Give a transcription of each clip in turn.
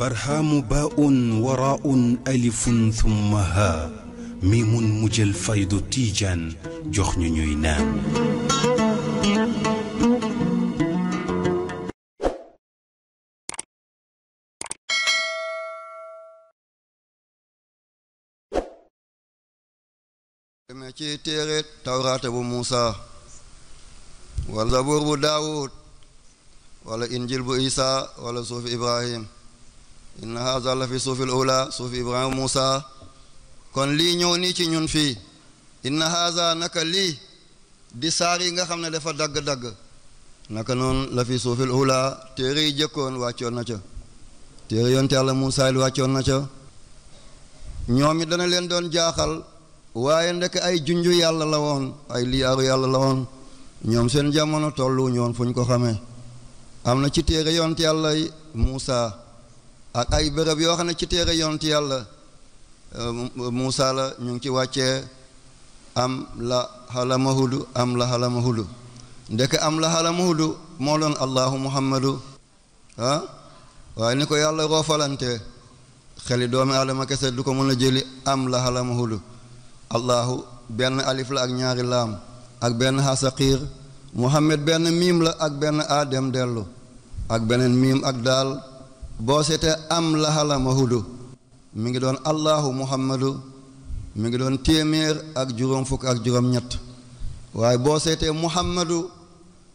barhaamu baaun waraaun alifun thumma haa miimun mujjal faydu tiijaan jox ñu ñuy naan. demee ci téere tawraate bu Muusa wala zabuur bu Daawud wala injil bu Isa wala suufi Ibrahim. inna haza la fi suufi al-ula kon lii ñëw nii ci ñun fii inna haza naka lii di saar yi nga xam ne dafa dagg-dagg naka noon lafi fi suufil téere yi jëkkoon wàccoon na ca téere yonte yàlla muusa yi wàccoon na ca ñoom it dana leen doon jaaxal waaye ndek ay junju yàlla la woon ay liaaru yàlla la woon ñoom seen jamono tollu ñoon fu ñu ko xamee am na ci téere yonte yàlla muusa ak ay bërëb yoo xam ne ci téere yonent yàlla euh, Muusa la ñu ngi ci wàccee am la xalamahudu am la xalamahudu ndeke am la xalamahudu moo doon allahu muhammadu ah waaye ni ko yàlla roofalante xeli doomi aadama kese du ko mën a jëli am la xalamahudu allahu benn alif la ak ñaari laam ak benn xasaqiir muhammad benn miim la ak benn aadem dellu ak beneen miim ak daal boo seetee am laxala mahudu mi ngi doon allahu muhammadu mi ngi doon téeméer ak juróom fukk ak juróom-ñett waaye boo seetee muhammadu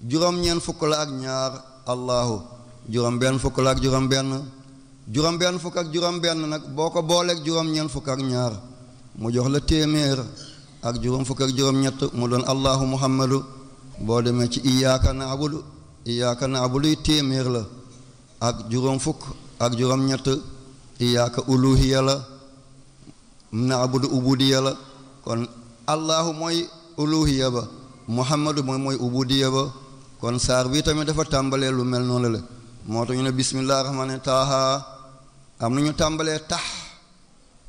juróom-ñeent fukk la ak ñaar allahu juróom-benn fukk la ak juróom-benn juróom-benn fukk ak juróom-benn nag boo ko booleek juróom-ñeent fukk ak ñaar mu jox la téeméer ak juróom fukk ak juróom-ñett mu doon allahu muhammadu boo demee ci iyaaka naabudu iyaaka naabudu téeméer la ak juróom fukk ak juróom ñett iyaaka uluhiya la naabudu ubudiya la kon allahu mooy uluhiya ba muhammadu mooy mooy ubudiya ba kon saar bi tamit dafa tàmbalee lu mel noonu la moo tax ñu ne bismillah rahmaani taaha am na ñu na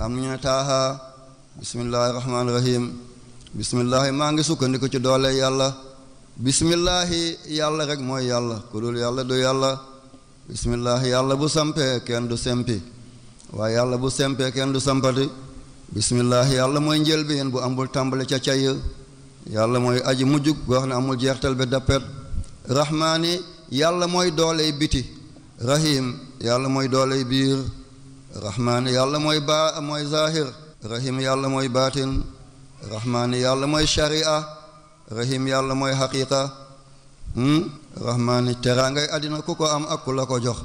ñu ne taaha maa ngi sukkandiku ci doole yàlla bismillahi yàlla rek mooy yàlla ku dul yàlla du yàlla bismillah yàlla bu sampee kenn du sempi waaye yàlla bu sempee kenn du sampati bismillah yàlla mooy njëlbeen bu amul tàmbali ca cay yàlla mooy aji mujjug boo xam ne amul jeextal bi dappet rahmaani yàlla mooy dooley biti rahim yàlla mooy dooley biir rahmaani yàlla mooy baa mooy zahir rahim yàlla mooy baatin rahmaani yàlla mooy sharia rahim yàlla mooy haqiqa Hmm? rahmaani teraanga àddina ku ko am ak ku la ko jox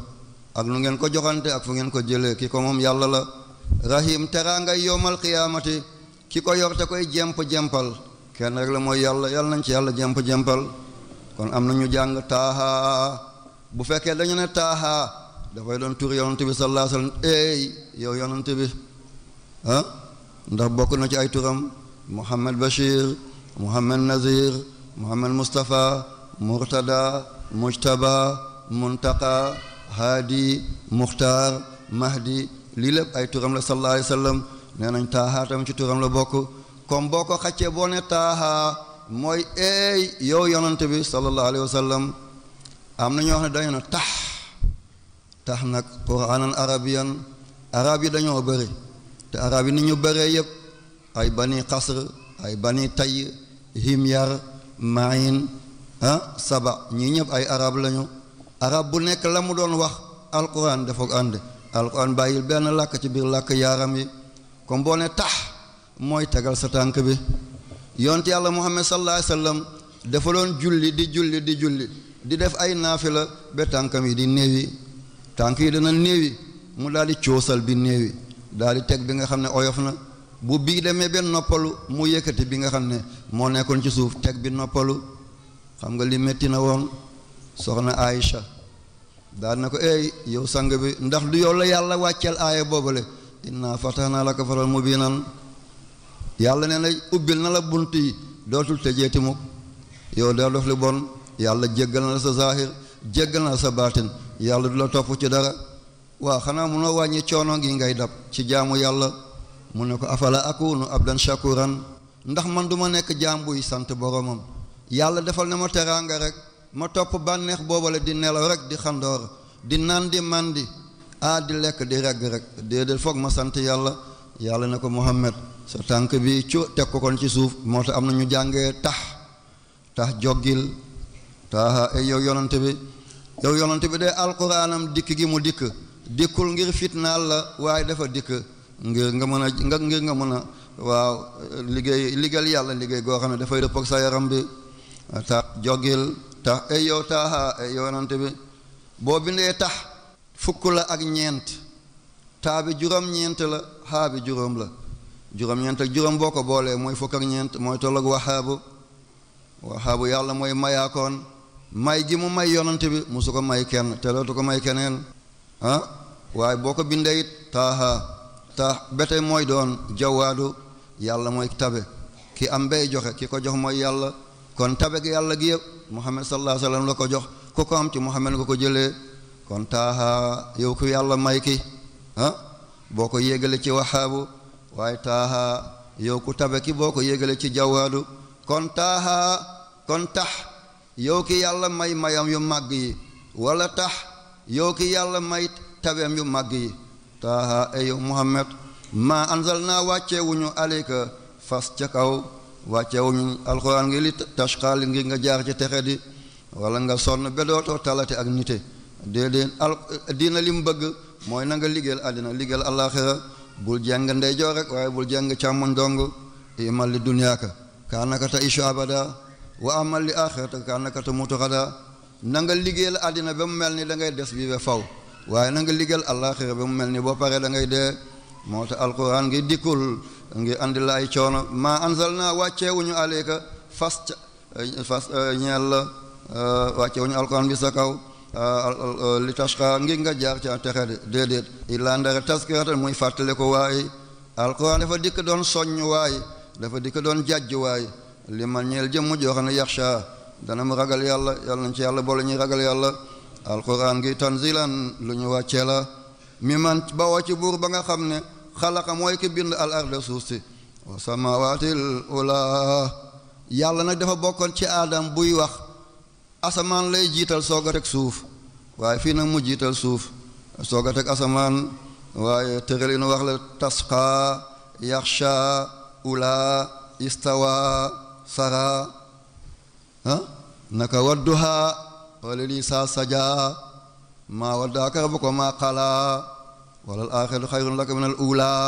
ak nu ngeen ko joxante ak fu ngeen ko jëlee ki ko moom yàlla la rahim teraanga yowmal qiyaamati ki ko yor te koy jemp-jempal kenn rek la mooy yàlla yàlla nañ ci yàlla jemp-jempal kon am na ñu jàng taaha bu fekkee dañu ne taaha dafay doon tur yonent bi sallallahu alayhi wasallam ey yow yonent bi ndax bokk na ci ay turam Muhammad Bashir Muhammad Nazir Muhammad Mustafa murtada mujtaba muntaqa haadi muxtaar mahdi lii lépp ay turam la sallallahu alayhi wa sallam nee nañ taaha tamit ci turam la bokk comme boo ko xaccee boo ne taaha mooy eey yow yonante bi sallallahu alayhi wa sallam am na ñoo xam ne dañu ne tax tax nag quraanan arabiyan arab yi dañoo bëri te arab yi ni ñu bëree yëpp ay bani xasr ay bani tay himyar mayin Ah, saba ñi ñëpp ay arab lañu arab bu nekk la mu doon wax alquran dafa ànd alquran bàyyil benn làkk ci biir làkk yaaram yi comme boo ne tax mooy tegal sa tànk bi yonte yàlla muhammad sallallahu alayhi wasallam dafa doon julli di julli di julli di def ay naafila ba tànkam yi di néewi tànk yi dana néewi mu daal di coosal bi néewi daal di teg bi nga xam ne oyof na bu bii demee benn noppalu mu yëkkati bi nga xam ne moo nekkoon ci suuf teg bi noppalu xam nga li metti na woon soxna Aïcha daan na ko ey yow sang bi ndax du yow la yàlla wàcceel aaya boobale inna fatahna laka fatal mubinan yàlla nee na ubbil na la bunt yi dootul tëjeeti mukk yow daa dof li bon yàlla jéggal na la sa zahir jéggal na la sa baatin yàlla du la topp ci dara waa xanaa munoo wàññi coono ngi ngay dab ci jaamu yàlla mu ne ko afala akunu abdan shakuran ndax man duma nekk jaam buy sant boromam yàlla defal na ma teraanga rek ma topp bànneex boobu la di nelaw rek di xandoor di nandi mandi ah di lekk di regg rek déedéet foog ma sant yàlla yàlla na Muhammad sa tànk bi cu teg ko kon ci suuf moo tax am na ñu jàngee tax tax joggil taxa ay eh, yow yonante bi yow yonante bi de alquraanam dikk gi mu dikk dikkul ngir fitna la waaye dafa dikk ngir nga mën a nga ngir nga mën a waaw liggéey liggéeyal yàlla liggéey goo xam ne dafay dëpp sa yaram bi ta jogil ta e yow taaha e yoonante bi boo bindee tax fukk la ak ñeent taa bi juróom-ñeent la xaa bi juróom la juróom-ñeent juróom boo ko boolee mooy fukk ak ñeent mooy tolloog waxaabu waxaabu yàlla mooy mayaakoon may ji mu may yoonante bi musu ko may kenn te dootu ko may keneen ah, waaye boo ko bindee it taaha taax bete mooy doon jawaadu yàlla mooy tabe ki am bay joxe ki ko jox mooy yàlla kon tabe gi yàlla gi yëpp muhammad sallallahu alayhi la ko jox ku ko am ci muhammad nga ko jëlee kon taaha yow ku yàlla may ki ah, boo ko yéegale ci wahaabu waaye taaha yow ku tabe ki boo ko yéegale ci jawaadu kon taaha kon tax yow ki yàlla may mayam yu màgg yi wala tax yow ki yàlla may tabeem yu màgg yi taaha eyow muhammad maa anzal naa wàcce wuñu aleyka fas ca kaw wàccewuñu alxuraan ngi li tashqaali ngir nga jaar ci texe di wala nga sonn bedootoo talate ak nite déedéet al diina li mu bëgg mooy nanga nga liggéeyal àddina liggéeyal àllaaxira bul jàng ndeyjoor rek bul jàng càmmoñ dong imal li duniyaaka kaanaka wa amal li axirata kaanaka ta mutu xadaa na àddina ba mu mel ni dangay ngay des bi be faw waaye na nga liggéeyal àllaaxira ba mu mel ni boo paree da dee moo tax alquran dikul, dikkul ngi andil Ma ay coono maa anzalna wàccewuñu aleyka fas eh, fas nyel, eh, la eh, wàccewuñu alquran bi sa kaw li tashqa ngir nga jaar ci texe de déedéet illaa ndara taskiratan muy fàttale ko waaye alquran dafa dikk doon soññ waaye dafa dikk doon jàjj waaye li ma ñeel jëmm joo yaxsha dana mu ragal yàlla yàlla ci yàlla boole ñuy ragal yàlla alquran gi tanzilan lu ñu la ci ba nga xalaqa mooy ki bind al arda susi wa samawaatil ula yalla nag dafa bokkoon ci aadam buy wax asamaan lay jiital soog a teg suuf waaye fii nag mu jiital suuf wax la tasqa ula istawa sara ah naka wadduha walili saa saja maa waddaaka rabuka maa wala alaaxiratu xayrun laka min al uulaa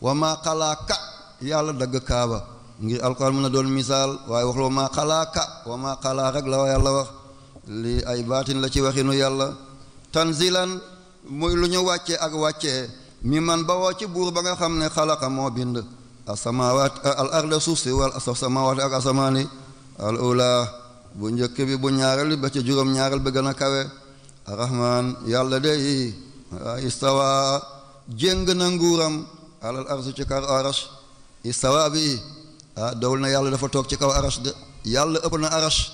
wa maa xalaaka yàlla dagg kaaba ngir alquran mën a doon misaal waaye waxul wa maa xalaaka wa maa xalaa rek la wa yàlla wax lii ay baatin la ci waxinu yàlla tanzilan muy lu ñu wàcce ak wàcce mi man bawoo ci buur ba nga xam ne xalaqa moo bind asamawaat al arda suuf si wal samawaat ak asamaani al ula bu njëkk bi bu ñaareel ba ci juróom-ñaareel bi gën a kawe arrahman yàlla de istawa jéng na nguuram alal arsh ci kaw arash istawa bi ah dawul na yàlla dafa toog ci kaw arash de yàlla ëpp na arash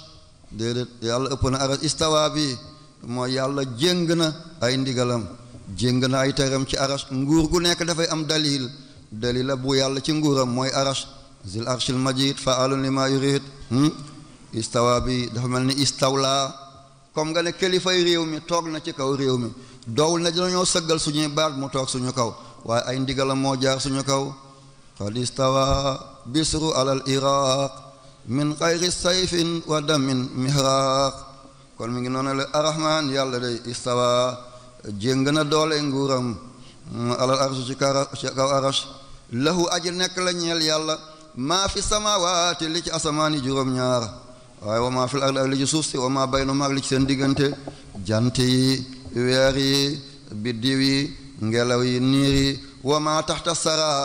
déedéet yàlla ëpp na arash bi mooy yàlla jéng na ay ndigalam na ay teram ci arash nguur gu nekk dafay am dalil yàlla ci nguuram mooy arash zil arshil majid faalun lima hmm? bi dafa mel ni istawla comme nga ne kilifa réew mi toog na ci kaw réew mi doowul ne dinañoo sëggal suñuy baat mu toog suñu kaw waaye ay ndigalam moo jaar suñu kaw qad istawa bisru alal iraq min xayri sayfin wa damin mihraq kon mi ngi noonu le arrahman yàlla day istawa jéng na doole nguuram alal arsh ci kaw arsh lahu aji nekk la ñeel yàlla maa fi samawaati li ci asamaan yi juróom-ñaar waaye wa maa fil ardi ak li ci suuf si wa maa bayna ma ak li ci seen diggante jant weer yi biddiw yi ngelaw yi niir yi wa maa taxta saraa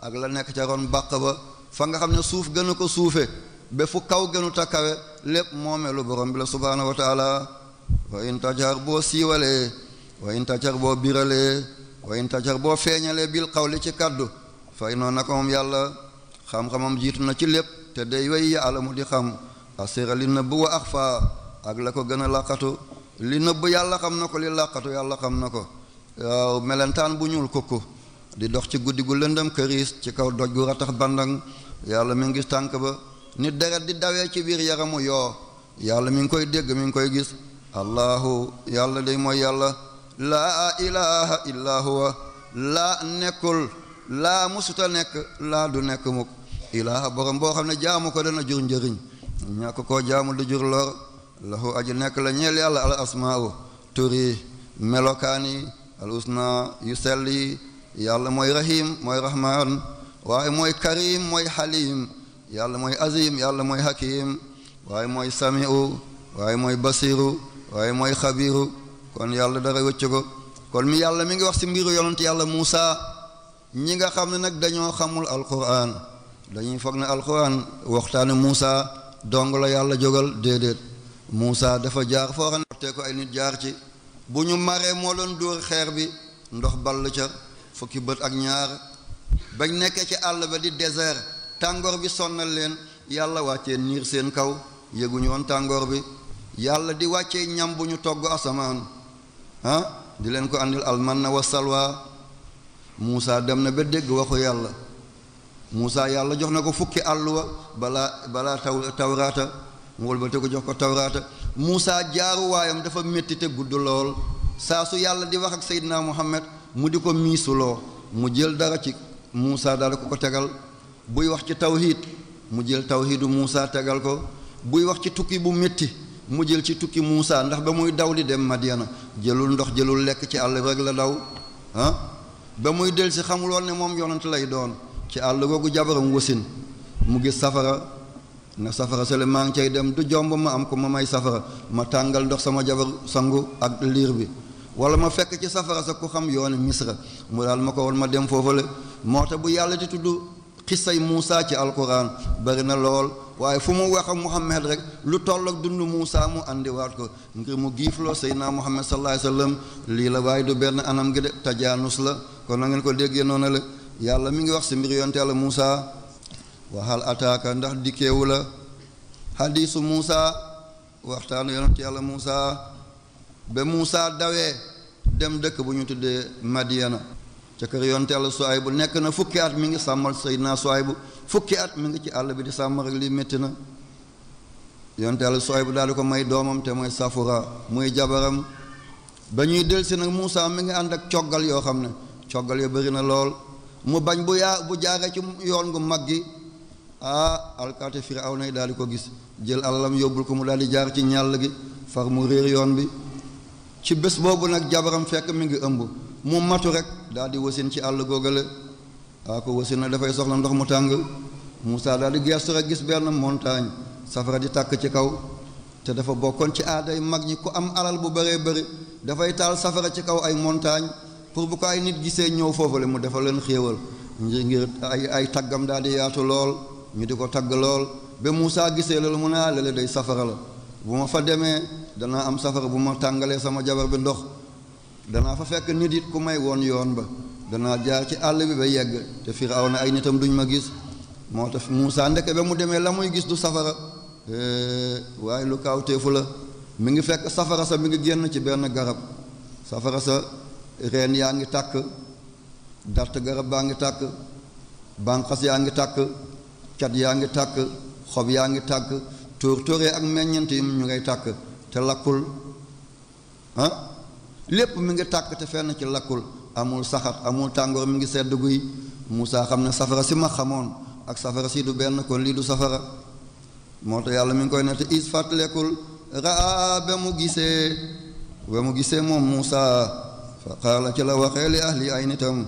ak la nekk ca ron bàq ba fa nga xam ne suuf gënu ko suufe ba fu kaw gënu ta kawe lépp moomeelu borom bi la subhaanahu wa wa in boo siiwalee wa in tajar boo biralee wa in tajar boo feeñalee bil xawli ci kàddu fay noonu naka moom yàlla xam-xamam jiitu na ci lépp te day wey ya alamu di xam asirali na bu wa axfa ak la ko gën a làqatu li nëbb yàlla xam na ko li làqatu yàlla xam na ko waaw melentaan bu ñuul kukku di dox ci guddi gu lëndëm këriis ci kaw doj gu ratax bandang yàlla mi ngi gis tànk ba ni deret di dawee ci biir yaramu yoo yàlla mi ngi koy dégg mi ngi koy gis allahu yàlla day mooy yàlla laa ilaha illa huwa laa nekkul laa musuta nekk laa du nekk mukk ilaaha borom boo xam ne jaamu ko dana jur njëriñ ñàkk koo jaamu du jur lor lahu aj nekk la ñeel yàlla al asmaau turi melokaan yi al usna yu sell yàlla mooy rahim mooy rahman waaye mooy karim mooy xalim yàlla mooy azim yàlla mooy hakim waaye mooy samiu waaye mooy basiru waaye mooy xabiru kon yàlla dara wëcc ko kon mi yàlla mi ngi wax ci mbiru yonent yàlla Muusa ñi nga xam ne nag dañoo xamul alquran dañuy foog ne alquran waxtaane Muusa dong la yàlla jógal déedéet Moussa dafa jaar foo xam ne ko ay nit jaar ci bu ñu maree moo doon dóor xeer bi ndox ball ca fukki bët ak ñaar bañ nekk ci àll ba di désert tàngoor bi sonnal leen yàlla wàcce niir seen kaw yëguñu woon tàngoor bi yàlla di wàccee ñam bu ñu togg asamaan ah di leen ko àndil almanna wa salwa Moussa dem na ba dégg waxu yàlla Moussa yàlla jox na ko fukki àlluwa balaa balaa tawraata mu wëlbate ko jox ko tawraata Muusa jaaruwaayam dafa métti te gudd lool saa su yàlla di wax ak Seydina Muhammad mu di ko miisuloo mu jël dara ci Muusa dala ko ko tegal buy wax ci tawhiid mu jël tawhiidu Muusa tegal ko buy wax ci tukki bu métti mu jël ci tukki Muusa ndax ba muy daw di dem Madiana jëlul ndox jëlul lekk ci àll rek la daw ba muy del si xamuloon ne moom yonent lay doon ci àll googu jabaram wasin mu gis safara na safara sele maa ngi cay dem du jomb ma am ko ma may safara ma tàngal ndox sama jabar sangu ak liir bi wala ma fekk ci safara sa ku xam yooni misra mu daal ma ko woon ma dem foofale moo tax bu yàlla di tudd say Muusa ci alquran bari na lool waaye fu mu wax a Muhammad rek lu toll ak dund Muusa mu àndiwaat ko ngir mu giifloo Seydina Muhammad sallallahu alayhi wa sallam lii la waaye du benn anam gi de tajaanus la kon na ngeen ko déggee noonu la yàlla mu ngi wax si mbir yonte Muusa wa hal ataaka ndax dikkeewu la xadiisu Muusa waxtaanu yonent yàlla Muusa ba Muusa dawee dem dëkk bu ñu tuddee Madiana ca kër yonent yàlla bu nekk na fukki at mi ngi sàmmal sey Seydina bu fukki at mu ngi ci àll bi di sàmm rek lii metti na yonent yàlla Suwaybu daal di ko may doomam te mooy Safura muy jabaram ba ñuy delsi nag Muusa mi ngi ànd ak coggal yoo xam ne coggal yoo bëri na lool mu bañ bu yaa bu jaaree ci yoon gu mag gi ah alkaate firaw nay daal di ko gis jël alalam yóbbul ko mu daal di jaar ci ñàll gi far mu réer yoon bi ci bés boobu nag jabaram fekk mi ngi ëmb mu matu rek daal di wasin ci àll googale waa ah, wasin na dafay soxla ndox mu tàng Moussa daal di geestu rek gis benn montagne safara di tàkk ci kaw te dafa bokkoon ci aaday mag ñi ku am alal bu baree bëri dafay taal safara ci kaw ay montagne pour bu ko ay nit gisee ñëw foofu foofule mu dafa leen xéewal ngir ngir ay ay taggam daal di lool ñu di ko tagg lool ba Moussa gisee loolu mu ne ah léeg day safara la bu ma fa demee danaa am safara bu ma tàngalee sama jabar bi ndox danaa fa fekk nit it ku may woon yoon ba danaa jaar ci àll bi ba yegg te na ay nitam duñ ma gis moo tax Moussa ndeke ba mu demee la muy gis du safara eh, waaye lu kaaw teefu la mi ngi fekk safara sa mi ngi génn ci benn garab safara sa reen yaa ngi takk dart garab baa ngi takk bànqas yaa ngi takk cat yaa ngi tàkk xob yaa ngi tàkk tóor tóoree ak meññent ñu ngay te lakkul ah lépp mi ngi tàkk te fenn ci amul saxat amul tàngoor mi ngi sedd guy Moussa xam safara si ma xamoon ak safara si du benn kon lii du safara moo tax ya mi ngi koy te is fàttalekul raa mu gisee ba mu fa ci la li ahli ay nitam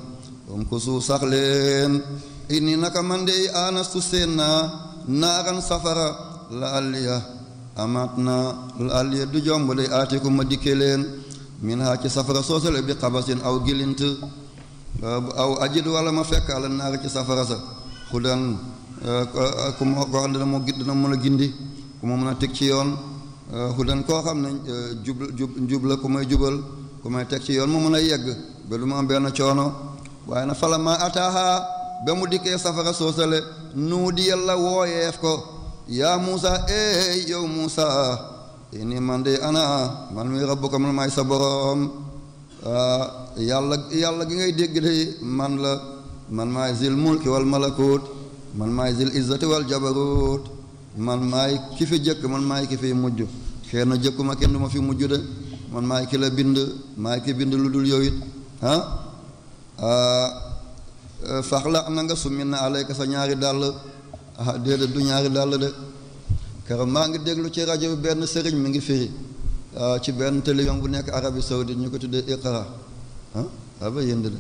kusu ko inni naka man dey aanastu seen naa naaran safara la alliya amaat na la alliya du jomb dey ku ma dikke leen min haa ci safara soosale bi xabasin aw gilint aw ajid wala ma fekk ala naara ci safara sa xudan eh, ku ma koo xam mën a gindi ku a teg ci yoon eh, xudan koo xam ne eh, jub jub jub la ku may jubal ku may teg ci yoon mu mën a yegg ba du ma am benn coono waaye na fala ma ba mu dikkee safara soosale nuu di yàlla wooyeef ko yaa muusa eey yow muusa ini man de ana man mi rabbuka man maay sa boroom ah, yàlla yàlla gi ngay dégg de man la man maay zil mulki wal malakut man maay zil izzati wal jabarut man maay ki fi jëkk man maay ki fi mujj xëy na jëkkuma kenn du ma fi mujj de man maay ki la bind maay ki bind lu dul yow it ah, ah faxla na nga summi na alayka sa ñaari dàll ah déedéet du ñaari dàll de keroog maa ngi déglu ci rajo bi benn sëriñ mi ngi firi ah, ci benn télévision bu nekk Arabie Saoudite ñu ko tuddee Iqra ah aba ah, yënd de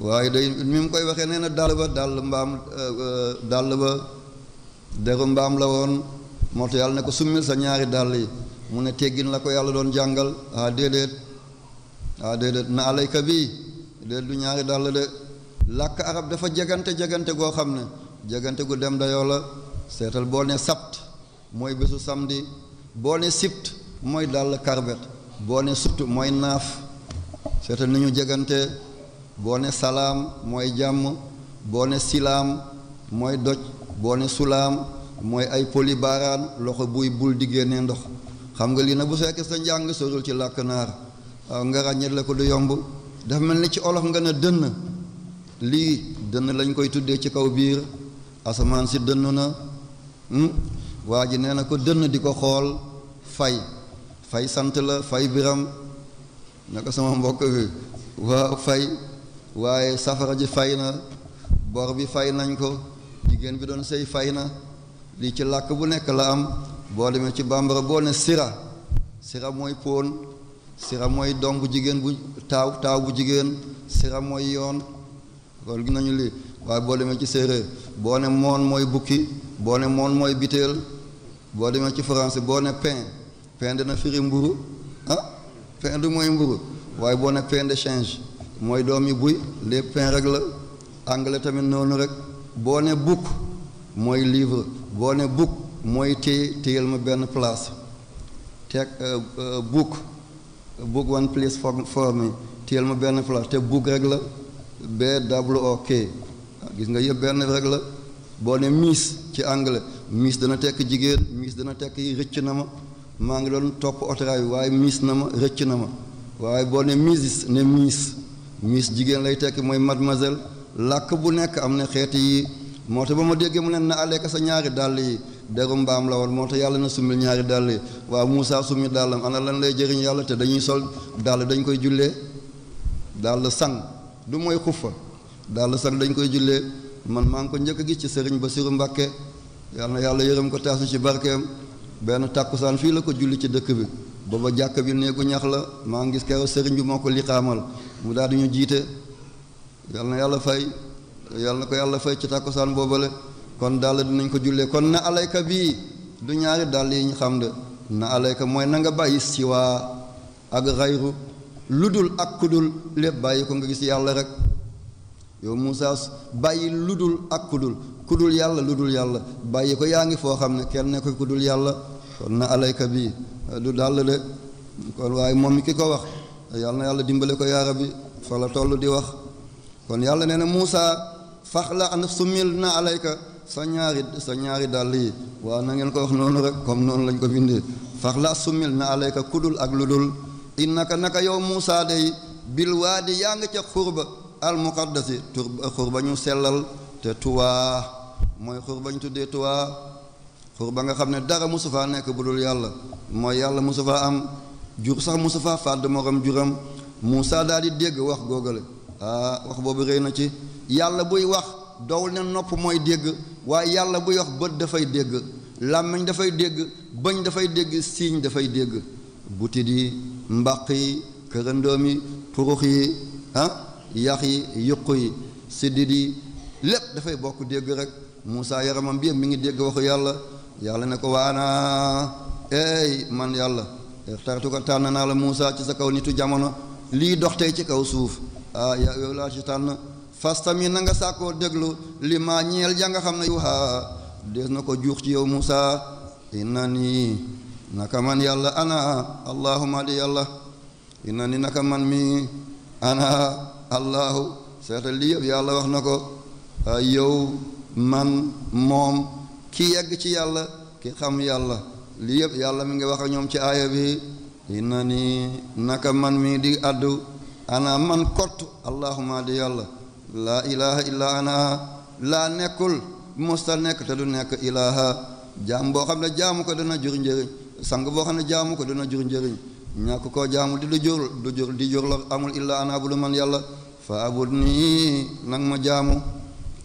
waaye day mi mu koy waxee nee na dàll ba dàll mbaam euh, euh, dàll ba deru mbaam la woon moo tax yàlla ne ko summil sa ñaari dàll yi mu ne teggin la ko yàlla doon jàngal ah déedéet ah déedéet na alayka bii déedéet du ñaari dàll de làkk arab dafa jagante jagante go hamne, jagante gu dem dayoo la sapt, boo ne sabt Bone sipt, samedi boo ne sibt mooy dàll karbet boo ne subt mooy naaf jagante Bone salam, moy jamu. Bone silam, moy silaam Bone doj boo ne ay poli baran loxo buy bul di génnee ndox xam nga lii nag bu fekkee sa njàng sorul ci làkk naar ah nga ràññet la du yomb dafa mel ci olof nga lii dënn lañ koy tuddee ci kaw biir asamaan si dënn na hmm? waa ji nee na ko dënn di ko xool fay fay sant la fay biram naka sama mbokk bi waaw fay waaye safara ji fay na bor bi fay nañ ko jigéen bi doon sëy fay na lii ci làkk bu nekk la am boo demee ci bambara boo ne sira sira mooy póon sira mooy dong jigéen bu taaw taaw bu jigéen sira mooy yoon loolu gi nañu lii waaye boo demee ci séeréer boo ne moon mooy bukki boo ne moon mooy biteel boo demee ci français boo ne pain pain dina fiiri mburu ah pain du mooy mburu waaye boo ne pain de change mooy doom yi buy lépp pain rek la anglais tamit noonu rek boo ne book mooy livre boo ne book mooy téye téyal ma benn place teg euh, euh, book book one place for for me téyal ma benn place te book rek la BWOK gis nga yëpp benn rek la boo ne miis ci anglais miis dana tekk jigéen miis dana tekk rëcc na ma maa ngi doon topp otoraay waaye miis na ma rëcc na ma waaye boo ne misis ne miis miis jigéen lay tekk mooy mademoiselle làkk bu nekk am ne xeet yi moo tax ba ma déggee mu neen na aleeka sa ñaari dàll yi deru mbaam la woon moo te yàlla na summi ñaari dàll yi waaw Moussa summi dàllam ana lan lay jëriñ yàlla te dañuy sol dàll dañ koy jullee dàll sang du mooy xuffa daal sax dañ koy jullee man maa ngi ko njëkk a gis ci sëriñ Basiru Mbàkke yàlla na yàlla yërëm ko taasu ci barkeem benn tàkkusaan fii la ko julli ci dëkk bi booba jàkk bi néegu ñax la maa ngi gis keroog sëriñ bi moo ko liqaamal mu daal di ñu jiite yàlla na yàlla fay yàlla na ko yàlla fay ci tàkkusaan boobale kon daal dinañ ko jullee kon na alayka bii du ñaari dàll yi ñu xam de na alayka mooy na nga bàyyi siwaa ak xayru lu dul ak kudul lépp bàyyi ko nga gis yàlla rek yow Moussa bàyyi lu dul ak kudul kudul yàlla lu dul yàlla bàyyi ko yaa ngi foo xam ne kenn ne ko kudul yàlla kon na alayka bii du dàll de kon waaye moom mi ki ko wax yàlla na yàlla dimbale ko yaara bi fa la toll di wax kon yàlla nee na Moussa faxla an sumil na alayka sa ñaari sa ñaari dàll yi waaw na ngeen ko wax noonu rek comme noonu lañ ko bindee faxla sumil na alayka kudul ak lu dul innaka naka yow Muusaa day bil waadi yaa nga ca xurba al muqaddasi tur xurba ñu sellal te tuwaa mooy xurba ñu tuddee tuwaa xurba nga xam ne dara mosu faa nekk bu dul yàlla mooy yàlla mosu faa am jur sax musufa faa fàdd morom juram Muusaa daal di dégg wax googale ah wax boobu rëy na ci yàlla buy wax dow ne nopp mooy dégg waaye yàlla buy wax bët dafay dégg làmmiñ dafay dégg bëñ dafay dégg siiñ dafay dégg butit yi mbàq yi kërandoom yi purux yi ah yax yi yuq yi siddit yi lépp dafay bokk dégg rek musaa yaramam bi mi ngi dégg waxu yàlla yàlla ne ko waana ey man yàlla tartu ko tànn naa la musaa ci sa kaw nitu jamono lii dox tey ci kaw suuf ah yow laa ci tànn fastami na nga sàkkoo déglu li maa ñeel ja nga xam ne yuha des na ko juux ci yow Moussa inna nii nakaman yalla ana allahumma li yalla inani nakaman mi ana allahu seetal li yëpp ya yàlla wax na yow man mom ki yegg ya ya ci yàlla ki xam yalla li yëpp yàlla mi ngi wax ak ci aaya bi inani naka man mi di addu ana man kortu allahumma di yàlla la ilaha illa ana la nekkul musta nekk te du ilaha jaam boo xam ne jaamu ko dana jur sang boo xam ne jaamu ko dina jur njëriñ ñàkk koo jaamu di du jur du jur di jur la amul illa an abudu man yàlla fa abud nii nang ma jaamu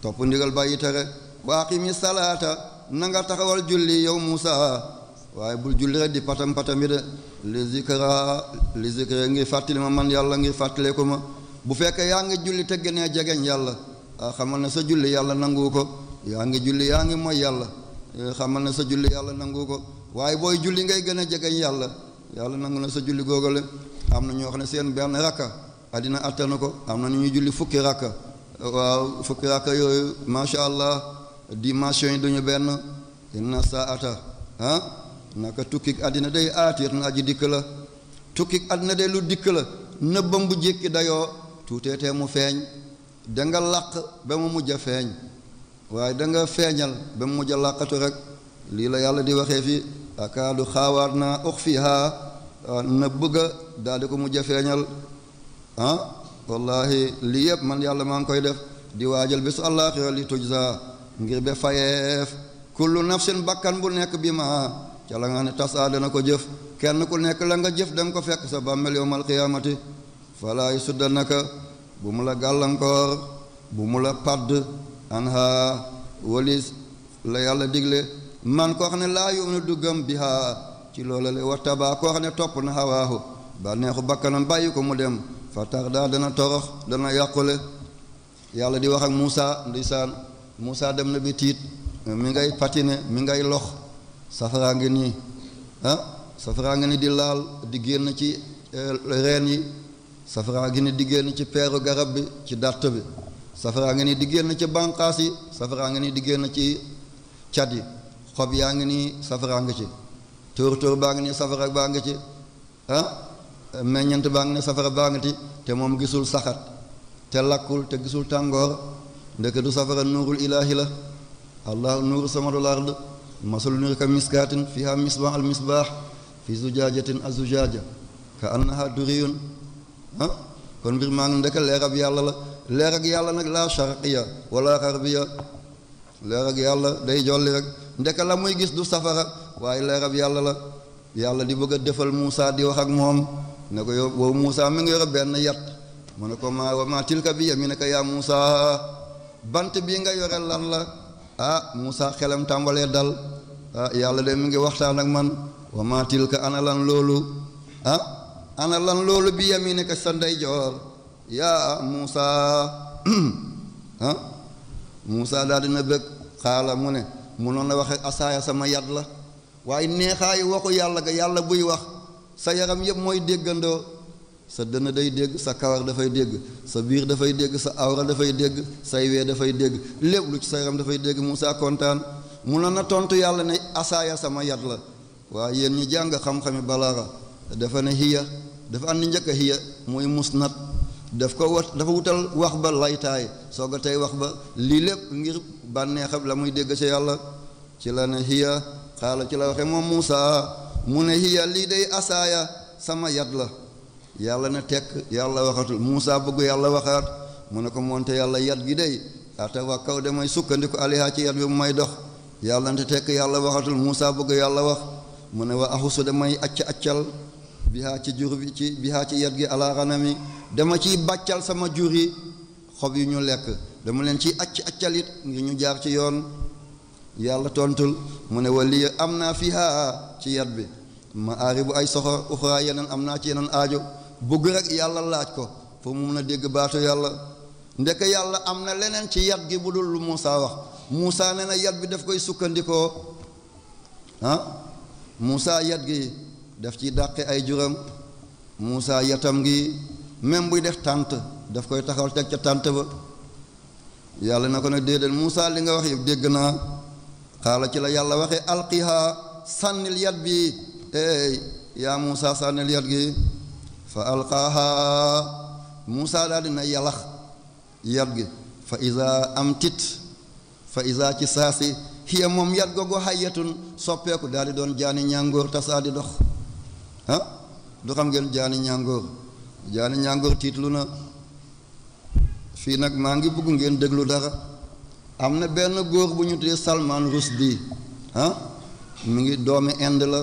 topp ndigal bàyyi tere wa aqimi salaata na nga taxawal julli yow Muusa waaye bul julli rek di patam patam bi de li zikra ngir fàttali ma man yàlla ngir fàttaleku ma bu fekkee yaa ngi julli te gënee jegeñ yàlla ah, xamal ne sa julli yàlla nangu ko yaa ngi julli yaa ngi mooy yàlla eh, xamal ne sa julli yàlla nangu ko waaye booy julli ngay gën a jegeñ yàlla yàlla nangu na sa julli googale am na ñoo xam ne seen benn rakka àddina attanu ko am na ñu julli fukki rakka waaw fukki rakka yooyu macha allah dimension yi duñu benn inna saata ah naka tukkik àddina day aatir na aji dikk la tukkik àddina day lu dikk la nëbbam bu jékki dayoo tuuteetee mu feeñ da nga làq ba mu mujj a feeñ waaye da nga feeñal ba mu mujj a làqatu rek lii la yàlla di waxee fii akaadu xaawaat naa uxfiha eh, na bëgg a daal di ko mujj a feeñal ah wallahi man yàlla maa ngi def di li tujza ngir be fayeef kullu nafsin bakkan bu nekk bi ma ca la nga ne tasaa dana ko jëf kenn ku nekk la nga jëf da ko fekk sa yowmal naka bu mu la gàllankoor bu mu la anha walis la digle man koo xam ne laa yuminu du biha ci loola le wa taba koo xam ne topp na hawaahu bànneexu bakkanam bàyyi ko mu dem fa tax dana torox dana yàqule di wax ak dem na bitit mi ngay patine mi ngay lox safaraa ngi nii ah safaraa ni di lal di génn ci eh, reen yi safaraa ngi ni di génn ci peeru garab bi ci dàtt bi ni di ci ni di ci xob yaa ngi nii safaraa nga ci tóor tóor baa ngi nii safara baa nga ci ah meññent baa ngi nii safara baa nga ci te moom gisul saxat te lakkul te gisul tàngoor ndeke du safara nuurul ilaahi la allah nuuru samadul ard masalu nuuri ka miskaatin fiha misbah al misbaax fi zujaajatin azujaaja ka annaha duriyun ah kon mbir maa ngi ndeke leer ab yàlla la leer yàlla nag laa sharqiya wala xarbiya leerag yàlla day jolli rek ndeka la muy gis du safara waaye leerab yàlla la yàlla di bëgg defal musa di wax ak moom ne ko yow boobu Moussa mi ngi yor benn yat mu ko maa wa ma tilka bi yaminika ya musa bant bii nga yore lan la ah Musa xelam tàmbalee dal ah yàlla de mi ngi waxtaan ak man wa ma tilka ana lan loolu ah ana lan loolu bi yaminika sa ya Musa, musa ah Musa daal dina xaala mu ne munoon na waxe asaaya sama yat la waaye neexaayu waxu yàlla ga yàlla buy wax sa yaram yëpp mooy déggandoo sa dënn day dégg sa kawar dafay dégg sa biir dafay dégg sa awra dafay dégg say wee dafay dégg lépp lu ci sa yaram dafay dégg Moussa kontaan munoon na tontu yàlla ne asaaya sama yat la waaye yéen jàng xam-xami balaara dafa ne hiya dafa ànd njëkk a hiya muy musnad daf ko wat dafa wutal wax ba laytaay soog a tey wax ba lii lépp ngir bànneexam la muy dégg ci yàlla ci la ne hiya xaala ci la waxe moom musaa mu ne hiya lii day asaaya sama yat la yàlla ne tekk yàlla waxatul Muusa bëgg yàlla waxaat mu ne ko moonte yàlla yat gi day atawakkaw damay sukkandiku aliha ci yat bi mu may dox yàlla ne tekk yàlla waxatul musaa bëgg yàlla wax mu ne wa axusu damay acca accal bihaa ci jur bi ci bihaa ci yet gi ala dama ciy bàccal sama jur yi xob yi ñu lekk dama leen ciy acc accal ngir ñu jaar ci yoon yàlla tontul mu ne wali am naa fiha ci yat bi ma aari bu ay soxor uxraa yeneen am naa ci yeneen aajo bëgg rek yàlla laaj ko foo mu mun a dégg baatu yàlla ndek yàlla am na leneen ci yat gi bu dul lu Muusaa wax Muusaa nee na yat bi daf koy sukkandikoo ah Muusaa yat gi def ci dàqe ay juram Muusa yatam gi même buy def tànt daf koy taxaw teg ca tànt ba yàlla na ko nag déedéet Muusa li nga wax yëpp dégg naa xaala ci la yàlla waxee alqiha sànnil yat bi ey yaa Muusa sànnil yat gi fa alqaaha Muusa daal dina yalax yat gi fa iza amtit fa iza ci saasi hiya moom yat googu hayyatun soppeeku daal di doon jaani ñàngoor tasaa di dox ah du xam ngeen jaani ñàngoor jaani ñàngoor tiitlu na fii nag maa ngi bëgg ngeen déglu dara am na benn góor bu ñu tuddee Salman Rushdie ah, mu ngi doomi Inde la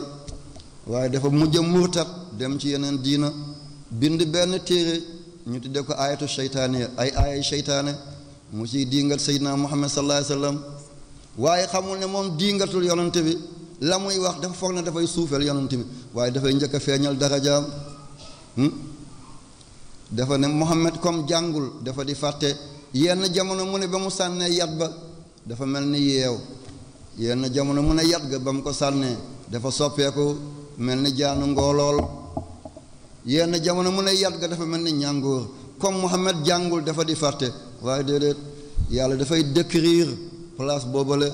waaye dafa mujj murtat dem ci yeneen diina bind benn téere ñu tuddee ko ayatu seytaane ay aaya seytaane mu ciy diingat seydina Muhammad sallallahu alayhi wa sallam waaye xamul ne moom diingatul yonante bi la muy wax dafa foog ne dafay suufeel yonante bi waaye dafay njëkk a feeñal darajaam hmm? dafa ne Muhammad comme jàngul dafa di fàtte yenn jamono mu ne ba mu sànnee yat ba dafa mel ni yeew yenn jamono mu ne yat ga ba ko sànnee dafa soppeeku mel ni jaanu ngoolool yenn jamono mu ne yat dafa mel ni ñàngoor comme Muhammad jàngul dafa di fàtte waaye déedéet yàlla dafay décrire place boobale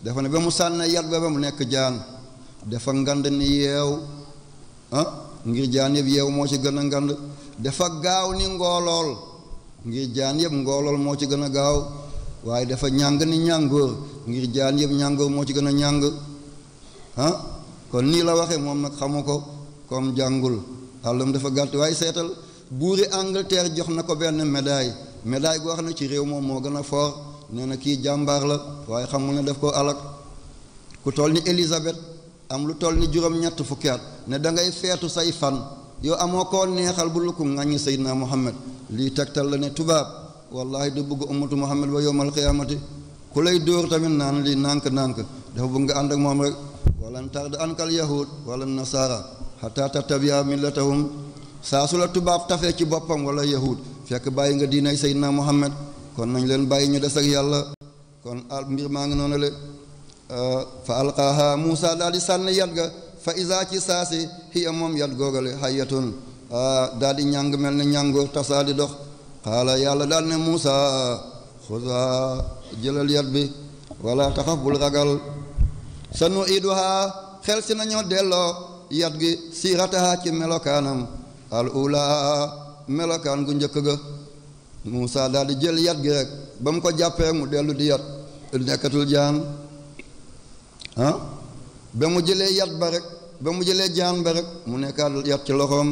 dafa ne ba mu sànnee yat ba ba mu nekk jaan dafa ngand ni yeew ah, ngir jaan yëpp yeew moo ci gën a ngand dafa gaaw ni ngoolool ngir jaan yëpp ngoolool moo ci gën a gaaw waaye dafa ñàng ni ñàngoor ngir jaan yëpp ñàngoor moo ci gën a ñàng ah kon nii la waxee moom nag xamu ko comme jàngul àllam dafa gàtt waaye seetal buuri Angleterre jox na ko benn médaille médaille boo xam ne ci réew moom moo gën a fort nee na kii jàmbaar la waaye xamul ne def koo alak ku toll ni Élisabeth am lu toll ni juróom ñett fukki at ne da ngay feetu say fan yow amoo koo neexal bu lu ko ŋàññi sayidna muhammad li tegtal la ne tubaab wallahi du bëgg ummatu muhammad ba yowmal qiyaamati ku lay dóor tamit naan lii nànk nànk dafa bëgg nga ànd ak rek walan ankal yahud wala nasara Hatta tattabiya millatahum saa su la tubaab tafee ci boppam wala yahud fekk bàyyi nga diinay muhammad kon nañ leen bàyyi ñu ak kon al mbir maa ngi fa alqaaha Muusa daal di sànni yat ga fa isaa ci saasi hiya moom yat googale hayatun daal di ñàng mel ne ñàngoor tasaa di dox xaala yàlla daal ne Muusa jëlal yat bi wala taxaf bul ragal sa nu iduha xel si nañoo delloo yat gi siirataha ci melokaanam al ula melokaan gu njëkk ga Muusa daal di jël yat gi rek ba mu ko jàppee mu dellu di yat nekkatul jaan ba mu jëlee yat ba rek ba mu jëlee jaan ba rek mu nekkaat yat ci loxoom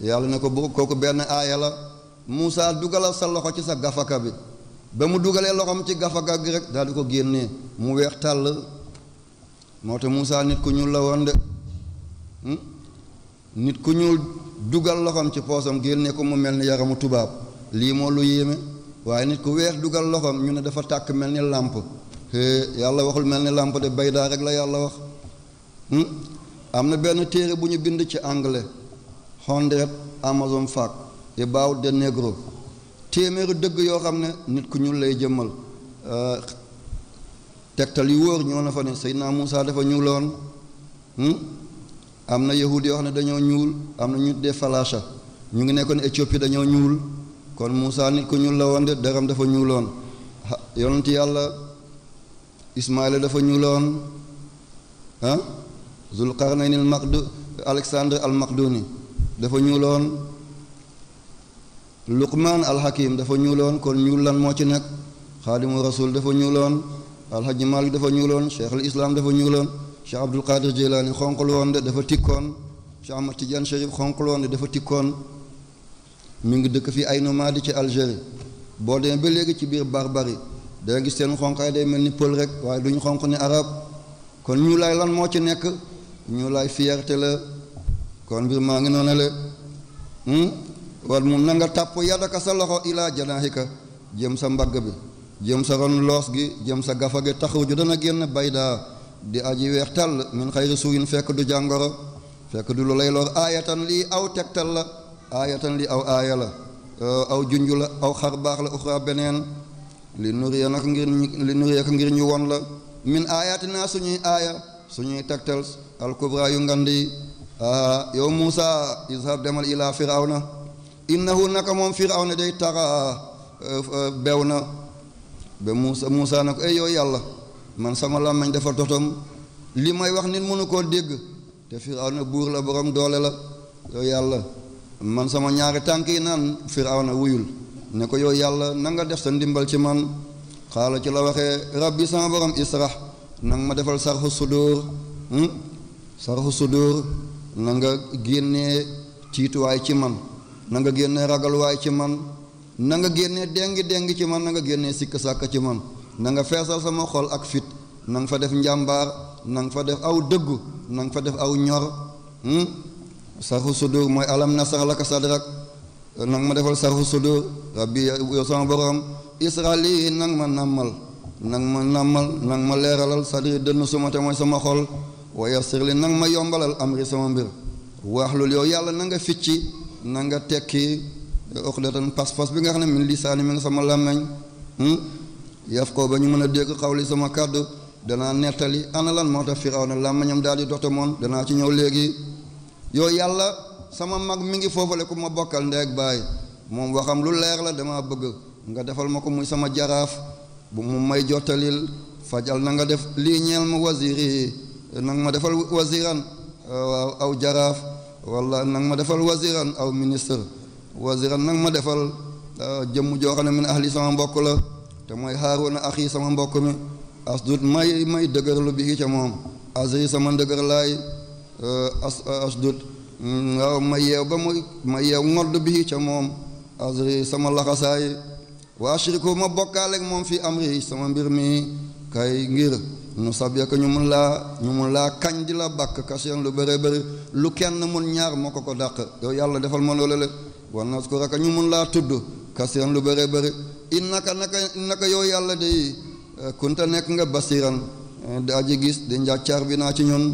yàlla na ko bu kooku benn aaya la Moussa dugalal sa loxo ci sa gafaka bi ba mu dugalee loxoom ci gafaka gi rek daal di ko génnee mu weex tàll moo te Moussa nit ku ñuul la woon de hm? nit ku ñuul dugal loxoom ci poosam génne ko mu mel ni yaramu tubaab lii moo lu yéeme waaye nit ku weex dugal loxoom ñu ne dafa tàkk mel ni làmp yàlla waxul mel ni làmp de baydaa rek la yàlla wax hmm? am na benn téere bu ñu bind ci anglais hundred amazon fact about the negro téeméeri dëgg yoo xam ne nit ku ñuul lay jëmmal uh, tegtal yu wóor ñoo na fa ne Seydina Moussa dafa ñuuloon hmm? am na yahud yoo xam ne dañoo ñuul am na ñu de falasha ñu ngi nekkoon Éthiopie dañoo ñuul kon Moussa nit ko ñuul la woon deram dafa ñuuloon yonent yàlla Ismaila dafa ñuuloon ah Zulqarnayn al Maqdu Alexandre al Maqduni dafa ñuuloon Luqman al Hakim dafa ñuuloon kon ñuul lan moo ci nekk Xaadimu Rasul dafa ñuuloon Alhaji Malik dafa ñuuloon Cheikh al Islam dafa ñuuloon Cheikh Abdul Qadir Jilani xonqul woon de dafa tikkoon Cheikh Ahmad Tidiane Chérif xonqul woon de dafa tikkoon mi ngi dëkk fii ay nomades ci Algérie boo demee ba léegi ci biir barbarie da gis seen xonqaay day mel ni pël rek waaye duñ ni arab kon ñu lay lan moo ci nekk ñu lay fierté la kon mbir maa ngi noonu le hmm? wal mu na nga tàpp yadaka sa loxo ila janaaxika jëm sa mbagg bi jëm sa ron loos gi jëm sa gafa gi taxaw ju dana génn baydaa di aji weex tàll min xayri suuyin fekk du du lay lor aayatan lii aw tegtal la aayatan lii aw aaya aw junj aw xar la eh, uxraa benen li nuriya nag ngir li nuriya ko ngir ñu won la min aayatina suñuy aaya suñuy tegtal alkubra yu ngande yi aa yow Muusa izhab demal ilaa firawna innahu naka moom na day tara bew na ba Muusa Muusa na ko ey yow yàlla man sama làmmañ dafa totom li may wax nit mënu koo dégg te na buur la borom doole la yow yàlla man sama ñaari tànk yi naan na wuyul ne ko yow yàlla nanga def sa ndimbal ci man xaala ci la waxee rabbi sama borom israh nanga ma defal sarxu sudur hmm? sarxu sudur na nga génnee tiituwaay ci man na nga génnee ragalwaay ci man na nga génnee déngi-déngi ci man na nga génnee sikk sàkk ci man nanga nga feesal sama xol ak fit nanga fa def njàmbaar nanga fa def aw dëggu na fa def aw ñor hmm? sarxu sudur mooy alam na nasrah laka sadrak nang ma defal sarfu sudur rabbi yow sama borom israeli nang ma nàmmal nang ma nàmmal nang ma leeralal sadri dënn suma te mooy sama xol waaye yassir li nang ma yombalal amri sama mbir waaxlul yow yàlla na nga ficci na nga tekki eh, uqdatan pas-pas bi nga xam ne min lisaani mi nga sama làmmeñ hmm? yaf ko ba ñu mën a dégg li sama kàddu danaa nettali ana lan moo tax firaw na làmmeñam daal di doxte moon danaa ci ñëw léegi yow yàlla sama mag mi ngi foofale ku ma bokkal ndeeg baay moom waxam lu leer la dama bëgg nga defal ma ko muy sama jaraaf bu mu may jottalil fajal na nga def lii ñeel ma waziri nag ma defal waziran waaw aw jaraaf wala nag ma defal waziran aw na waziran nag ma defal jëmm joo xam ne min ahli sama mbokk la te mooy haaruna axi sama mbokk mi asdud may may dëgërlu bi ca moom asri sama ndëgër laay asdud waaw ma yeew ba mu ma yeew ngodd bi ca moom asri sama laxasaay waa shiriku ma bokkaaleeg moom fi amri sama mbir mi kay ngir nu sab yaka ñu mun laa ñu mun laa kañ di la bàkk kasiran lu bëree bëri lu kenn mun ñaar moo ko ko dàq yàlla defal ma loolu mun laa tudd kasiran lu bëree bëri innaka naka naka yow yàlla day eh, kunta nekk nga basiran eh, daa ji gis di njàccaar bi naa ci ñun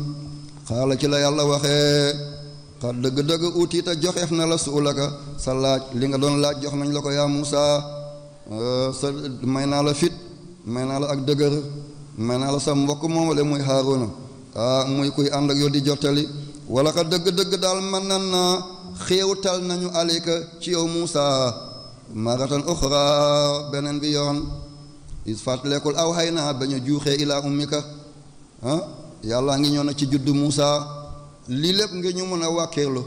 xaala ci la yàlla waxee xat dëgg-dëgg ut utiita joxeef na la suulaka sa laaj li nga doon laaj jox nañ la ko yaa Muusa euh, sa may naa la fit may naa la ak dëgër may naa la sa mbokk moomale muy Haaruna ah muy kuy ànd ak yow di jottali wala xat dëgg-dëgg daal man nan na xéewtal nañu alika ci yow Muusa maratan uxra beneen bi yoon is fàttalekul aw xay naa ba ñu juuxee ilaa ummika ah ngi ñëw na ci juddu Muusa lii lépp ngir ñu mën a wàkkiirlu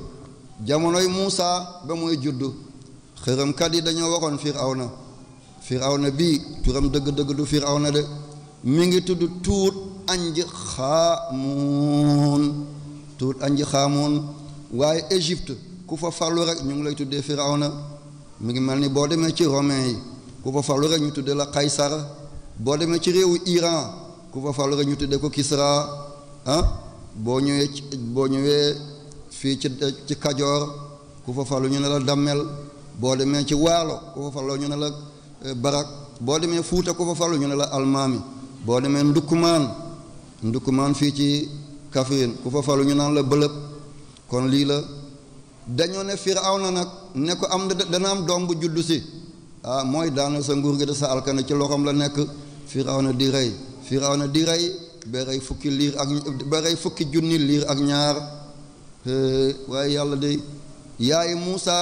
jamonoy Muusa ba muy juddu xërëmkat yi dañoo waxoon na Firawna na bii turam dëgg-dëgg du na de mi ngi tudd tuut anj xaamuun tuut anj xaamuun waaye Égypte ku fa farlu rek ñu ngi lay tuddee na mu ngi mel ni boo demee ci romain yi ku fa farlu rek ñu tuddee la Kaysar boo demee ci réewu Iran ku fa farlu rek ñu tuddee ko Kisra ah. boo ñëwee ci boo ñëwee fii ci ci kajoor ku fa falu ñu ne la dammel boo demee ci waalo ku fa falu ñu ne la eh, barak boo demee fuuta ku fa falu ñu ne la almaami boo demee ndukkumaan ndukkumaan fii ci Kaffrine ku fa falu ñu naan la bëlëb kon lii la dañoo ne na nag ne ko am dana am doom bu juddu si ah mooy daaneel sa nguur gi de sa alkane ci loxoom la nekk Firawna di rey Firawna di rey ba rey fukki liir ak ba rey fukki junni liir ak ñaar waaye yàlla de yaay Muusa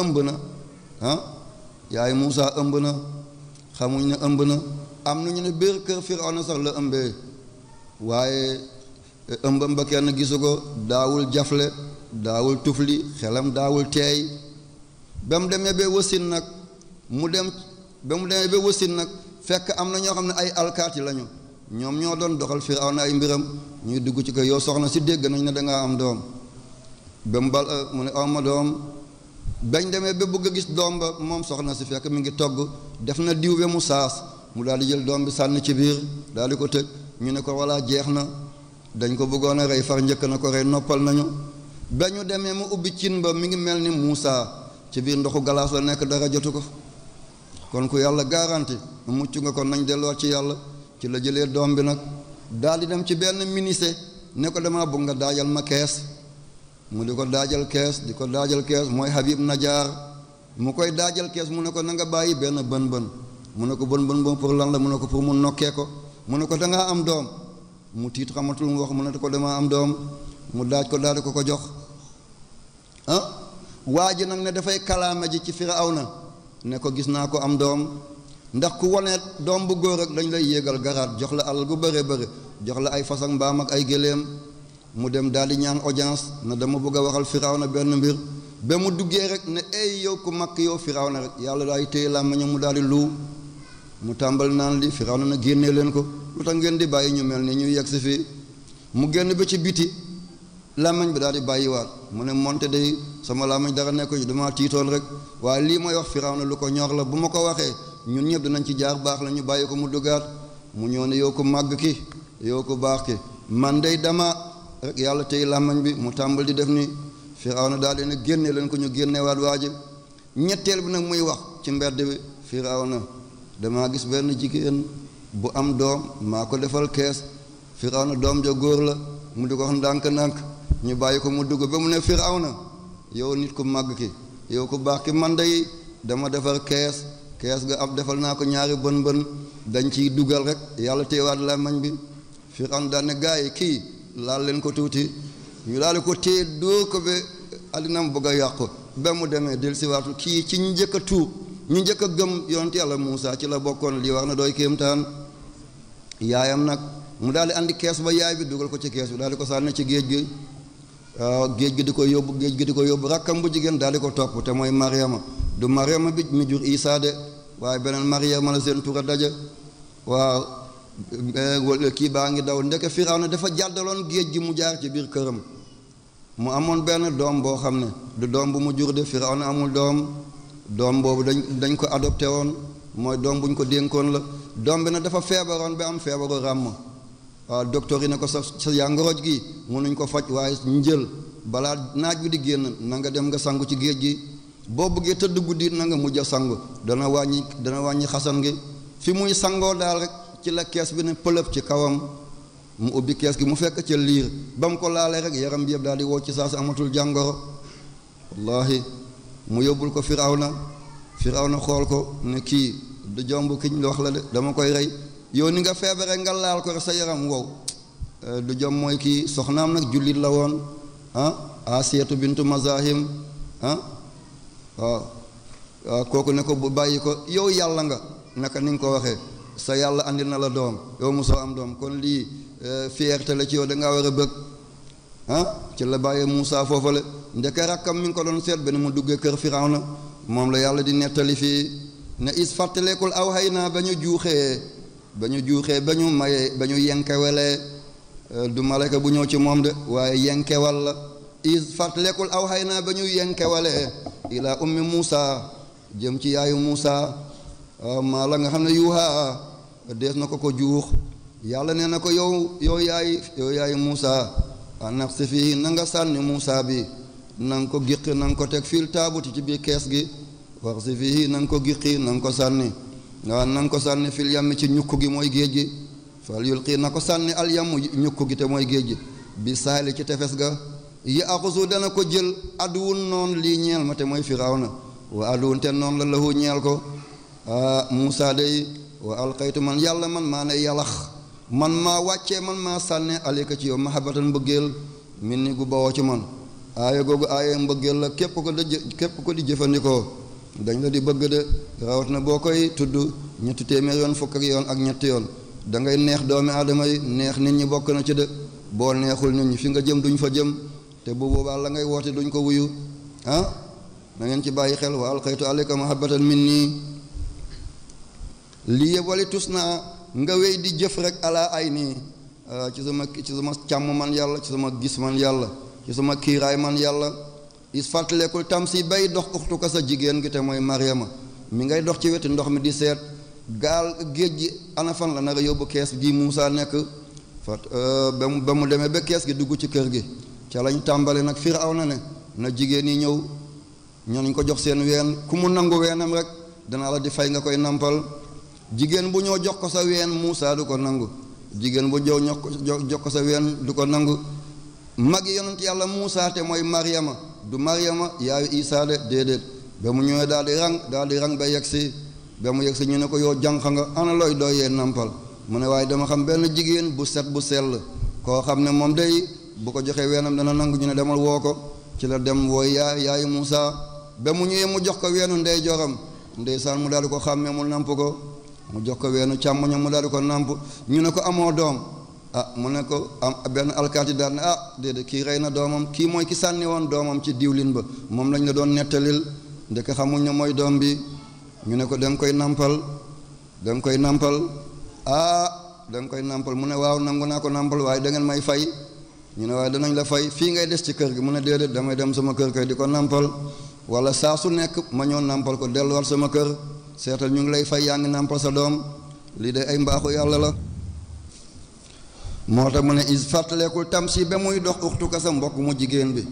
ëmb na ah yaay Muusa ëmb na xamuñ ne ëmb na am nañu ne biir kër Firawna sax la ëmbee waaye eh, ëmbam ba kenn gisu ko daawul jafle daawul tufli xelam daawul teey ba mu demee ba wasin nag mu dem ba mu demee ba wasin nag fekk am na ñoo xam ne ay alkaati lañu ñoom ñoo doon doxal firawna ay mbiram ñuy dugg ci ko yow soxna si dégg nañ ne dangaa am doom ba mu bal mu ne awma doom bañ demee ba bëgg a gis doom ba moom soxna si fekk mi ngi togg def na diw ba mu saas mu daal di jël doom bi sànni ci biir daal di ko tëj ñu ne ko walla jeex na dañ ko bëggoona a rey far njëkk na ko rey noppal nañu ba ñu demee ma ubbi cin ba mi ngi mel ni Muusa ci biir ndoxu galaas la nekk dara jotu ko kon ku yàlla garanti mu mucc nga kon nañ delluwaat ci yàlla ci la jëlee doom bi nag daal di dem ci benn ministre ne ko dama bëgg nga daajal ma kees mu di ko daajal kees di ko daajal kees mooy Habib Najaar mu koy daajal kees mu ne ko na nga bàyyi benn bën bën mu ne ko bën bën bën pour lan la mu ne ko pour mu nokkee ko mu ne ko dangaa am doom mu tiit xamatul mu wax mu ne ko damaa am doom mu daaj ko daal ko ko jox ah? waa ji nag ne dafay kalaama ji ci na ne ko gis naa ko am doom ndax ku waneet doom bu góor rek dañ lay yéegal garaat jox la alal bu bëree bëri jox la ay façon mbaam ak ay géléem mu dem daal di ñaan audience na dama bëgg a waxal na benn mbir ba mu duggee rek ne ey yow ku màkk yow na rek yàlla daay téye làmmiñam mu daal di luu mu tàmbal naan li Firawna na génnee leen ko lu tax ngeen di bàyyi ñu mel ni ñuy yegg si fii mu génn ba ci biti làmmiñ bi daal di bàyyiwaat mu ne monte de sama làmmiñ dara nekk ci dama tiitoon rek waaye lii may wax Firawna lu ko ñor la bu ma ko waxee ñun ñëpp dinañ ci jaar baax la bàyyi ko mu dugaat mu ñëw ne yow ko màgg ki yow ko baax ki man day dama yàlla tey làmmañ bi mu tàmbal di def ni firawna daal dina génne leen ko ñu génnewaat waa ji ñetteel bi nag muy wax ci mbedd bi firawna damaa gis benn jigéen am doom maa ko defal kees firawna doom ja góor la mu di ko wax ndànk ñu bàyyi ko mu dugg ba mu ne firawna yow nit ku màgg ki yow man day dama defar kees kees ga ab defal naa ko ñaari bën bën dañ ciy dugal rek yàlla téewaat mañ bi firan daane gaa yi kii laal leen ko tuuti ñu laal ko téye dóor ko ba addinaam bëgg a yàqu ba mu demee del siwaatu kii ci ñu njëkk a ñu njëkk a yoon yonent yàlla Muusa ci la bokkoon lii wax na doy kéemtaan yaayam nag mu daal di ànd kees ba yaay bi dugal ko ci kees bi daal di ko sànni ci géej gi waaw géej gi di ko yóbbu géej gi di ko yóbbu rakkam bu jigéen daal di ko topp te mooy Mariama du ma bi mu jur Isaa de waaye beneen Mariama la seen tur a daje waaw eh, kii baa ngi daw ndeke na dafa jàddaloon géej gi mu jaar ci biir këram mu amoon benn doom boo xam ne du doom bu mu jur de Firawna amul doom doom boobu dañ dañ ko adopté woon mooy doom buñ ko dénkoon la doom bi nag dafa feebaroon ba am feebaru ràmm waaw docteur yi ne ko sa sa yàngoroj gi mënuñ ko faj waaye njël balaa naaj bi di génn na dem nga sangu ci géej gi boo bëggee tëdd guddi na nga mujj a sangu dana wàññi dana wàññi xasan gi fi muy sangoo daal rek ci la kees bi ne pëlëb ci kawam mu ubbi kees gi mu fekk ca liir ba mu ko laalee rek yaram bi yëpp daal di woo ci saa si amatul jàngoro wallaahi mu yóbbul ko firawna firawna xool ko ne kii du jomb kiñ wax la de dama koy rey yow ni nga feebare nga laal ko rek sa yaram wow euh, du jom mooy kii soxnaam nag jullit la woon ah bintu mazahim ah waaw waaw kooku ne ko bu bàyyi ko yow yàlla nga naka ni nga ko waxee sa yàlla andil na la doom yow musoo am doom kon lii euh, fierté la ci yow dangaa war a bëgg ah ci la bàyyi Moussa foofale ndeke rakkam mi ngi ko doon seet ba ni mu duggee kër na moom la yàlla di nettali fii ne is fàttaleekul aw xay naa ba ñu juuxee ba ñu juuxee ba ñu mayee ba ñu yenkewelee euh, du malaaka bu ñëw ci moom de waaye yenkewal la is fartlekul aw xay naa ba ñu yenkewale ila ummi Moussa jëm ci yaayu Moussa ah, maa la nga xam ne yuuxa dees na ko ko juux yàlla nee na ko yow yow yaay yow yaayu Moussa anax si fii na nga sànni Moussa bi na ko giqi nanga ko teg fiil taabuti ci biir kees gi wax si fii na ko giqi na nga ko sànni waaw na ko sànni fil yàmmi ci ñukk gi mooy géej gi fal yulqi na ko sànni al ñukk gi te mooy géej bi saali ci tefes ga yaxusu dana ko jël aduwun noon lii ñeel ma te mooy firawna wa aduwun te noon la lahu ñeel ko ah Moussa day wa man yàlla man maa ne yalax man maa wàccee man maa sànnee alika ci yow mahabatan mbëggeel min ni gu bawoo ci man aaya googu aaya mbëggeel la képp ko di jëfandikoo dañ la di bëgg de rawat na boo koy tudd ñetti téeméer yoon fukk ak yoon ak ñetti yoon da ngay neex doomi aadama yi neex nit ñi bokk na ci de boo neexul nit ñi fi nga jëm duñ fa jëm te bu boobaa la ngay woote duñ ko wuyu ah na ngeen ci bàyyi xel wa alqaytu alayka mahabbatan minni lii wali tus nga wéy di jëf rek ala ay nii ah, ci sama ci sama càmm man yàlla ci sama gis man yàlla ci sama kiiraay man yàlla is fàttalekul tam si bay dox uxtu ka sa jigéen gi te mooy mariama mi ngay dox ci wetu ndox mi di seet gaal ana fan la nara yóbbu kees gi Muusa nekk fat ah, ba mu demee ba kees gi dugg ci kër gi ca lañ tàmbale nag firaw na ne na jigéen ñi ñëw ñoo ñu ko jox seen ween ku mu nangu weenam rek danaa la di fay nga koy nampal jigéen bu ñoo jox ko sa ween Muusaa ko nangu jigéen bu jow ñox jox ko sa ween du ko nangu mag yonent yàlla Muusaa te mooy Maryama du Maryama yaayu Isaa de déedéet mu ñëwee daal di rang daal di rang ba yegg si ba mu yegg si ñu ne ko yow jànq nga ana looy doyee nampal mu ne waaye dama xam benn jigéen bu set bu sell koo xam ne moom day bu ko joxee weenam dana nangu ñu ne demal woo ko ci la dem wooy yaay yaayu Moussa ba mu ñëwee mu jox ko weenu ndey joram ndeysaan mu daal di ko xàmmee mu namp ko mu jox ko weenu càmmoñam mu daal di ko ñu ne ko amoo doom ah mu ne ko am benn alkaati daan ne ah déedéet kii rey na doomam kii mooy ki sànni woon doomam ci diwlin ba moom lañ la doon nettalil ndeke xamuñ ne mooy doom bi ñu ne ko da koy nampal da koy nampal ah da koy nampal mu ne waaw nangu naa ko nampal waaye da ngeen may fay ñu ne waaye danañ la fay fii ngay des ci kër gi mu ne déedéet damay dem sama kër kay di ko nampal wala saa su nekk ma ñëw nampal ko delluwaat sama kër seetal ñu ngi lay fay yaa ngi nampal sa doom lii de ay mbaaxu yàlla la moo tax mu ne is fàttalekul tam si ba muy dox uxtuka sa mbokk mu jigéen bi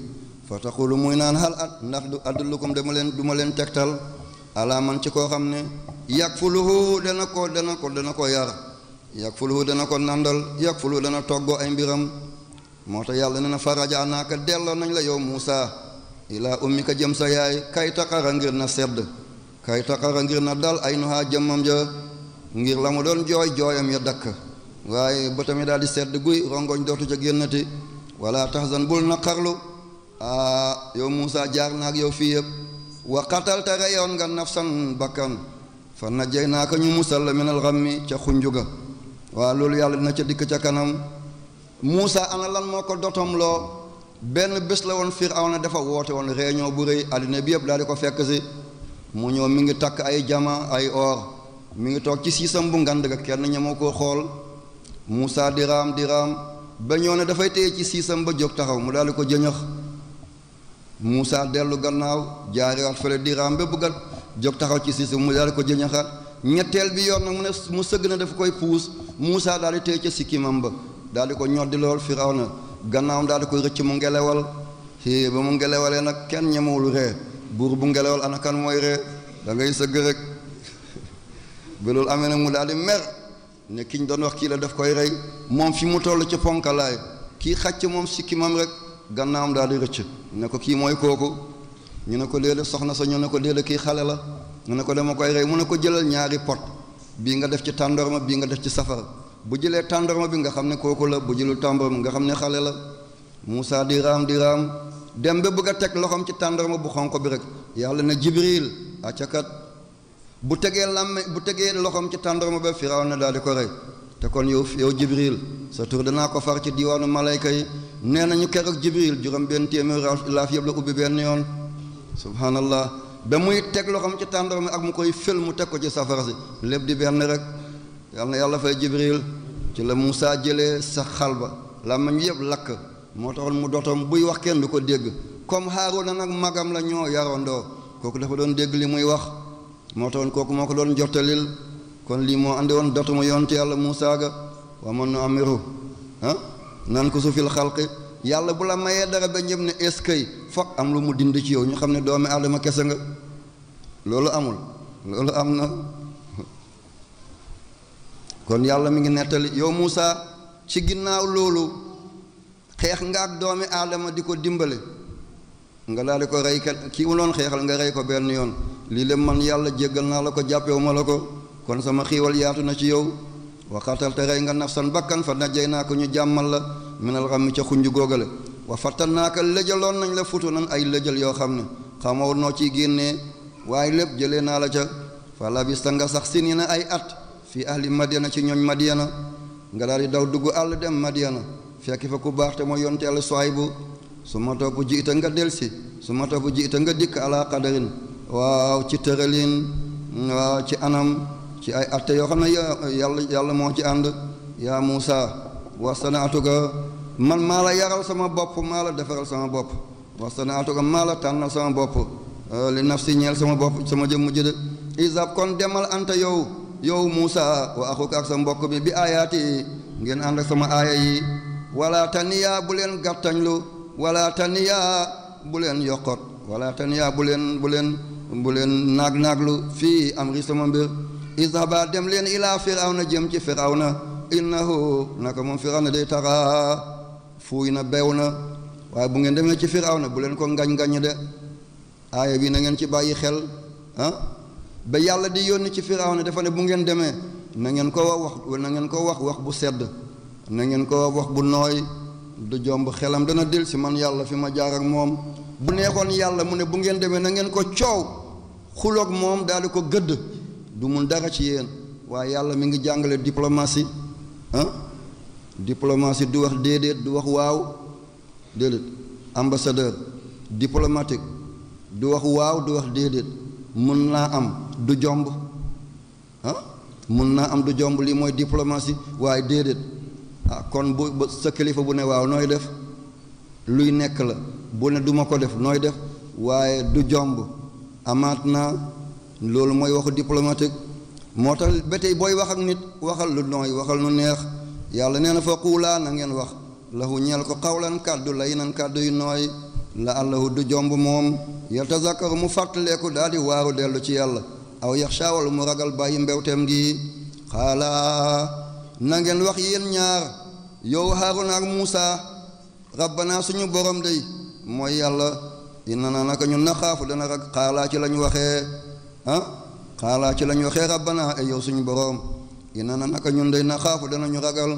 fa taqulu muy naan hal at ndax du adullukum dama leen duma leen tegtal ala man ci koo xam ne yakfuluhu dana ko dana ko dana ko yar yakfuluhu dana ko nandal yakfuluhu dana toggoo ay mbiram moo tax yàlla nee na farajaanaaka delloo nañ la yow Muusa ilaa ummi ka jëm sa yaay kay taqara ngir na sedd kay taqara ngir na dal ay nuhaa jëmmam ja ngir la mu doon jooy jooyam ya dakk waaye ba tamit daal di sedd guy rongoñ dootu ca génnati wala tahzan bul na xarlu a yow Muusa jaar naak yow fii yëpp wa qatalta reyoon nga nafsan bakkan fa najjay naa ko ñu musal la minal ghammi ca xunjuga waa loolu yàlla dina ca dikk ca kanam Moussa ana lan moo ko dotom loo benn bés la woon na dafa woote woon réunion bu rëy àddina bi yëpp daal di ko fekk si mu ñëw mi ngi takk ay jama ay or mi ngi toog ci siisam bu ngand ga kenn ñemoo ko xool muusa di raam di raam ba ñëw ne dafay téye ci siisam ba jóg taxaw mu daal di ko jëñëx Moussa dellu gannaaw jaariwaat fële di raam ba taxaw ci siisam mu daal ko jëñëxaat ñetteel bi yoon nag mu ne mu sëgg na dafa koy puus Moussa daal di téye ca sikkimam ba daal di ko ñoddi lool na gannaawam daal di koy rëcc mu ngelawal xii ba mu ngelawalee nag kenn ñemewul ree buur bu ngelewal ana kan mooy ree da ngay sëgg rek ba loolu amee nag mu daal di mer ne kiñ doon wax kii la daf koy rey moom fi mu toll ci ponkalaay kii xàcc moom sikkimam rek gannaawam daal di rëcc ne ko kii mooy kooku ñu ne ko léeg soxna sa ñu ne ko léeg kii xale la ñu ne ko dama koy rey mu ne ko jëlal ñaari pot bii nga def ci tàndoor bii nga def ci safara bu jëlee tàndarma bi nga xam ne kooku la bu jëlu tàndarma nga xam ne xale la Moussa di raam di raam dem ba bëgg a teg loxoom ci tàndarma bu xonq bi rek yàlla na Jibril accakat bu tegee làmme bu tegee loxoom ci tàndarma ba firaw na daal di ko rey te kon yow yow Jibril sa tur danaa ko far ci diwaanu malayka yi nee nañu keroog Jibril juróom benn téeméer laaf yëpp la ubbi benn yoon subhanallah ba muy teg loxoom ci tàndarma ak mu koy fël mu teg ko ci safara si lépp di benn rek yal na yàlla fay jibril ci la Moussa jëlee sa xal ba la mañ yëpp lakk moo taxoon mu dotom buy wax kenn du ko dégg comme Haaruna nag magam la ñoo yarondoo kooku dafa doon dégg li muy wax moo taxoon kooku moo kon lii moo andi woon dotomu yoon ci yàlla Moussa ga wa man amiru ah nan ko su fil xalqi yàlla bu la mayee dara ba ñëpp ne est am lu mu dind ci yow ñu doomi nga amul loolu amna? kon yàlla mi ngi nettali yow Muusa ci ginnaaw loolu xeex nga ak doomi aadama di ko dimbale nga daal di ko rey kat ki mu doon xeexal nga rey ko benn yoon lii lépp man yàlla jéggal naa la ko jàppewu ma la ko kon sama xiiwal yaatu na ci yow waxatal te rey nga nafsan bakkan fa najjay naa ko ñu jàmmal la minal xam mi ca xunj googale wa fattan naa ko lëjaloon nañ la futu nan ay lëjal yoo xam ne xamoo noo ciy génnee waaye lépp jële naa la ca fa labista nga sax ni na at fi ahli madiana ci ñooñ madiana nga daal di daw dugg àll dem madiana fekk fa ku baax te mooy yonte yàlla soaybu su ma topp ji ita nga delsi su ma topp ji ita nga dikk ala qadarin waaw ci tëralin waaw ci anam ci ay atte yoo xam ne ya, yàlla yàlla moo ci ànd yaa man maa la yaral sama bopp maa la defaral sama bopp wasanaatuka maa la tànnal sama bopp li nafsi ñeel sama bopp sama jëmm jëde isab kon demal anta yow yow Muusa wa axuka ak sa mbokk bi bi aayaati ngeen ànd ak sama aaya yi wala taniyaa bu leen gàttañlu wala taniyaa bu leen yokkot wala taniyaa bu leen bu leen bu naag naaglu fii amri sama mbir izhaba dem leen illaa ilaa na jëm ci na firawna innahu naka moom na day taraa fuuy na bew na waaye bu ngeen demee ci na bu leen ko ngañ-ngañ de aaya bii na ngeen ci bàyyi xel ah. ba yàlla di yoni ci firawna dafa ne bu ngeen demee na ngeen ko wax na ngeen ko wax wax bu sedd na ngeen ko wax bu du jomb xelam dana del si man yàlla fi ma jaar ak moom bu neexoon yàlla mu ne bu ngeen demee na ngeen ko coow xuloog mom daal ko gëdd du mun dara ci yéen waaye yàlla mi ngi jàngale diplomatie ah diplomatie du wax déedéet du wax waaw déedéet ambassadeur diplomatique du wax du wax mun naa am du jomb ah mun naa am du jomb lii mooy diplomatie waaye déedéet ah kon bu sa kilifa bu ne waaw nooy def luy nekk la bu ne duma ko def nooy def waaye du jomb amaat naa loolu mooy waxu diplomatique moo tax ba tey booy wax ak nit waxal lu nooy waxal lu neex yàlla nee na fa quulaa na ngeen wax lahu ñeel ko xawlan kàddu lay nan kàddu nooy la allahu du jomb moom yatazakkaru mu fàttaleeku daal di waaru dellu ci yàlla aw yaxsha wala mu ragal bàyyi mbewteem gi xaala na ngeen wax yéen ñaar yow haaruna ak muusa rabbana suñu borom day mooy yàlla inna naka ñun dana rag xaalaa ci lañ ah xaalaa ci lañ waxee rabbana ay yow suñu borom inna naka ñun day ragal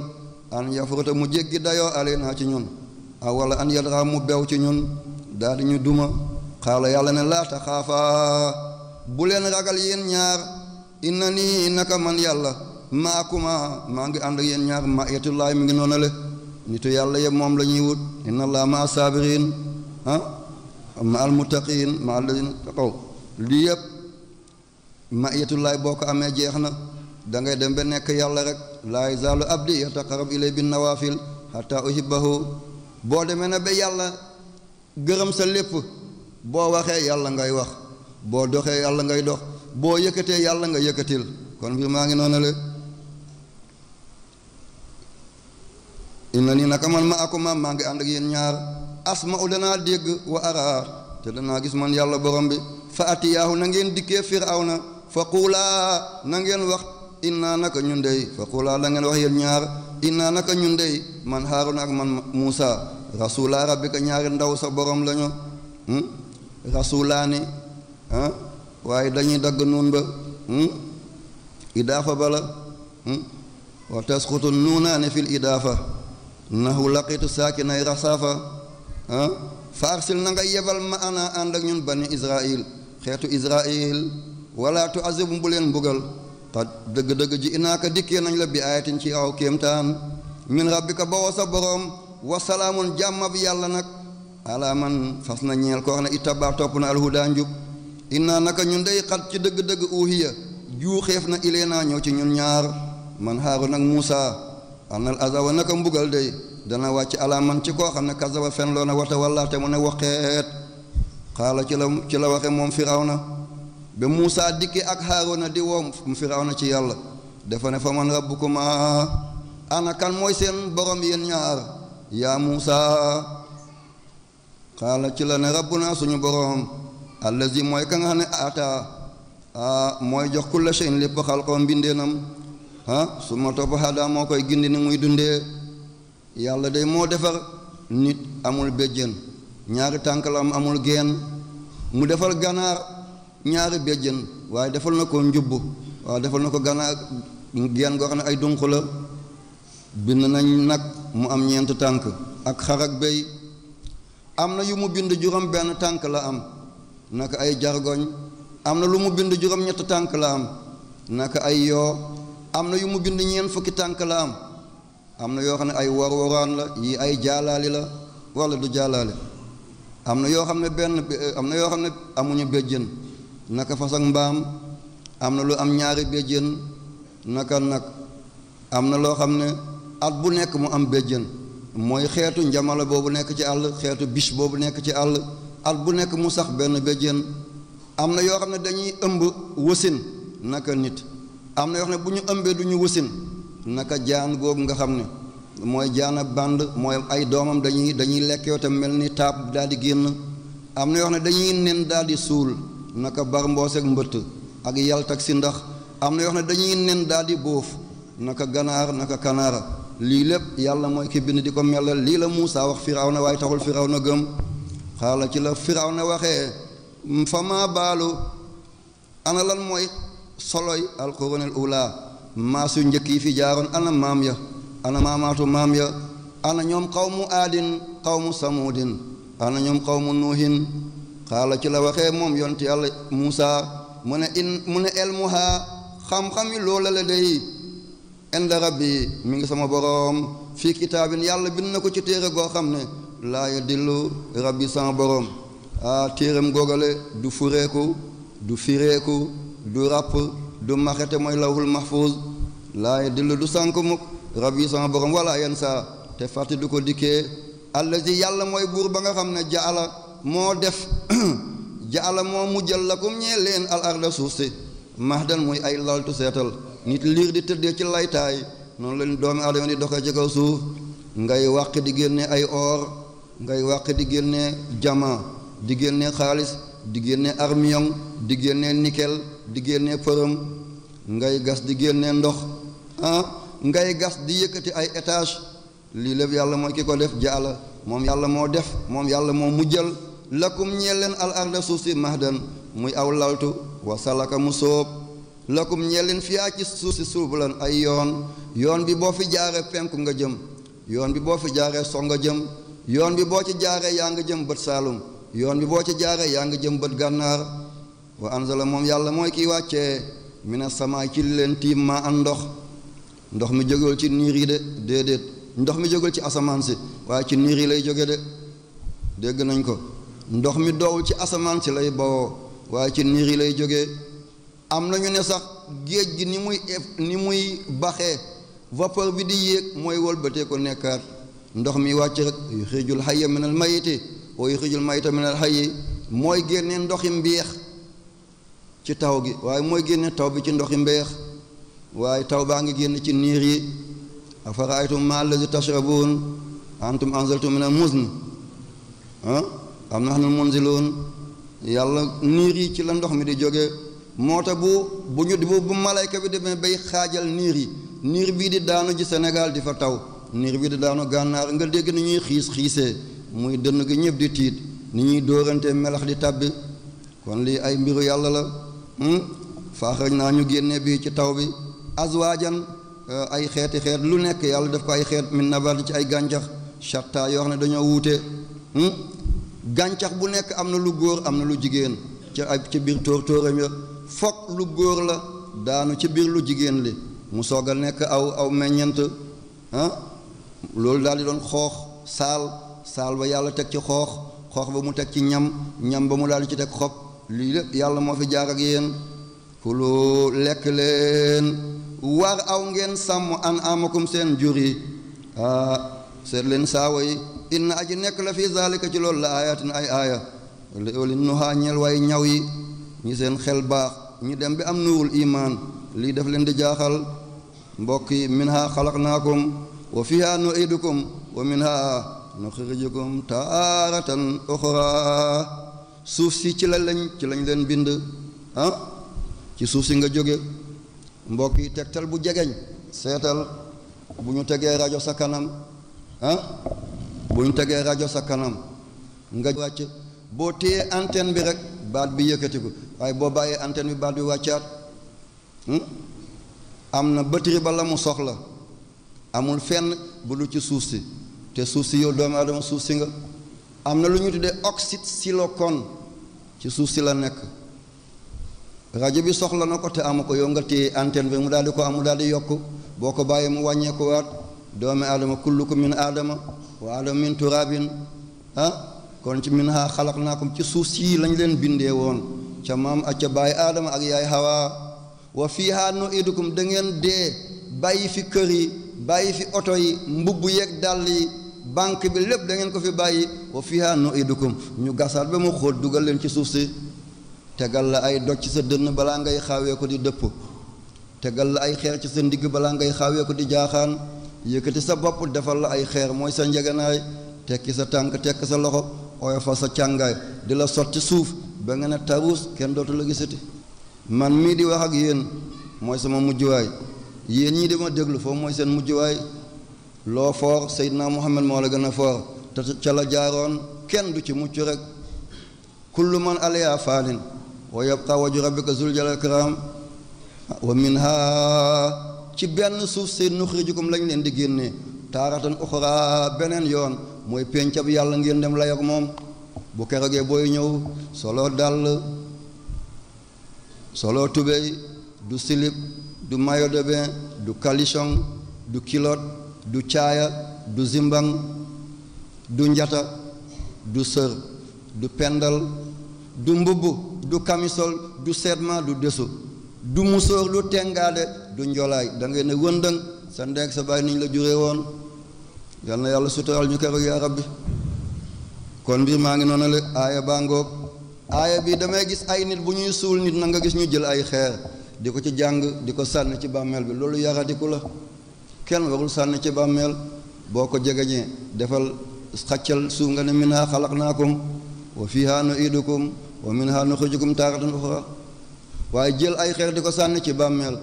an yafuruta mu jéggi dayoo alee naa ci ñun wala an yadra mu bew ci ñun daal di ñu duma xaala yàlla ne laa taxaafaa bu leen ragal yéen ñaar na nii naka man yàlla maakuma maa ngi ànd ak yéen ñaar ma yetullaay mi ngi noona le nitu yàlla yëpp moom lañuy ñuy wut inna laa ma saabirin ah ma al muttaqin ma alladina taqaw lii ma yetullaay boo ko amee jeex na dangay dem ba nekk yàlla rek laa yazaalu abdi yataqarab ilay bin nawaafil xata uhibbahu boo demee na ba yàlla gërëm sa lépp boo waxee yàlla ngay wax boo doxee yàlla ngay dox boo yëkkatee yàlla nga yëkkatil kon mbir maa ngi noonu la inna nii naka man ma akuma maa ngi ànd ak yéen ñaar asma u danaa dégg wa araa te danaa gis man yàlla borom bi fa atiyaahu na ngeen dikkee firawna fa quulaa na ngeen wax inna naka ñun dey fa quulaa na wax yéen ñaar inna naka ñun dey man haaruna ak man muusa rasulaa rabbika ñaari ndaw sa borom lañu hmm? rasulaani waaye dañuy dagg nuun ba hmm? idaafa ba la hmm? wa tasqutu nuunaani fil idaafa nahu laqitu saakinay rasaafa faarsil na nga yebal ma ana ànd ak ñun bani israil xeetu israil wala tu azibu bu leen mbugal dëgg-dëgg ji inaaka dikkee nañ la bi ayatin ci aw kéemtaan min rabbika bawoo sa boroom wasalaamun jàmm bi alaman nag ala man fas na ñeel koo xam ne itabaa topp na alhuda njub inna naka ñun day xat ci na ci ñun ñaar man anal azawa naka mbugal day dana wàcc ala man ci koo xam ne kazaba fen loo na wata walla te mu ne waxeet xaala ci la ci la waxe firawna ak di firawna ci fa man rabbukuma ana kan borom ñaar yaa muusa xaala ci la ne rabbuna suñu boroom allazi mooy ka nga xam ne ata a mooy jox kulla shay'in lépp xalqoom mbindéenam ah su ma topp hada moo koy gindi ni muy dundee yàlla day moo defar nit amul béjjén ñaari tànk la am amul geen mu defal ganaar ñaari béjjén waaye defal na ko njub waaw defal na ko ganaar geen goo xam ay dunq la bind nañ nag mu am ñeent tànk ak xar ak béy am na yu mu bind juróom benn tànk la am naka ay jargoñ am na lu mu bind juróom ñett tànk la am naka ay yoo am na yu mu bind ñeent fukki tànk la am am na yoo xam ne ay warwaraan la yi ay jaalaali la wala du jaalaali am na yoo xam ne benn eh, am na yoo xam ne amuñu béjjën naka fas ak mbaam am na lu am ñaari béjjën naka nag am na loo xam ne at bu nekk mu am béjjën mooy xeetu njamala boobu nekk ci àll xeetu bis boobu nekk ci àll at bu nekk mu sax benn béjjën am na yoo xam ne dañuy ëmb wasin naka nit am na yoo xam ne bu ñu ëmbee du ñu wasin naka jaan googu nga xam ne mooy jaana bànd mooy ay doomam dañuy dañuy lekk mel ni taab daal di génn am na yoo ne dañuy nen daal di suul naka bar mboos ak mbëtt ak yalt ak si ndax am na yoo xam ne dañuy nen daal di bóof naka ganaar naka kanaara lii lépp yàlla mooy ki bind di ko melal lii la Muusaa wax Firawna waaye taxul Firawna gëm xaala ci la Firawna waxee fa maa baalu ana lan mooy soloy alquranil ula maasu njëkk yi fi jaaroon ana maam ya ana maamaatu maam ya ana ñoom qawmu aadin qawmu samuudin ana ñoom qawmu nuuhin xaala ci la waxee moom yonti yàlla Muusaa mu ne in mu ne elmuha xam-xami loola la day inda rabbi mu ngi sama boroom fii kitaabin yàlla bind na ko ci téere goo xam ne laa ya rab yi sama boroom ah téeram googale du fureeku du fireeku du ràpp du maxete mooy lawhul mahfuz laa dillu du sànk mukk rabbi sama boroom wala yen saa te fàtte du ko dikkee allazi yàlla mooy buur ba nga xam ne jaala moo def jaala moo mujjal lakum ñee leen al arda suuf si mahdan muy ay laltu seetal nit liir di tëddee ci laytaay noonu lañ doomi aadama di doxee ci kaw suuf ngay wàq di génne ay or ngay wàq di génne diamant di génne xaalis di génne armion di génne nickel di génne përëm ngay gas di génne ndox ah ngay gas di yëkkati ay étage lii lépp yàlla mooy ki ko def jaala moom yàlla moo def moom yàlla moo mujjal lakum ñeel leen al arda suuf si mahdan muy aw laltu wa salaka mu sóob lakum ñeel leen fiyaa ci suuf si suubulan ay yoon yoon bi boo fi jaaree penku nga jëm yoon bi boo fi jaaree so nga jëm yoon bi boo ci jaaree yaa nga jëm bët saalum yoon bi boo ci jaaree yaa nga jëm bët gànnaar wa anzala moom yàlla mooy kiy wàccee mina sama ci leen tiim maa am ndox ndox mi jógul ci niir yi de déedéet ndox mi jógul ci asamaan si waaye ci niir yi lay jóge de dégg nañ ko ndox mi doowul ci asamaan si lay bawoo waaye ci niir yi lay jóge am na ñu ne sax géej gi ni muy ni muy baxe vapeur bi di yéeg mooy wëlbatee ko nekkaat ndox mi wàcc rek yuxrijul xayya min al mayiti wa yuxrijul mayita min al xayyi mooy génne ndoxi mbeex ci taw gi waaye mooy génne taw bi ci ndoxi mbeex waaye taw baa ngi génn ci niir yi afaraaytum ma allazi tashrabun antum anzaltum min al muzn ah am nahnu munziluun yàlla niir yi ci la ndox mi di jóge moote bu bu ñu bu malayka bi demee bay xaajal niir yi niir bii di daanu ji Sénégal di fa taw niir bii di daanu gànnaar nga dégg ni ñuy xiis xiisee muy dënn gi ñëpp di tiit ni ñuy dóorante melax di tàbbi kon lii ay mbiru yàlla la hmm? faaxarañ naa ñu génne bii ci taw bi azwaajan euh, ay xeeti xeet lu nekk yàlla def ko ay xeet min nabaat ci ay gàncax shatta yoo xam ne dañoo wuute hmm? gàncax bu nekk am na lu góor am na lu jigéen ca ay ci biir tóor tóoram foog lu góor la daanu ci biir lu jigéen li mu soog a nekk aw aw meññent ah, loolu daal di doon xoox saal saal ba yàlla teg ci xoox xoox ba mu teg ci ñam ñam ba mu daal di ci teg xob lii lépp yàlla moo fi jaar ak yéen kuloo lekk leen war aw ngeen sàmm an amakum seen jur yi ah seet leen saawo yi inna yi nekk la fii zalika ci loolu la ayatin ay aaya li nuhaa ñeel way ñaw yi ñi seen xel baax ñi dem bi am nuurul imaan lii def leen di jaaxal mbokk yi minha xalaqnaakum wa fiha nu'idukum wa minha nuxrijukum taaratan uxra suuf si ci la lañ ci lañ leen bind ah, ci suuf si nga jóge mbokk yi tegtal bu jegeñ seetal bu ñu tegee rajo sa kanam ah bu ñu tegee rajo sa kanam nga wàcc boo téyee antenne bi rek baat bi yëkkati ko waaye boo bàyyee antenne bi baat bi wàccaat hmm? am na batterie ba la mu soxla amul fenn bu dul ci suuf si te suuf si yow doomu adama suuf si nga am na lu ñu tuddee oxyde silicone ci suuf si la nekk rajo bi soxla na ko te amu ko yow nga téye antenne bi mu daal di ko am mu daal di yokk boo ko bàyyee mu wàññeeku waat doomi aadama kullukum min aadama wa aadama min turaabin ah kon ci min haa xalaq naa ko ci suuf sii lañ leen bindee woon ca maam ak ca baay aadama ak yaay hawa wa fiihaa nu idukum da ngeen dee bàyyi fi kër yi bàyyi fi oto yi mbubb yeeg dàll yi banque bi lépp dangeen ko fi bàyyi wa fiihaa nu ñu gasaat ba mu xóot dugal leen ci suuf si tegal la ay doj ci sa dënn balaa ngay xawee ko di dëpp tegal la ay xeer ci sa ndigg balaa ngay xawee ko di jaaxaan yëkkati sa bopp defal la ay xeer mooy sa njeganaay tekki sa tànk tekk sa loxo oyofal sa càngaay di la sotti suuf ba nga ne tabuus kenn dootu la gisati man mii di wax ak yéen mooy sama mujjuwaay yéen ñii di ma déglu foofu mooy seen mujjuwaay loo foor Seydina Muhammad moo la gën a foor te ca la jaaroon kenn du ci mucc rek kullu man alayha faanin wa yabqa wajhu rabbika zul jalal karam wa minha ci benn suuf seen nuxrijukum lañ leen di génnee taaratan uxra beneen yoon mooy péncab yàlla ngeen dem lay ak moom bu kerogee booy ñëw solo dàll solo tubéy du silip du maillot de bin du caleçon du culotte du caaya du zimbang du njata du sër du pendal du mbubb du kamisol du serment du desu du musóor du tengaade du njolaay da ngay ne wëndëng sa ndeeg sa bàyyi niñ la juree woon yal na yàlla sutural ñu keroog yaa bi kon mbir maa ngi noonu la aaya baa ngoog aaya bi damay gis ay nit bu ñuy suul nit na nga gis ñu jël ay xeer di ko ci jàng di ko sànni ci bàmmeel bi loolu yaradiku la kenn warul sànni ci bàmmeel boo ko jegeñee defal xaccal suuf nga ne minha xalaqnaakum wa fiha nu'idukum wa minha nuxrijukum taaratan uxra waaye jël ay xeer di ko sànni ci bàmmeel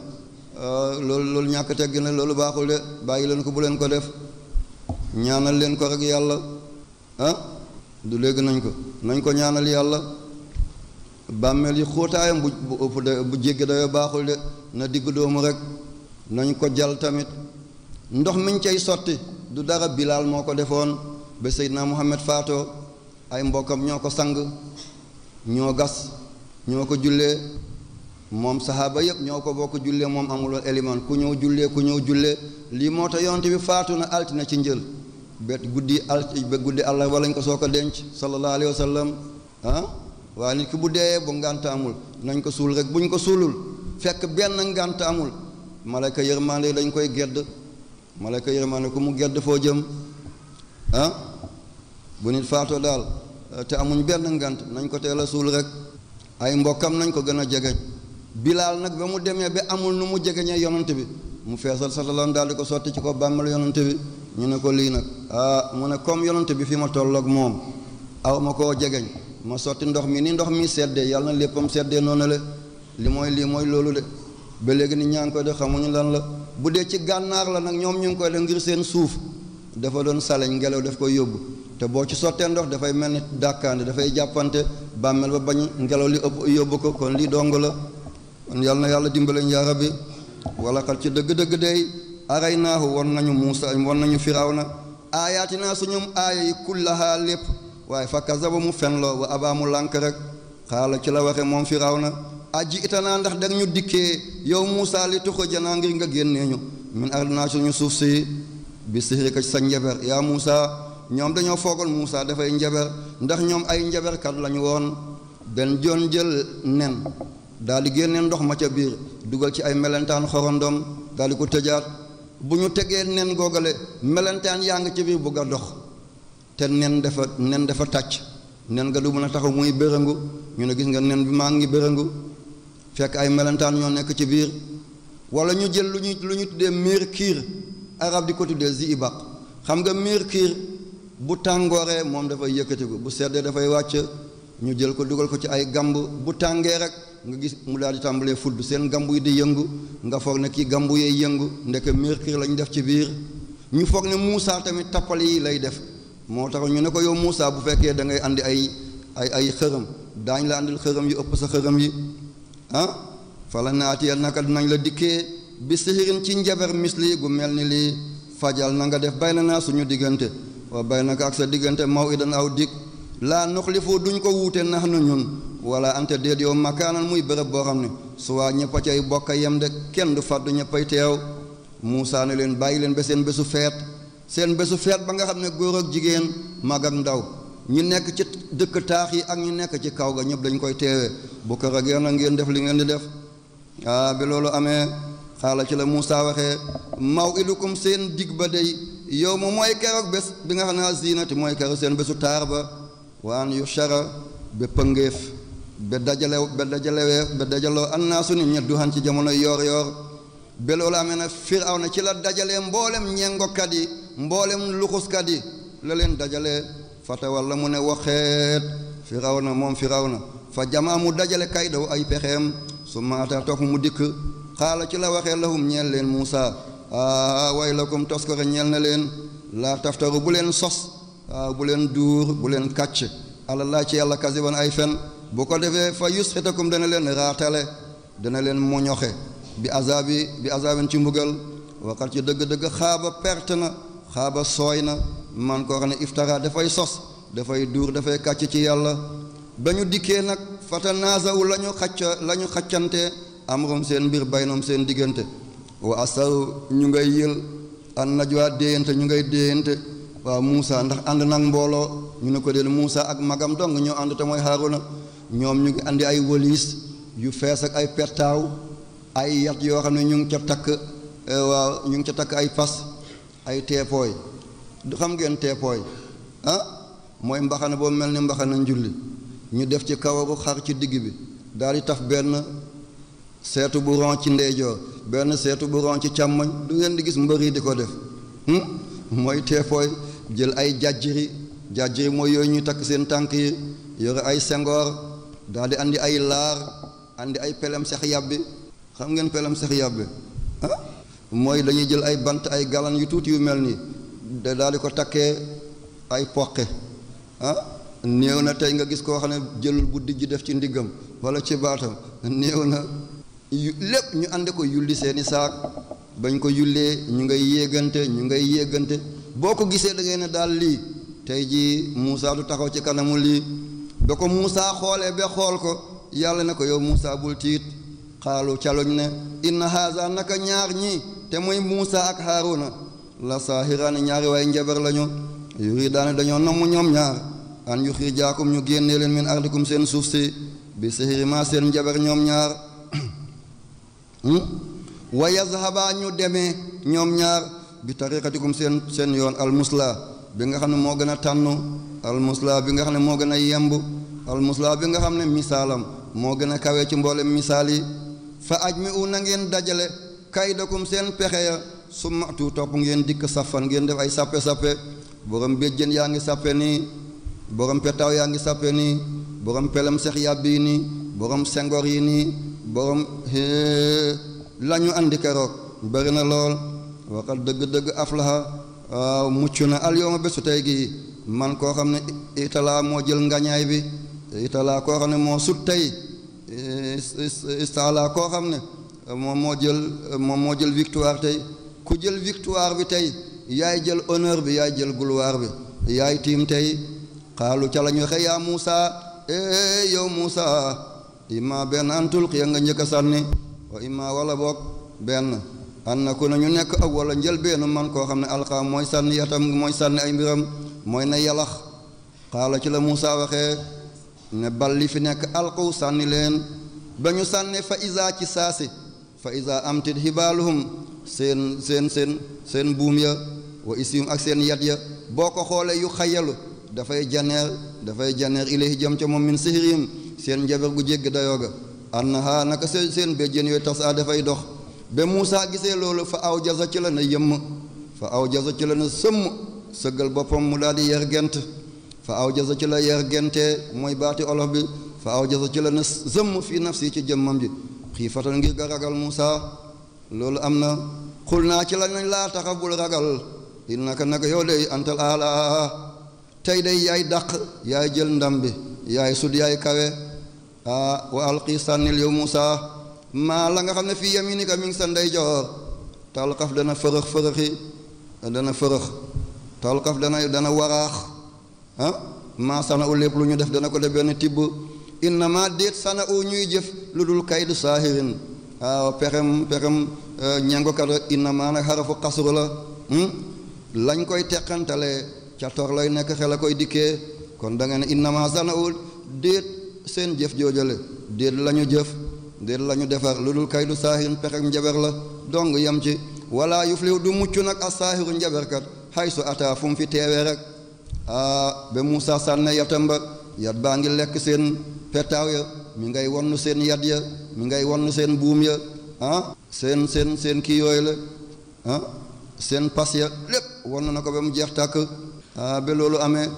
ah, loolu loolu ñàkk teggin la loolu baaxul de bàyyi leen ko bu leen ko def ñaanal leen ko rek yàlla ah? du léegi nañ ko nañ ko ñaanal yàlla bàmmeel yi xóotaayam bu bu ëpp bu jéggi baaxul de na diggu doomu rek nañ ko jal tamit ndox miñ cey sotti du dara bilaal moo ko defoon ba naa muhammad faatoo ay mbokkam ñoo ko sang ñoo gas ñoo ko jullee moom saxaaba yëpp ñoo ko bokk jullee moom amuloon eliman ku ñëw jullee ku ñëw jullee lii moo tax yonte bi faatu na altine ci njël bet guddi al guddi allah wala ko soo ko denc sallallahu alayhi wa sallam ah waaye nit ki bu deeyee bu ngànt amul nañ ko suul rek bu ñu ko suulul fekk benn ngànt amul malayka yërmande dañ koy gedd malayka yërmande ku mu gedd foo jëm ah bu nit faatoo daal te amuñ benn ngant nañ ko teel a suul rek ay mbokkam nañ ko gën a jegeñ bilaal nag ba mu demee ba amul nu mu jegeñee yonante bi mu feesal satalan daal di ko sotti ci ko bàmmeel yonante bi ñu ne ko lii nag ah, mu ne comme yonante bi fi ma tolloog moom aw ma koo jegeñ ma sotti ndox mi ni ndox mi seddee yàlla na léppam seddee noonu la li mooy lii mooy loolu de ba léegi ni ñaa ngi koy def xamuñu lan la bu dee ci gànnaar la nag ñoom ñu ngi koy def ngir seen suuf dafa doon saleñ ngelaw daf koy yóbbu te boo ci sottee ndox dafay mel ni dàkkaande dafay jàppante bàmmeel ba bañ ngelaw li ëpp yóbbu ko kon lii dong la kon yàlla na yàlla dimbale njaara bi wala xal ci dëgg-dëgg dey araynaahu won nañu muusa won nañu firawna aayaatinaa suñu aaya yi kullahaa lépp waaye fa kazaba mu fenloo wa abaa mu lànk rek xaala ci la waxe moom firawna aji itanaa ndax dag ñu dikkee yow muusa li tuxrijanaa ngir nga génnee ñu min ardinaa suñu suuf si bi sixrika ci sa njaber yaa muusa ñoom dañoo foogoon muusa dafay njaber ndax ñoom ay njaberkat lañu woon dañ joon jël nen daal di génne ndox ma ca biir dugal ci ay melentaan xorondom bu ñu tegee nen googale melentaan yaa ngi ci biir bugg a dox te nen dafa nen dafa tàcc nen nga du mën a taxaw muy bërëngu ñu ne gis nga nen bi maa ngi bërëngu fekk ay melentaan ñoo nekk ci biir wala ñu jël lu ñu lu ñu tuddee kiir arab di ko tuddee ziibaq xam nga mercure bu tàngooree moom dafay ko bu seddee dafay wàcc ñu jël ko dugal ko ci ay gamb bu tàngee rek nga gis mu daal di tàmbalee fudd seen gamb yi di yëngu nga foog ne kii gamb yee yëngu ndeke mercure la ñu def ci biir ñu foog ne Moussa tamit tappal yi lay def moo tax ñu ne ko yow Moussa bu fekkee da ngay andi ay ay ay xërëm daañ la andil xërëm yi ëpp sa xërëm yi ah fala naatiyal naka dinañ la dikkee bi sihirin ci njabar misli gu mel ni lii fajal nanga def bay na naa suñu diggante waa bay naka ak sa diggante maw idan aw dikk laa nuxlifu duñ ko wuute nax na ñun wala ante déet yow makaanan muy bërëb boo xam ne suwaa ñëpp a ay bokk yem de kenn du fàddu ñëppay teew Muusaa ne leen bàyyi leen ba seen bésu feet seen bésu feet ba nga xam ne góor jigéen mag ak ndaw ñi nekk ci dëkk taax yi ak ñi nekk ci kaw ga ñëpp dañ koy teewee bu ko ragee na ngeen def li ngeen di def ah bi loolu amee xaala ci la Muusaa waxee maw idukum seen dig ba day yow ma mooy keroog bés bi nga xam ne ziinati mooy keroog seen bésu taar ba wa yu yushara ba pëngeef ba ba dajalewee ba dajaloo an naa su nit ña duhan ci jamono yoor yoor ba loolu amee na firaw na ci la dajalee mboolem ñengokat yi mboolem luxuskat yi la leen dajalee fatawal la mu ne waxeet firaw na moom firaw na fa jamaa mu dajale kay ay pexeem su maata toog mu dikk xaala ci la waxee lahum ñeen leen Muusa way lakum tos ko ñeel na leen laa taftaru bu leen sos waaw ah, bu leen duur bu leen kàcc ala laa ci yàlla kasiban ay fen boo ko defee fa yusxitakum dana leen raatale dana leen moñoxe bi azabi bi azabin ci mbugal waxat ci dëgg-dëgg xaaba perte na xaaba sooy na man koo xam ne iftara dafay sos dafay duur dafay kàcc ci yàlla ba ñu dikkee nag fatanaasawu la ñu xacca la ñu seen mbir baynoom seen diggante wa asaru ñu ngay yël an najwa déyante ñu ngay déyante waaw Moussa ndax ànd nag mbooloo ñu ne ko deen Moussa ak magam dong ñoo ànd te mooy Haaruna ñoom ñu ngi àndi ay wëliis yu fees ak ay pertaaw ay yat yoo xam ne ñu ngi ca takk eh, waaw ñu ngi ca takk ay fas ay teepooy du xam ngeen teepooy ah mooy mbaxana boobu mel ni mbaxana njulli ñu def ci kawaru xar ci digg bi daal di taf benn seetu bu ron ci ndeyjoor benn seetu bu ron ci càmmoñ du ngeen di gis mbër yi di ko def hmm? mooy teepooy jël ay jàjjiri jàjjiri mooy yooyu ñu takk seen tànk yi yore ay sengoor daal di andi ay laar àndi ay pelem sex yàbbi xam ngeen pelem sex yàbbi ah, mooy dañuy jël ay bant ay galan yu tuuti yu mel nii da daal di ko takkee ay poqe ah néew na tey nga gis koo xam ne jëlul bu dijj def ci ndiggam wala ci baata néew na yu lépp ñu ànd ko yulli seeni saak bañ ko yullee ñu ngay yéegante ñu ngay yéegante boo ko gisee da ngay ne daal lii tey jii Moussa du taxaw ci kanamu lii ba ko Moussa xoolee ba xool ko yàlla ne ko yow Moussa bul tiit xaalu caloñ ne inna haasa naka ñaar ñi te mooy Moussa ak Haaruna la saahiraani ñaari waaye njabar lañu yuri daane dañoo namm ñoom ñaar an yu xir jaakum ñu génnee leen min ardikum seen suuf si bi sihirima seen njabar ñoom ñaar hmm? wa yazhabaa ñu demee ñoom ñaar bi tariqatikum seen sen yon al musla bi nga xam ne moo al musla bi nga xam ne moo al musla bi nga misalam ne misaalam moo gën a ci fa ajmi'u na ngeen dajale kaydakum seen pexe ya summatu topp ngeen dikk safan ngeen def ay sappe-sappe borom béjjën yaa ngi sappe nii borom petaaw yaa ngi sappe nii borom pelem sex yàbb yi nii borom sengor yi nii borom lañu andi na waxal dëgg-dëgg aflaha waaw mucc na al yawma bésu tey gii man koo xam ne italaa moo jël ngañaay bi italaa koo xam ne moo sut koo xam ne moom moo jël moom moo jël victoire tey ku jël victoire bi tey yaay jël honneur bi yaay jël gloire bi yaay tiim tey xaalu ca la ñu waxe yaa Muusa yow Muusa imma benn antul xiya nga njëkk a sànni wa imma wala boog benn an na ku ñu nekk ak wala njëlbeenu man koo xam ne alxaam mooy sànni yatam mooy sànni ay mbiram mooy na yalax xaala ci la Muusaa waxee ne bal li fi nekk alxaw sànni leen ba ñu sànne fa isa ci saasi fa isa amtit xibaaluhum seen seen seen seen buum ya wa isiyum ak seen yat ya boo ko xoolee yu xayalu dafay janeer dafay janeer ilayhi jëm ca moom min sihrihim seen njaber gu jégg dayooga annaha naka seen seen béjjéen yooyu tas a dafay dox ba Muusaa gisee loolu fa aw jasa ci la na yëmm fa aw jasa ci la na sëmm sëggal boppam mu daal di yer gent fa aw jasa ci la yer gentee mooy baati olof bi fa aw jasa ci la na sëmm fii nafsi ci jëmmam ji xiifatan ngir nga ragal Muusaa loolu am na xul naa ci la nañ laa taxaf bul ragal innaka naka yow day antal aala tey day yaay dàq yaay jël ndam bi yaay sut yaay kawe ah wa alqi sànnil Ma la nga xam ne fii yaminika mi ngi sa ndeyjoor talxaf dana fërëx fërëxi dana furok, talxaf dana dana waraax ah ma sana u lépp daf def dana ko def benn tibb innama déet sana u ñuy ludul lu dul kaydu saahirin waaw pexem pexem e, ñangokat innama nag xarafu xasru la hm? lañ koy teqantale ca tor lay nekk xel a koy dikkee kon da nga ne innama sana u déet seen lañu déet la ñu defar lu dul kay du saahirin pexek njaber la dong yem ci wala yuflihu du mucc nag a saahiru njaberkat xay su ata fu mu fi teewee rek a ba Muusa sànne yatam ba yat baa ngi lekk seen petaaw ya mi ngay wonnu seen yat ya mi ngay wonnu seen buum ya ah seen seen seen kii yooyu la seen pas ya lépp wonn na ko ba mu jeex tàkk a ba loolu amee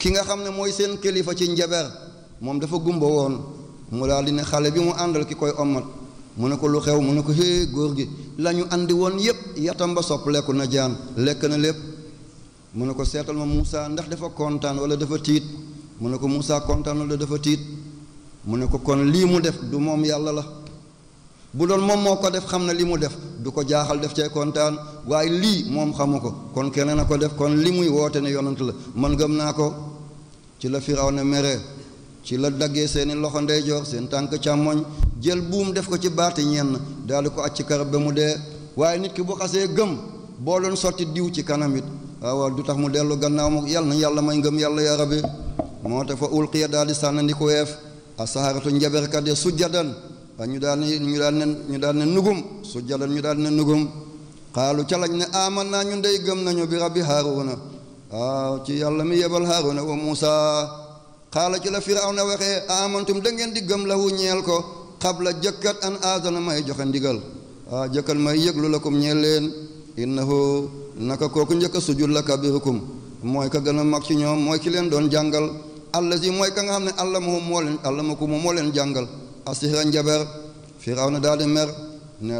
ki nga xam ne mooy seen kilifa ci njaber moom dafa gumba woon mu daal di ne xale bi mu àndal ki koy ommat mu ne ko lu xew mu ne ko hee góor gi la ñu andi woon yépp yatam sopp lekku na jaan lekk na lépp mu ne ko seetal ma Moussa ndax dafa kontaan wala dafa tiit mu ne ko Moussa kontaan wala dafa tiit mu ne ko kon lii mu def du moom yàlla la bu doon moom moo ko def xam na li mu def du ko jaaxal def cee kontaan waaye lii moom xamu ko kon keneen na ko def kon li muy woote ne yonant la man gëm naa ko ci la firaw ne meree ci la daggee seeni loxo ndeyjoor seen tànk càmmoñ jël buum def ko ci baati ñenn daal di ko acc karab ba mu dee waaye nit ki bu xasee gëm boo doon sotti diw ci kanam it waaw du tax mu gannaaw mu na yàlla may ngëm yàlla ya rabbi moo tax fa ulqiya daal di sànnandi ko weef a saharatu njaberkat ya sujjadan ñu ñu ne ñu ne nugum sujadan ñu ne nugum xaalu ca lañ ne aman naa ñun day gëm nañu bi rabbi haaruna waaw ci yàlla mi yebal wa xaala ci la firawna waxee amantum da ngeen di gëm lahu ñeel ko xabla jëkkat an aadana may joxe ndigal waaw jëkkat may yëglu lakum ñeel leen innahu naka kooku njëkk a sujud la kabirukum mooy ka gën a mag ci ñoom mooy ki leen doon jàngal allazi mooy ka nga xam ne allamahu moo leen allamakumu moo leen jàngal asihra njabar firawna daal di mer ne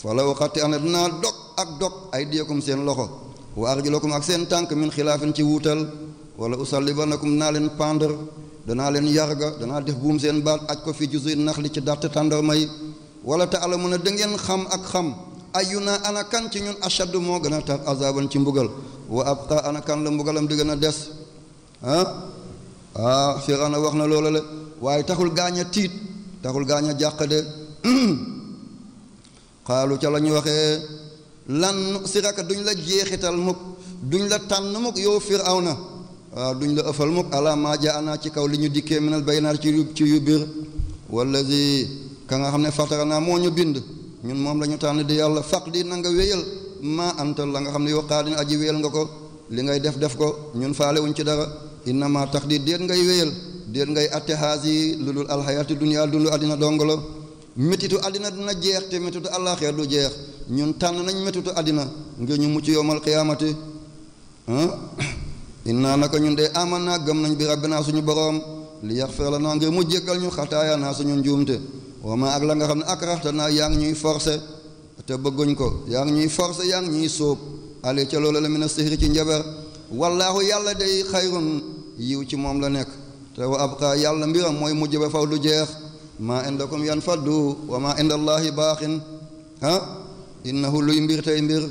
falaw xatti ana dinaa dog ak dog ay diyakum seen loxo wa arjulakum ak seen tànk min xilaafin ci wuutal wala usallibanakum naa leen pendre danaa leen yarga danaa def buum seen baat aj ko fi jusuy nax li ci dàtt tàndarma yi wala te ala mun a dangeen xam ak xam ayuna ana kan ci ñun ashaddu moo gën a tar azaban ci mbugal wa abqa ana kan gën a des ah, ah wax na loola waaye taxul gaañ a tiit taxul gaañ a jàq de xaalu ca la ñu waxee lan siraka duñ la jeexital mukk duñ la tànn mukk yow na waaw duñ la ëffal mukk ala maa jaa naa ci kaw li ñu dikkee minal baynaat ci ci yu biir wallazi ka nga xam ne fatara naa moo ñu bind ñun moom la ñu tànn di yàlla faq di na nga wéyal maa antal la nga xam ne yow xaadin aji wéyal nga ko li ngay def def ko ñun faale wuñ ci dara innama tax di déet ngay wéyal déet ngay atte xaas yi lu dul alxayaati dunya dundu àddina la métitu àddina dina jeex te métitu àllaaxira du jeex ñun tànn nañ métitu àddina ngir ñu mucc yowmal qiyaamati ah innaa naka ñun de aman naa gëm nañ bi rabbi naa suñu boroom li yaxfir la naa ngir mu jéggal ñu xataaya naa suñu njuumte wama ak la nga xam ne ak raxta naa yaa ñuy forcé te bëgguñ ko yaa ngi ñuy forcé yaa ngi ñuy sóob ale ca loolu la mina sihri ci njabar wallaahu yàlla day xayrun yiw ci moom la nekk te wa abqa yàlla mbiram mooy mujj ba faw du jeex maa indakum yan faddu wa maa inda allaahi baaxin ah innahu luy mbir tey mbir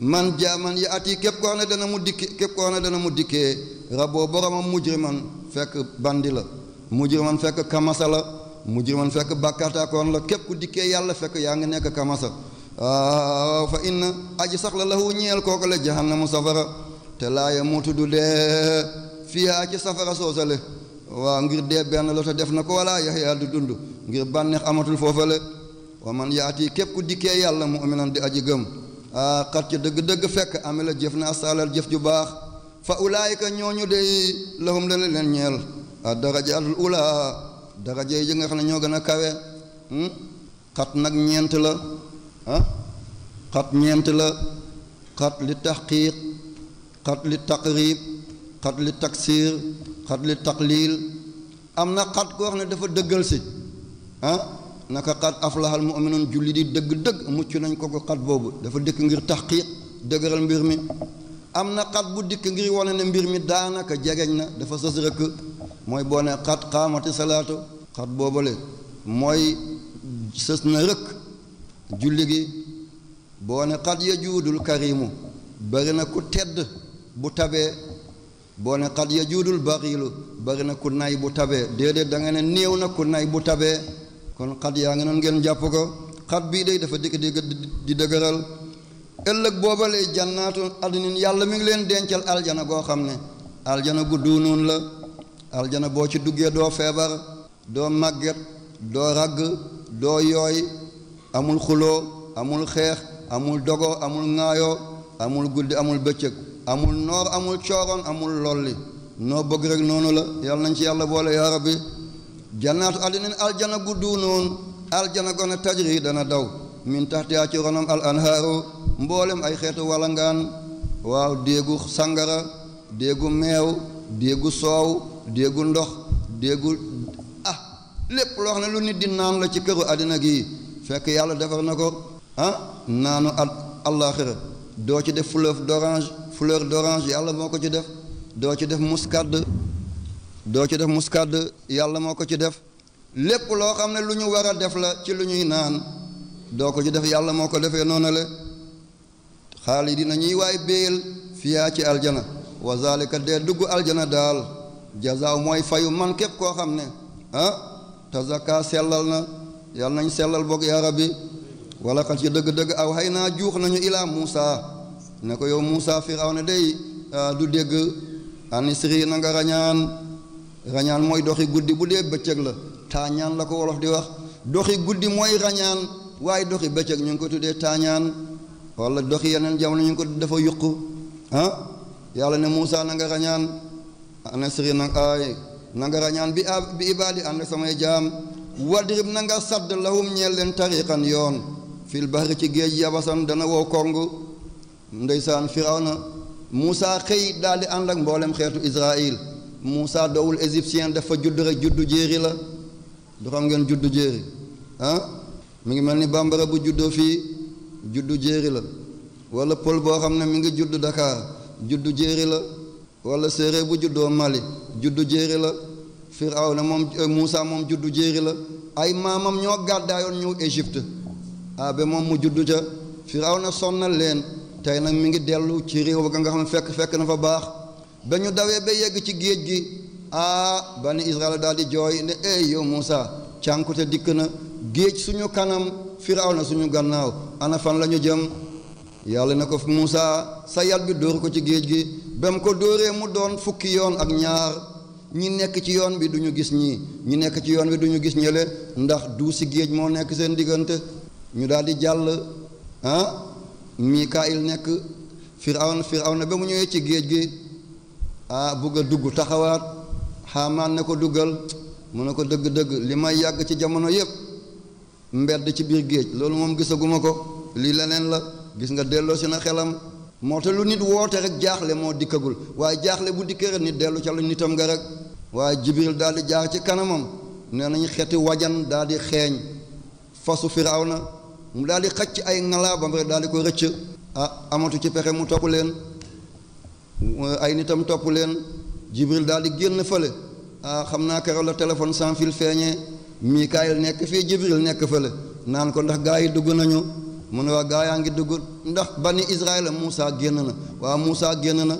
man jaa man at yi képp koo xam ne dana mu dikk képp ko xam ne dana mu dikkee raboo boromam mujriman fekk bandi la mujriman fekk kamasa la mujriman fekk bàkkaataakoon la képp ku dikkee yàlla fekk yaa ngi nekk kamasa fa inna aj sax la lahu ñeel kooku la jahannamu safara te laa yamuutu du dee fiyaa ci safara soosale waaw ngir dee benn la te def na ko wala yaxyaa du dund ngir bànneex amatul foofale wa man yaati képp ku dikkee yàlla mu'minan di aji gëm xat ca dëgg-dëgg fekk ame la jëf naa saalal jëf ju baax fa ulaayika ñu dey lahum la leen ñeel darajaatul ula daraja yi nga xam ne ñoo gën a kawe hmm? xat nag ñeent la xat ñeent la xat li taxqiiq xat li taqrib xat li taksiir xat li taqliil am na xat koo xam ne dafa dëggal si naka xat aflahal muminuun julli di dëgg-dëgg mucc nañ ko ko xat boobu dafa dikk ngir taxqiiq dëgëral mbir mi am na xat bu dikk ngir wone ne mbir mi daanaka jegeñ na dafa sës rëkk mooy boo ne xat xaamati salaatu xat boobale mooy sës na rëkk julli gi boo ne xat ya juudul bari na ku tedd bu tabee boo ne xat ya juudul bariilu bari na ku nay bu tabee déedéet da nga ne néew na ku nay bu tabee kon xat yaa ngi noon ngeen jàpp ko xat bii day dafa dikk dikk di dëgëral ëllëg booba lay jannaatu adnin yàlla mi ngi leen dencal aljana goo xam ne aljana gu duunuun la aljana boo ci duggee doo feebar doo màgget doo ragg doo yooy amul xuloo amul xeex amul dogo amul ŋaayoo amul guddi amul bëccëg amul noor amul cooroon amul lolli noo bëgg rek noonu la yàlla nañ ci yàlla boole yaa rabbi jannaatu adnin aljana guddu noonu aljana gone tajri dana daw min taxtiyaa ci ronam al anhaaru mboolem ay xeetu walangaan waaw déegu sàngara déegu meew déegu soow déegu ndox déegu ah lépp loo xam ne lu nit di naan la ci këru àddina gi fekk yàlla defar na ko ah naanu at allaaxira doo ci def fleuve d'orange fleur d'orange yàlla moo ko ci def doo ci def muscade doo ci def muskàdd yàlla moo ko ci def lépp loo xam ne lu ñu war a def la ci lu ñuy naan doo ko ci def yàlla moo ko defee noonu la xaalidina ñuy waay béyal fiyaa ci aljana wa zalika dee dugg aljana daal jazaaw mooy fayu man képp koo xam ne ah tazaka sellal na yàlla nañ sellal boog yaa bi wala xat ci dëgg-dëgg aw xëy naa juux nañu ilaa Muusa ne ko yow Muusa Firawna day ah, du dégg anisri na nga rañaan rañaan mooy doxi guddi bu dee bëccëg la taañaan la ko wolof di wax doxi guddi mooy rañaan waaye doxi bëccëg ñu ngi ko tuddee taañaan wala doxi yeneen jamono ñu ngi ko dafa yuq ah yàlla ne Moussa na nga rañaan ana siri na ay na rañaan bi bi ibaadi ànd ak samay jaam wadrib na nga sadd lahum ñeel leen tariqan yoon fil bahri ci géej yabasan dana wow kong ndeysaan firawna Moussa xëy daal di ànd ak mboolem xeetu Israil muusa dowul égyptien dafa judd rek juddu jéeri la du xam ngeen juddu jéeri ah mi ngi mel ni bambara bu juddoo fii juddu jéeri la wala pël boo xam ne mi ngi juddu dakaar juddu jéeri la wala séeréer bu juddoo Mali juddu jéeri la na moom euh, muusa moom juddu jéeri la ay maamam ñoo gàddaayoon ñëw Égypte abe moom mu juddu ca Firawna sonnal leen tey nag mi ngi dellu ci réew ba nga xam ne fekk fekk na fa baax dañu ñu dawee ba yegg ci géej gi ah bani israel daal di jooy ne ey yow Muusa cànkute dikk na géej suñu kanam firaw na suñu gannaaw ana fan la ñu jëm yàlla na ko Muusa sa yat bi dóor ko ci géej gi ba mu ko dóoree mu doon fukki yoon ak ñaar ñi nekk ci yoon bi duñu gis ñii ñi nekk ci yoon bi duñu gis ñële ndax du si géej moo nekk seen diggante ñu daal di jàll ah Mikaayil nekk firaw firaw na ba mu ñëwee ci géej gi ah bugg a dugg taxawaat xaamaan ne ko duggal mu ne ko dëgg-dëgg li may yàgg ci jamono yépp mbedd ci biir géej loolu moom gisaguma ko lii leneen la gis nga delloo si na xelam moo te lu nit woote rek jaaxle moo dikkagul waaye jaaxle bu dikkee rek nit dellu ca lu nitam nga rek waaye jibril daal di jaar ci kanamam nee nañu xeeti wajan daal di xeeñ fasu firaw na mu daal di xacc ay ngalaabam rek daal di ko rëcc ah amatu ci pexe mu topp leen ay nitam topp leen jibril daal di génn fële ah xam naa keroog la téléphone sans fil feeñee mikaayil nekk fii jibril nekk fële naan ko ndax gaa yi dugg nañu mu ne waa gaa yaa ngi dugg ndax bani israel Moussa génn na waa Moussa génn na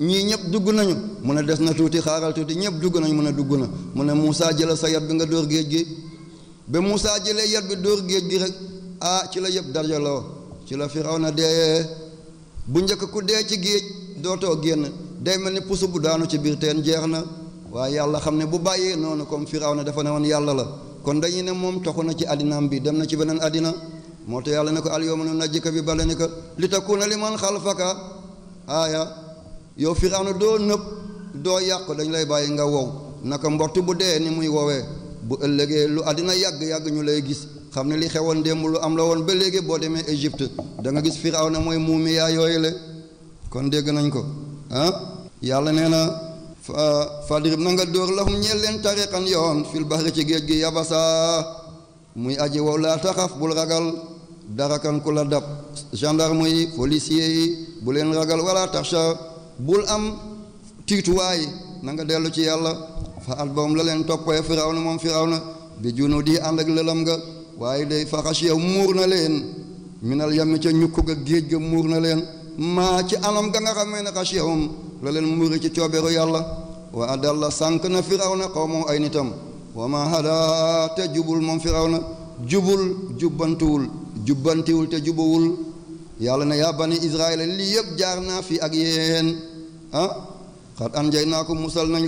ñii ñëpp dugg nañu mun a des na tuuti xaaral tuuti ñëpp dugg nañu mu a dugg na mu ne Moussa jëlal sa yat bi nga dóor géej gi ba Moussa jëlee yat bi dóor géej gi rek ah ci la yëpp dajaloo ci la Firawna deeyee bu njëkk ku dee ci géej dootoo génn day mel ni pusu bu daanu ci biir teen jeex na waaye yàlla xam ne bu bàyyee noonu comme firaw na dafa ne woon yàlla la kon dañuy ne moom toxu na ci addinaam bi dem na ci beneen addina moo tax yàlla ne ko al yawma nunajjika bi badanika li takuna li man xalfaka aaya yow firaw na doo nëb doo yàqu dañ lay bàyyi nga wow naka mbott bu dee ni muy woowee bu ëllëgee lu addina yàgg-yàgg ñu lay gis xam ne li xewoon démb lu am la woon ba léegi boo demee Égypte da kon dégg nañ ko ah yàlla na fadrib na nga dóor lahum ñeel leen tariqan yoon fil bahri ci géej gi yabasa muy aji wow laa taxaf bul ragal darakan ku la dab gendarme yi policier yi bu ragal wala taxsha bul am tiituwaay na nga dellu ci yàlla fa at la leen toppee firaw na moom na bi junu di ànd ak lëlam nga waaye day faxas yow muur na minal yam ca ñukk ga géej ga ma ci alam ga nga xamee ne xasiyahum la leen muri ci coobeeru yàlla wa adalla sànq na fir'auna na ay nitam wa ma hada te jubul moom jubul jubantul jubbantiwul te jubawul yàlla ne ya bani israila lii yëpp jaar naa ak yéen ah xat an musal nañ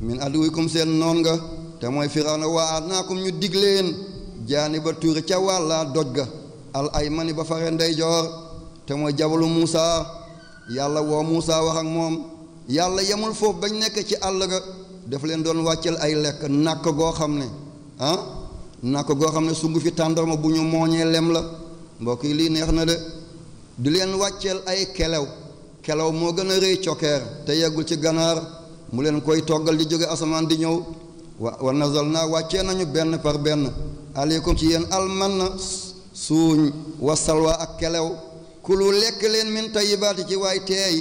min aduwikum sen noon nga te mooy firaw na waa naa ko ñu dig ca al ay mani ba fare ndey te mooy jabalu Muusa yàlla woo Muusa wax ak moom yàlla yemul foofu bañ nekk ci àll ga dafa leen doon wàcceel ay lekk nàkk goo xam ne ah nàkk goo xam ne sungu fi tàndarma bu ñu mooñee lem la mbokk yi lii neex na de di leen wàcceel ay kelew kelew moo gën a rëy cokkeer te yeggul ci ganaar mu leen koy toggal di jóge asamaan di ñëw wa wa nazal naa wàccee nañu benn par benn aleykum ci yéen alman suuñ wa ak kelew kulu lekk leen min tayibaati ci waay teey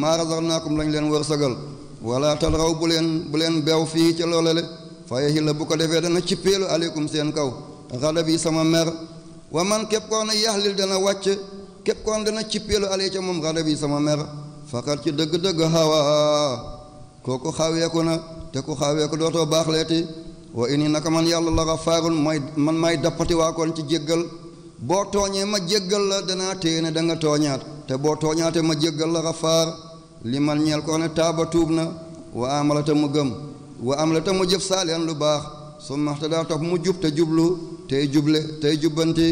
maa razaqnaakum lañ leen wërsëgal wala talraw bu leen bu leen bew fii ca loola le faye xilla bu ko defee dana cippeelu aleykum seen kaw xadab yi sama mer wa man képp koo na yaxlil dana wàcc képp koo na dana cippeelu aley ca moom xadab yi sama mer faqat ci dëgg-dëgg xawa kooku xaweeku na te ku xaweeku dootoo baax leeti wa ini naka man yàlla la xafaarun mooy man may dappati waa koon ci jéggal boo tooñee ma jéggal la danaa téye ne da tooñaat te boo tooñaate ma jéggal la xafaar li man ñeel ko ne taaba tuub na wa amala ta mu gëm wa amala ta mu jëf saalihan lu baax su maxta daa topp mu jub te jublu tey juble tey jubbanti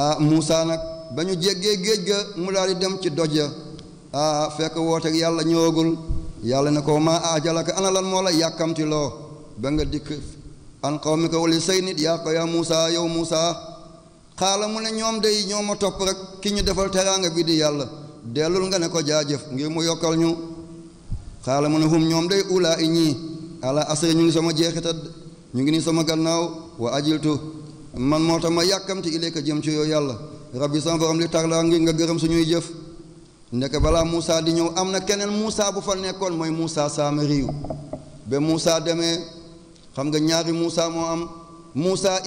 ah Muusa nag ba ñu jéggee géej ga mu daal di dem ci doj ya fekk wooteeg yàlla ñëwagul yàlla ne ko maa aajalaka ana lan moo la yàkkamti ba nga dikk an xaw mi ko wali say nit yaa ko yaa Muusa yow Muusa xaala mu ne ñoom day ñoo ma topp rek ki ñu defal teraanga bi di yàlla dellul nga ne ko jaa jëf ngir mu yokkal ñu xaala mu ne hum ñoom day ulaa i ñii ala asra ñu ngi sama jeexitat ñu ngi ni sama gannaaw wa ajiltu man moo tax ma yàkkamti ilayka jëm ci yow yàlla rabbi sama borom li tardaa ngir nga gërëm suñuy jëf ndeke balaa Moussa di ñëw am na keneen Moussa bu fa nekkoon mooy Moussa Samariyu ba Moussa demee xam nga ñaari Moussa moo am Moussa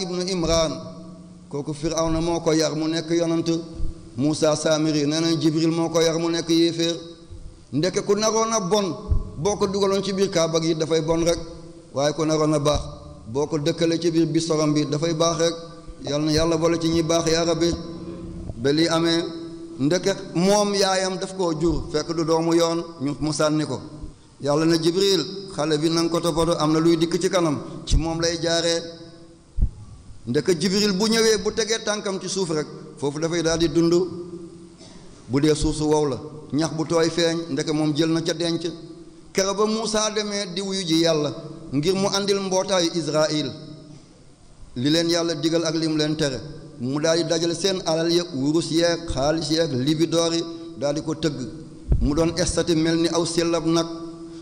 kooku firawna moo ko yar mu nekk yonant Moussa Samiri nee nañ Jibril moo ko yar mu nekk yéeféer ndeke ku naroon a bon boo ko dugaloon ci biir kaaba gi dafay bon rek waaye ku naroon a baax boo ko dëkkalee ci biir bisoram bi dafay baax rek yal yàlla boole ci ñuy baax yaa bi ba lii amee ndeke moom yaayam daf ko jur fekk du doomu yoon ñu mu sànni ko yàlla na Jibril xale bi na ko toppatoo am na luy dikk ci kanam ci moom lay jaaree ndeka jibril bu ñëwee bu tegee tànkam ci suuf rek foofu dafay daal di dund bu dee suuf su wow la ñax bu tooy feeñ ndeke moom jël na ca denc kere ba Muusaa demee di wuyu ji yàlla ngir mu àndil mbootaayu Israël li leen yàlla digal ak li mu leen tere mu daal di dajale seen alal yeeg wurus yeeg xaalis yeeg libidoor yi daal di ko tëgg mu doon estati mel ni aw sellab nag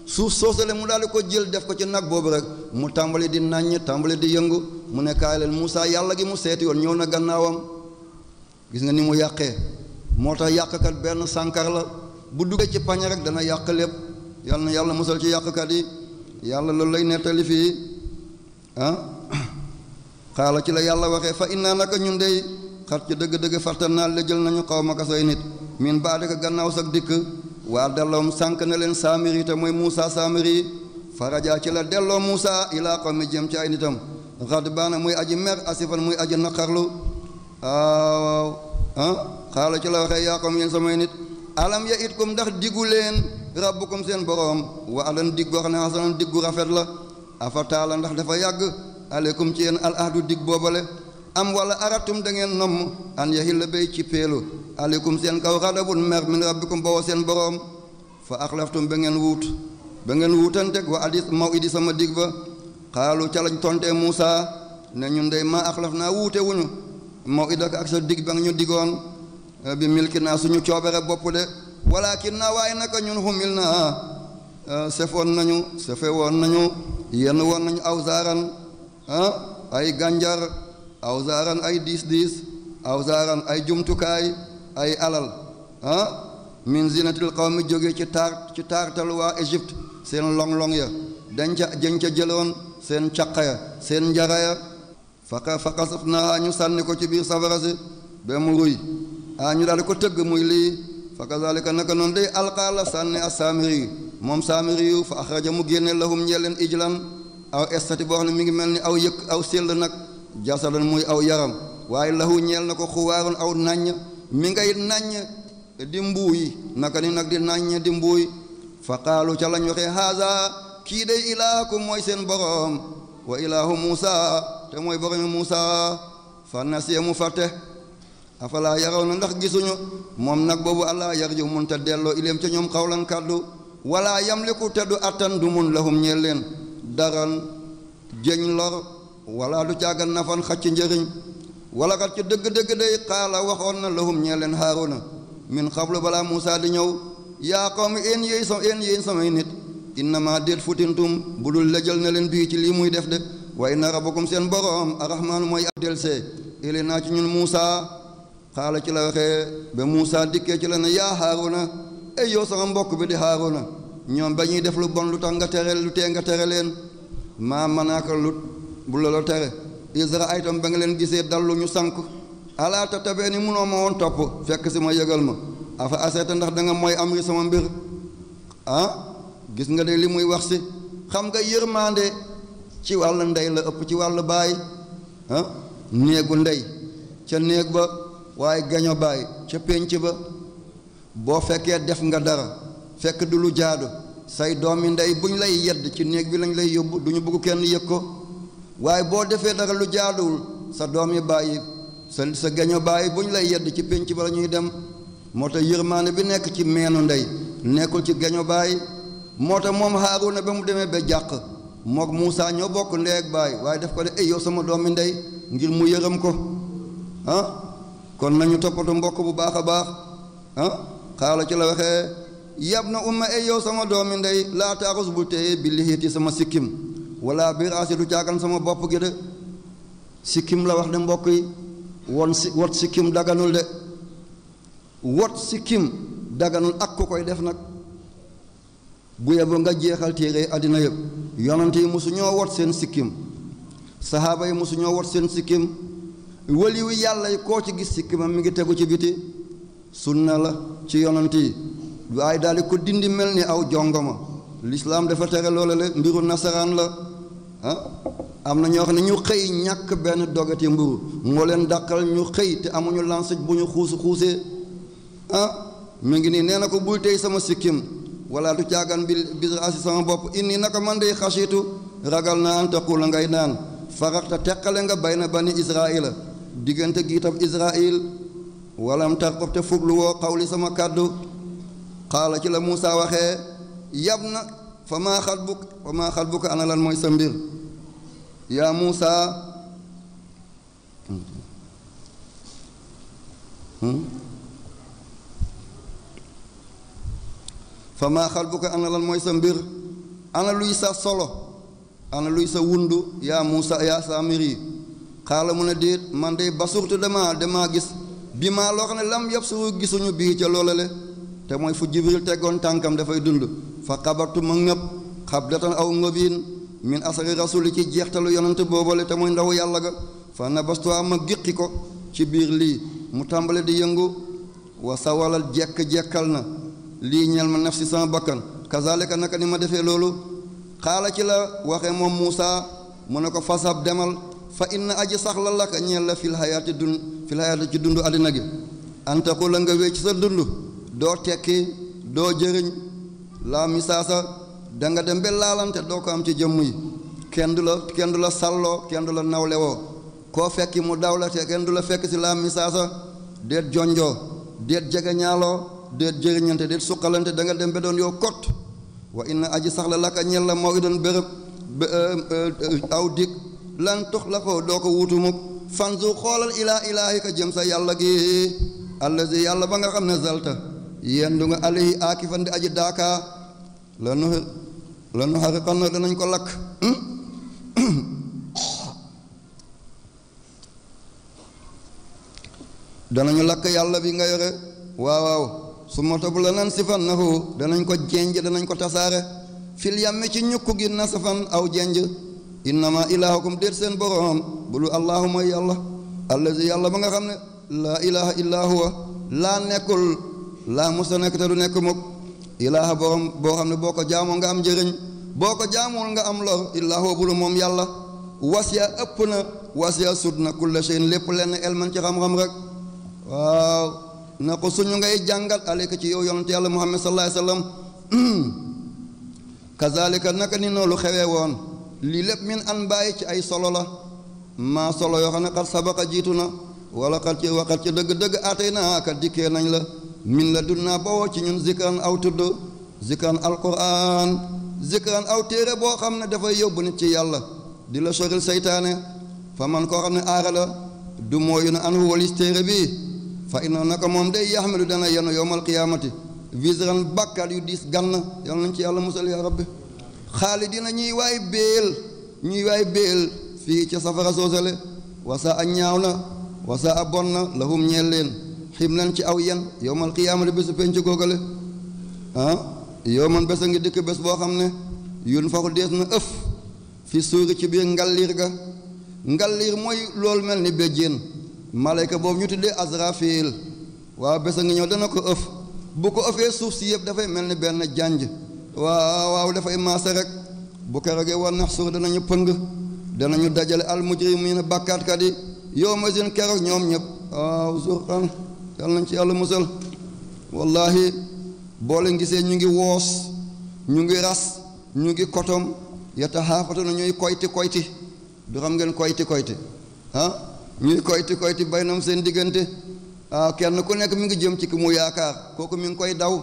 suuf soosale mu daal di ko jël def ko ci nag boobu rek mu tàmbali di nàññ tàmbali di yëngu mu ne Musa leen Moussa yàlla gi mu seeti yoon ñëw na gannaawam gis nga ni mu yàqee moo tax yàqkat benn sànkar la bu duggee ci pañ rek dana yàq lépp yàlla na yàlla musal ci yàqkat yi yàlla loolu lay nettali fii ah xaala ci la yàlla waxee fa innaa naka ñun dey xat ci dëgg-dëgg fàttal naa la jël nañu xaw ma ka nit min baa dëkk gannaaw sax dikk waa delloom sànq na leen saamiri te mooy Moussa saamiri farajaa ci la delloo Moussa ilaa jëm ci ay nitam xadbaana muy aji mer asifan muy aji nakarlu waaw ah xaala ci la waxee yaa qawm yéen samay nit alam ya itkum ndax diggu leen rabbukum seen boroom wa alan dig goo xam ne xasanan diggu rafet la afataala ndax dafa yàgg ci al ahdu dig boobale am wala aratum da ngeen an yahil bay ci péelu aleykum seen kaw xadabun mer min rabu bawoo seen boroom fa axlaftum ba ngeen wuut ba ngeen wuutanteg wa adis maw idi sama dig ba xaalu ca lañ tontee Moussa ne ñun dey maa axlaf naa wuute wuñu maw idaka ak sa dig ba nga ñu digoon eh, bi milki naa suñu coobere bopp de walaakin naa waaye naka ñun humil naa eh, sefoon nañu sefe woon nañu yenn woon nañu awzaaran ah eh, ay gànjar awzaaran ay diis diis awzaaran ay jumtukaay ay alal ah min zinatil qawmi jóge ci taar ci taartal waa Égypte seen long long ya dañ ca dañ ca jëloon seen caqa ya seen njara ya faka fakasaf naa ñu sànni ko ci biir safara si ba mu ruy a ah, ñu daal di ko tëgg muy lii fa kazalika naka noonu day alqaa la sànni a saamiri yu moom saamiri yu fa axraja mu génne lahum ñeleen ijlan aw estati boo xam ne mi ngi mel ni aw yëkk aw séll nag jasadan muy aw yaram waaye lahu ñeel na ko xuwaarun aw nàññ mi ngay nàññ di mbuuy naka ni nag di nàññ di mbuuy fa qaalu ca lañ waxee haazaa kii day ilaahakum mooy seen boroom wa ilaahu muusa te mooy boroomi muusa fa nasiya mu fàtte afalaa yaraw na ndax gisuñu moom nag boobu allah yarju mun te delloo ileem ca ñoom xawlan kàddu wala yamliku te du àttan du mun lahum ñeel leen daran jëñ lor wala du càggan nafan xacc njëriñ wala kat ci dëgg-dëgg day xaala waxoon na lahum ñeel leen haaruna min xablu balaa muusa di ñëw yaa qawmi en yéen samay nit innama déet futintum bu dul lëjal na leen bii ci lii muy def de way na rabakum seen boroom arrahmaanu mooy ab delsee ili naa ci ñun Muusaa xaala ci la waxee ba Muusaa dikkee ci la ne yaa Haaruna ey yow sama mbokk bi di Haaruna ñoom ba ñuy def lu bon lu tax nga tere lu tee nga tere leen maa manaaka lut bu la la tere isra ay tam ba nga leen gisee dallu ñu sànk alaa tattabee ni munoo ma woon topp fekk si ma yëgal ma afa aseta ndax da nga mooy amri sama mbir ah? gis nga de li muy wax si xam nga yërmande ci wàllu ndey la ëpp ci wàll baay néegu ndey ca néeg ba waaye gaño baay ca pénc ba boo fekkee def nga dara fekk du lu jaadu say doomi ndey buñ lay yedd ci néeg bi lañ lay yóbbu duñu bëgg kenn yëg ko waaye boo defee dara lu jaaduwul sa doomi baay sa sa gaño baay buñ lay yedd ci pénc ba la dem moo tax yërmaande bi nekk ci meenu ndey nekkul ci gaño baay moo tax moom Haaruna ba mu demee ba jàq mook Moussa ñoo bokk ndey ak baay waaye def ko ne ey yow sama doomi ndey ngir mu yërëm ko ah, kon nañu toppatoo mbokk bu baax a baax ah xaala ci la waxee yab na uma ey yow sama doomi ndey laa taarus bu téye bi lixiiti sama sikkim wala biir du caagan sama bopp gi de sikkim la wax ne mbokk yi won si wot sikkim daganul de wot sikkim daganul ak ku koy def nag bu yeboo nga jeexal téere àddina yëpp yonante yi mosu ñoo wot seen sikkim saxaaba yi mosu ñoo wot seen sikkim waliwu yàlla yi koo ci gis sikkimam mi ngi tegu ci biti sunna la ci yonante yi waaye daal di ko dindi mel ni aw jongoma lislaam dafa tere loola la mbiru nasaraan la ah? am na ñoo xam ne ñu xëy ñàkk benn dogati mburu moo leen dàqal ñu xëy te amuñu lancé bu ñu xuus xuusee ah mu ngi nii nee na ko buy tey sama sikkim wala du caagan bi biraasi sama bopp inni naka man day xasitu ragal naa an taqula ngay naan faraxta teqale nga bay bani israila diganti giitab israil walam tarqof te fuglu kauli sama kàddu xaala ci la muusa waxee yab na fa fama xat buk buka ana lan mooy sa mbir ya hmm? hmm? fa maa xalbuka ana lan mooy sa mbir ana luy sa solo ana luy sa wundu yaa Muusa yaa Samiri xaala mu ne déet man de basurtu dama dama gis bi ma loo xam ne lam yëpp su gisuñu bii ca loolale te mooy fu jibril teggoon tànkam dafay dund fa xabartu ma ngëb xabdatan aw ngëbiin min asari rasuli ci jeextalu yonent boobale te muy ndaw yàlla ga fa nabastuwaa ma giqi ko ci biir lii mu tàmbale di yëngu wa sawalal jekk jekkal na lii ñeel ma nafsi sama bakkan kazalika naka ni ma defee loolu xaala ci la waxe ko fasab demal fa inna aji sax la laka la fil hayati dun fil hayati ci dund àddina gi antaku la nga wéy ci sa dund do tekki doo jëriñ laa misaasa da nga dem ba laalante doo ko am ci jëmm yi kenn la la salloo kenn la nawlewoo fekki mu la fekk si laa misaasa déet jonjoo déet déet jëriñante déet sukkalante da nga dem be doon yow kot wa inna aji sax la laka ñel la maw doon bërëb euh, euh, aw dig lan tux la ko doo ko wutu fanzu sa gi allazi yàlla ba nga xam zalta yendu nga alayhi akifan di aji daka lano nu la nu xariqan na danañ ko lakk hmm? danañu lakk yàlla bi nga yore waaw waaw su ma topp la lan si fan nahu danañ ko jenj danañ ko tasaare fil yàmme ci ñukk gi nasafan aw jenj innama ilahakum déet seen boroom bu dul allahu yàlla allazi yàlla ba nga xam ne laa ilaha illa laa nekkul laa musa nekk te du nekk mukk ilaha boroom boo xam ne boo ko jaamoo nga am njëriñ boo ko jaamul nga am lor illa bu dul moom yàlla wasiya ëpp na wasiya sut na kulla shay'in lépp lenn elman ci xam-xam rek waaw na ko suñu ngay jàngal aleyka ci yow yonent yàlla muhammad sallallahu alayhi wa sallam kazalika naka ni noonu lu xewee woon lii lépp min an bàyyi ci ay solo la maa solo yoo xam ne xat sabaqa jiitu na wala xat ci waxat ci dëgg-dëgg atay naa kat dikkee nañ la min la dun naa bawoo ci ñun zikran aw tudd zikran alquran zikran aw téere boo xam ne dafay yóbbu nit ci yàlla di la soril seytaane fa man koo xam ne aara la du mooyu na an walis téere bii fa inna naka moom yax day yaxmelu dana yenu yowmal qiyaamati visran bàkkaat yu diis gann yal nañ ci yàlla musal yaa rabbi dina ñuy waay béel ñuy waay béel fii ca safara soosale wasaa ak ñaaw na wasaa a bon na lahum ñeel leen xim nañ ci aw yen yowmal qiyaamati bésu penc googale ah man bés a ngi dikk bés boo xam ne yun faxu dees na ëf fi suuri ci biir ngalliir ga ngalliir mooy loolu mel ni béjjéen malayka boobu ñu tuddee azrafil waaw bés a ngi ñëw dana ko ëf bu ko ëfee suuf si yëpp dafay mel ni benn jànj waaw waaw dafay maase rek bu kerogee war nax suur danañu pëng danañu dajale al mujrimiin ne yi yow ma seen keroog ñoom ñëpp waaw zurqan yal nañ ci yàlla musal wallaahi boo leen gisee ñu ngi woos ñu ngi ras ñu ngi kotom yataxaafatu na ñuy koyti koyti du xam ngeen koyti koyti ñuy koyti koyti bay nam seen diggante waaw ah, kenn ku nekk mi ngi jëm ci ki mu yaakaar kooku mu ngi koy daw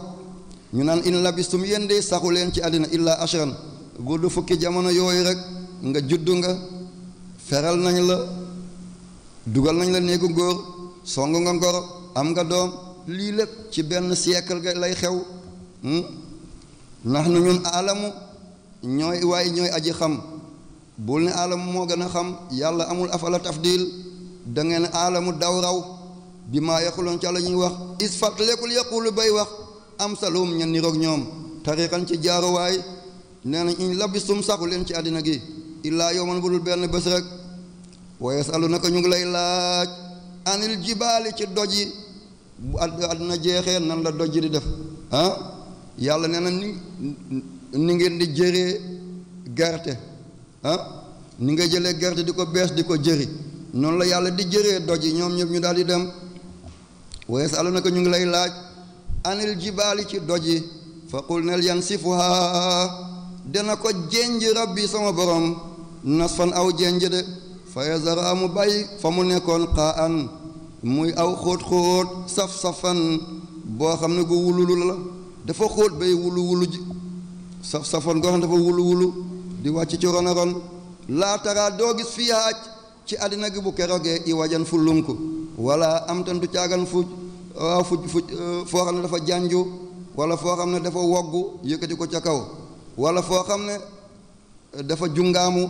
ñu naan in labistum yéen de saxu leen ci àddina illa ashran bu fukki jamono yooyu rek nga judd nga feral nañu la dugal nañ la néegu góor song nga ngoro am nga doom lii lépp ci benn siècle ga lay xew hmm? ndax nu ñun aalamu ñooy waaye ñooy aji xam bul ne aalamu moo gën a xam yàlla amul afala tafdil da ngeen aalamu daw raw bi maa yaquluun ca la ñuy wax is fàttalekul yaqulu bay wax am salum ñen niroog ñoom tariqan ci jaaruwaay nee na iñ labistum saxu leen ci àddina gi illaa yowman bu dul benn bés rek wa yasalu naka ñu ngi lay laaj anil jibaali ci doj yi bu àddina jeexee nan la doj di def ah yàlla nee ni ni ngeen di jëree gerte ah? ni nga jëlee gerte di ko bees di ko jëri noonu la yàlla di jëree doj yi ñoom ñëpp ñu daal di dem wees alu na ko ñu ngi lay laaj anil jibaali ci doj yi fa qul nel yan sifuha dana ko jenj rab rabbi sama borom nasfan aw jenj de fa yazara mu bàyyi fa mu nekkoon xaa an muy aw xóot xóot saf safan boo xam ne gu wululu la dafa xóot bay wulu wulu ji saf safan goo xam dafa wulu wulu di wàcc ci ron a ron laa doo gis fii haaj ci àddina gi bu kerogee i wajan fu lunku wala am tan du caagan fu ah, fu fu eh, foo xam ne dafa janju wala foo xam ne dafa woggu yëkkati ko ca kaw wala foo xam ne dafa jungaamu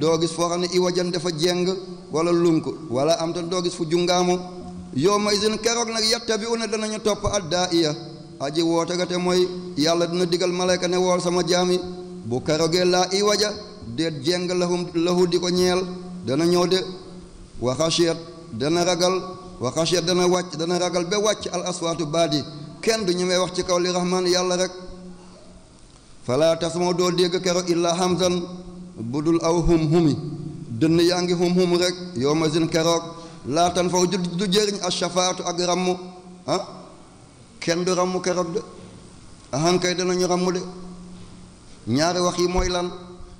doo gis foo xam ne i wajan dafa jeng wala lunku wala am tan doo gis fu jungaamu yow ma isin keroog nag yatta bi une danañu topp addaa iya aji woote ga te mooy yàlla dina digal malayka ne wool sama jaami bu kerogee laa i waja déet jeng lahum lahu di ko ñeel dana ñëw de wa dana ragal wa xasiyat dana wàcc dana ragal ba wàcc al aswaatu baadi kenn du ñemee wax ci kaw li rahmaan yàlla rek fala tasmaw doo dégg kero illaa hamzan bu dul aw hum humi dënn yaa ngi hum hum rek yow ma zin keroog laatan faw du jëriñ a shafaatu ak ramm ah kenn du ramm keroog de ahan kay danañu ramm de ñaari wax yi mooy lan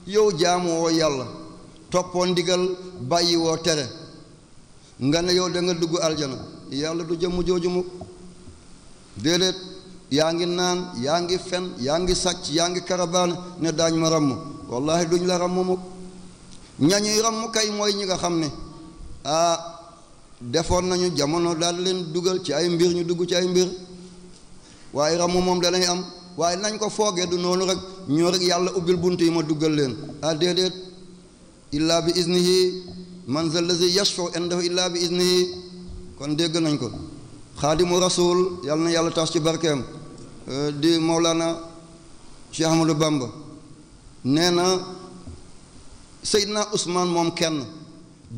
yow jaamoo yàlla toppoo ndigal bàyyi bayi tere nga ne yow da nga dugg aljana yàlla du jëmm jooju mukk déedéet yaa ngi naan yaa fen yaa ngi sàcc yaa ne daañ ma wallahi duñ la ramm mukk ñañuy ramm kay mooy ñi nga ah defoon nañu jamono daal leen dugal ci ay mbir ñu dugg ci ay mbir waaye ramm moom danañ am waaye nañ ko foogee du noonu rek ñoo rek yàlla ubbil bunt yi ma duggal leen ah déedéet إلا بإذنه من ذا الذي يشفع عنده إلا بإذنه كون دغ نانكو خادم الرسول يالنا يالا تاس سي بركم دي مولانا شيخ احمد بامبا نينا سيدنا عثمان موم كين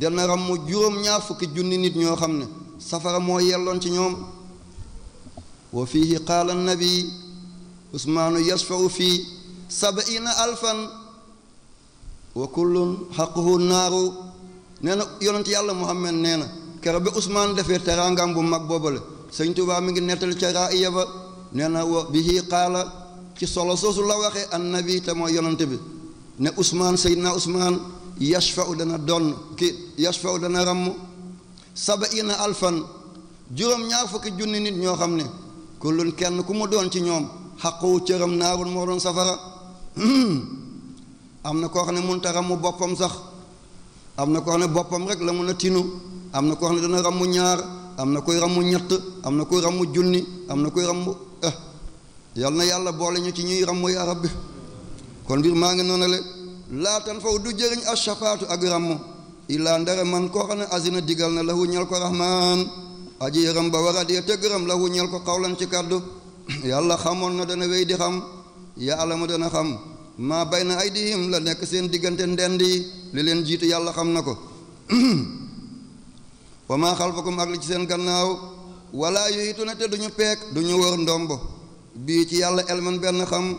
دنا رام جوم نياف فك جوني نيت ньо خامني سفر مو يالون سي نيوم وفيه قال النبي عثمان يشفع في سبعين ألفاً wa kullun xaquhu naaru nee na yonent yàlla muhammad nee na kero bi usmaan defee teraangam bu mag boobale sëñ tubaa mi ngi nettali ca raaya ba nee na wa bihi qaala ci solo soosu la waxee annabi te mooy yonent bi ne usmaan seydina usmaan yashfau dana donn ki yashfau dana ramm sabaina alfan juróom-ñaar fukki junni nit ñoo xam ne kullun kenn ku mu doon ci ñoom xaquhu cëram naarun moo doon safara am na koo xam ne mënut a ràmmu boppam sax am na koo xam ne boppam rek la mun a tinu am na koo xam ne dana ràmmu ñaar am na koy ràmmu ñett am na koy ràmmu junni am na koy ràmmu ah eh. na yàlla boole ñu ci ñuy ràmmu yaa bi kon mbir maa ngi noonu la laatan faw du jëriñ ashafaatu ak ràmmu illaa ndare man koo xam ne asina digal na lahu ñel ko rahmaan aji yëram ba war a dee te gërëm lahu ñel ko xawlan ci kàddu yàlla xamoon na dana wéy di xam yàlla ma dana xam maa bay na aydihim la nekk seen diggante ndend yi li leen jiitu yàlla xam na ko wa maa xalfakum ak li ci seen gannaaw wala yuhitu na te duñu peek duñu wër ndombo bii ci yàlla elman benn xam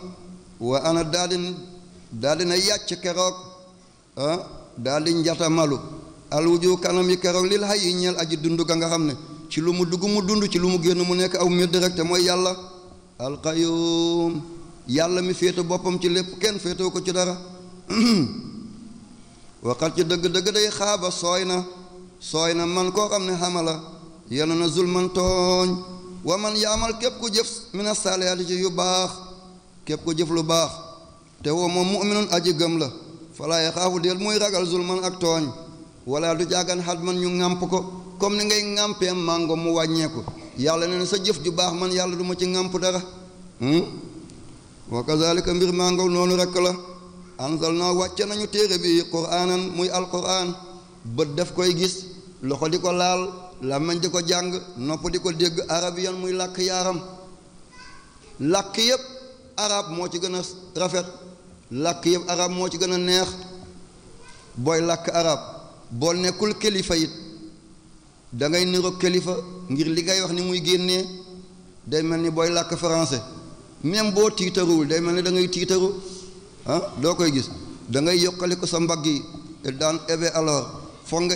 waa ana daal di daal dina yàcc keroog ah daal di njata malu alwuju kanam yi keroog lil hay yi ñeel aji dund ga nga xam ne ci lu mu dugg mu dund ci lu mu génn mu nekk aw médd rek te mooy yàlla alqayum yàlla mi féete boppam ci lépp kenn féetewu ko ci dara waxat ci dëgg-dëgg day xaaba sooy na sooy na man koo xam ne xamala yàlla na zulman tooñ wa man yaamal képp ku jëf mina saalihaati ci yu baax képp ku jëf lu baax te woo moom muminun aji gëm la falaa yaxaafu déel muy ragal zulman ak tooñ wala du jaagan xat man ñu ŋàmp ko comme ni ngay ŋàmpee màngo mu wàññeeku yàlla ne na sa jëf ju baax man yàlla duma ci ŋàmp dara hmm? wa kazalika mbir maa noonu rekk la anzal naa wàcce nañu téere bi quraanan muy alquran bët daf koy gis loxo di ko laal làmmiñ di ko jàng nopp di ko dégg arabiyan muy làkk yaaram làkk yépp arab moo ci gën a rafet làkk yépp arab moo ci gën a neex booy làkk arab boo nekkul kilifa it da niroog kilifa ngir li ngay wax ni muy génnee day mel ni booy làkk français même boo tiitaruwul day mel ni da ngay tiitaru ah, doo koy gis dangay ngay ko sa mbagg yi daan ebe alors foog nga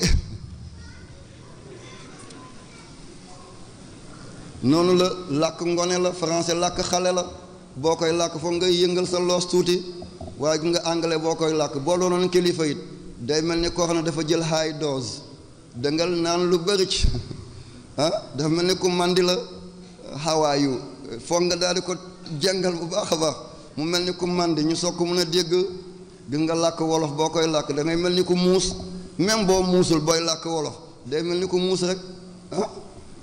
noonu la làkk ngone la france làkk xale la boo koy làkk foog ngay yëngal sa loos tuuti waaye gi nga anglais boo koy làkk boo doonoon kilifa yit day mel ni koo xam ne dafa jël high doos dangal naan lu bari ci ah dafa mel ni ku mandi la xawaayu foog nga daal ko jàngal bu baax a baax mu mel ni ku màndi ñu soog ko mën a dégg gis nga làkk wolof boo koy làkk da mel ni ku muus même boo muusul booy làkk wolof day mel ni ko muus rek ah.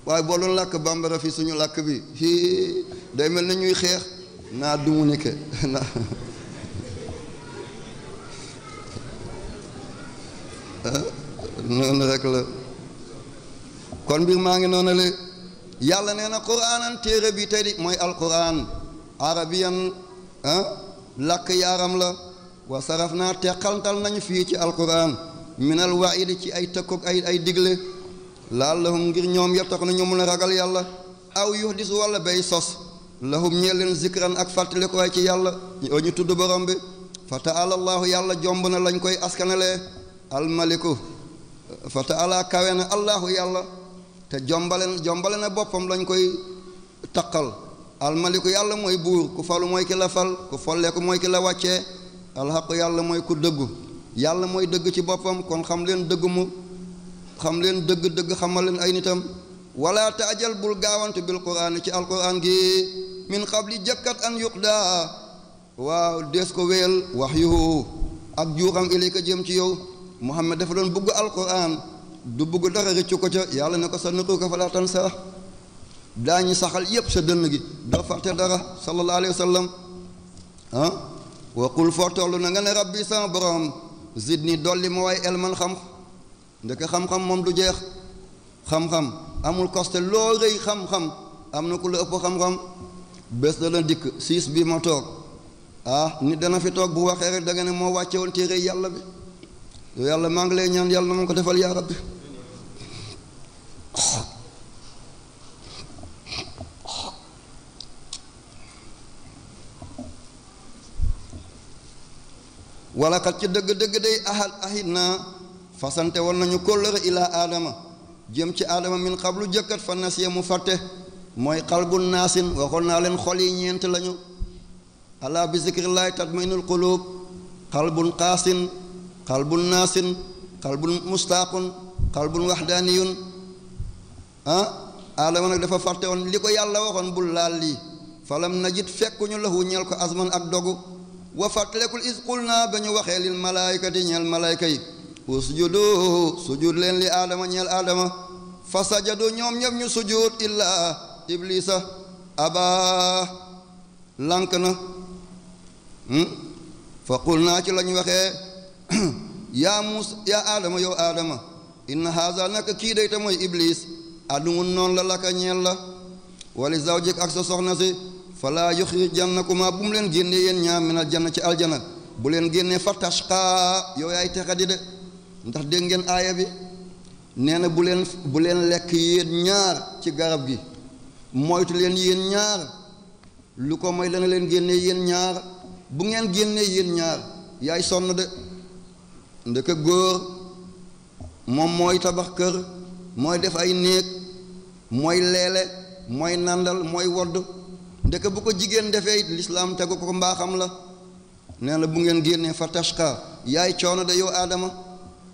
waaye boo doon làkk bambara fii suñu làkk bi fii day mel na ñuy xeex naa dumu ni ke naa ah, noonu rek la kon mbir maa ngi noonu la yàlla nee na quraanan téere bi tey di mooy alquran arabiyan ah làkk yaaram la waa saraf naa teqaltal nañu fii ci alquran minal waidi ci ay tëkkoog ay ay digle laallahum ngir ñoom yëpp tax na ñu mun a ragal yàlla aw yuhdis wala bay sos lahum ñee leen zikran ak fàttali ko ci yàlla oo ñu tudd borom bi fa taala allaahu yàlla jomb na lañ koy askanale almaliku fa taala kawe na allaahu yàlla te jombale jombale na boppam lañu koy taqal almaliku yàlla mooy buur ku falu mooy ki la fal ku folleeku mooy ki la wàccee alxaqu yàlla mooy ku dëggu yàlla mooy dëgg ci boppam kon xam leen dëgg mu xam leen dëgg dëgg xamal leen ay nitam wala taajal bul gaawantu bil quraan ci alquran gi min xabli jëkkat an yuqdaa waaw dees ko wéyal wax yuhu ak juuxam ko jëm ci yow muhammad dafa doon bugg alquran du bugg dara rëccu ko ca yàlla ne ko sa nuqu ko falaa tansa dañu saxal yépp sa dënn gi doo fàtte dara sallallahu alayhi wa ah wa qul fortoll na nga ne rabbi borom zidni dolli ma waay elman xam ndek xam-xam moom du jeex xam-xam amul koste loo rëy xam-xam am na ku la ëpp xam-xam bés dana dikk siis bi ma ah nit dana fi toog bu waxee rek da nga ne moo wàcce woon téere yàlla bi yàlla maa lay ñaan ko defal rabbi wala xat ci dëgg-dëgg day ahal ahit naa fasante woon nañu kóllëre ilaa aadama jëm ci aadama min xablu jëkkat fa nasiya mu fàtte mooy xalbu naasin waxoon naa leen xol yi ñeent lañu alaa bi zikrillahi tatmainul quluub xalbun xaasin xalbun naasin xalbun mustaaqun xalbun waxdaaniyun ah aadama nag dafa fàtte woon li ko yàlla waxoon bul laal lii falam najid fekkuñu lahu ñeel ko asman ak dogu wa fàttalekul is qul naa ba ñu waxee lil malaayikati ñeel malaayika yi usjudu sujud leen li aadama ñeel aadama fa sajadu ñoom ñëpp ñu sujud illaa iblisa aba lànk na hmm? fa qul naa ci la ñu waxee yaa muus yaa aadama yow aadama inna haza nak kii day te mooy iblis adumun noonu la laka ñeel la wali zawjik ak sa soxna si falaa yuxrijannakumaa bu mu leen génnee yéen ñaar minal janna ci aljana bu leen génnee fatashqaa yow yaay di de ndax dégg ngeen aaya bi nee na bu leen bu leen lekk yéen ñaar ci garab gi moytu leen yéen ñaar lu ko moy dana leen génnee yéen ñaar bu ngeen génnee yéen ñaar yaay sonn de ndeke góor moom mooy tabax kër mooy def ay néeg mooy leele mooy nàndal mooy wodd ndeke bu ko jigéen defee it lislaam tegu ko mbaaxam la nee na bu ngeen génnee fatashka yaay coono de yow aadama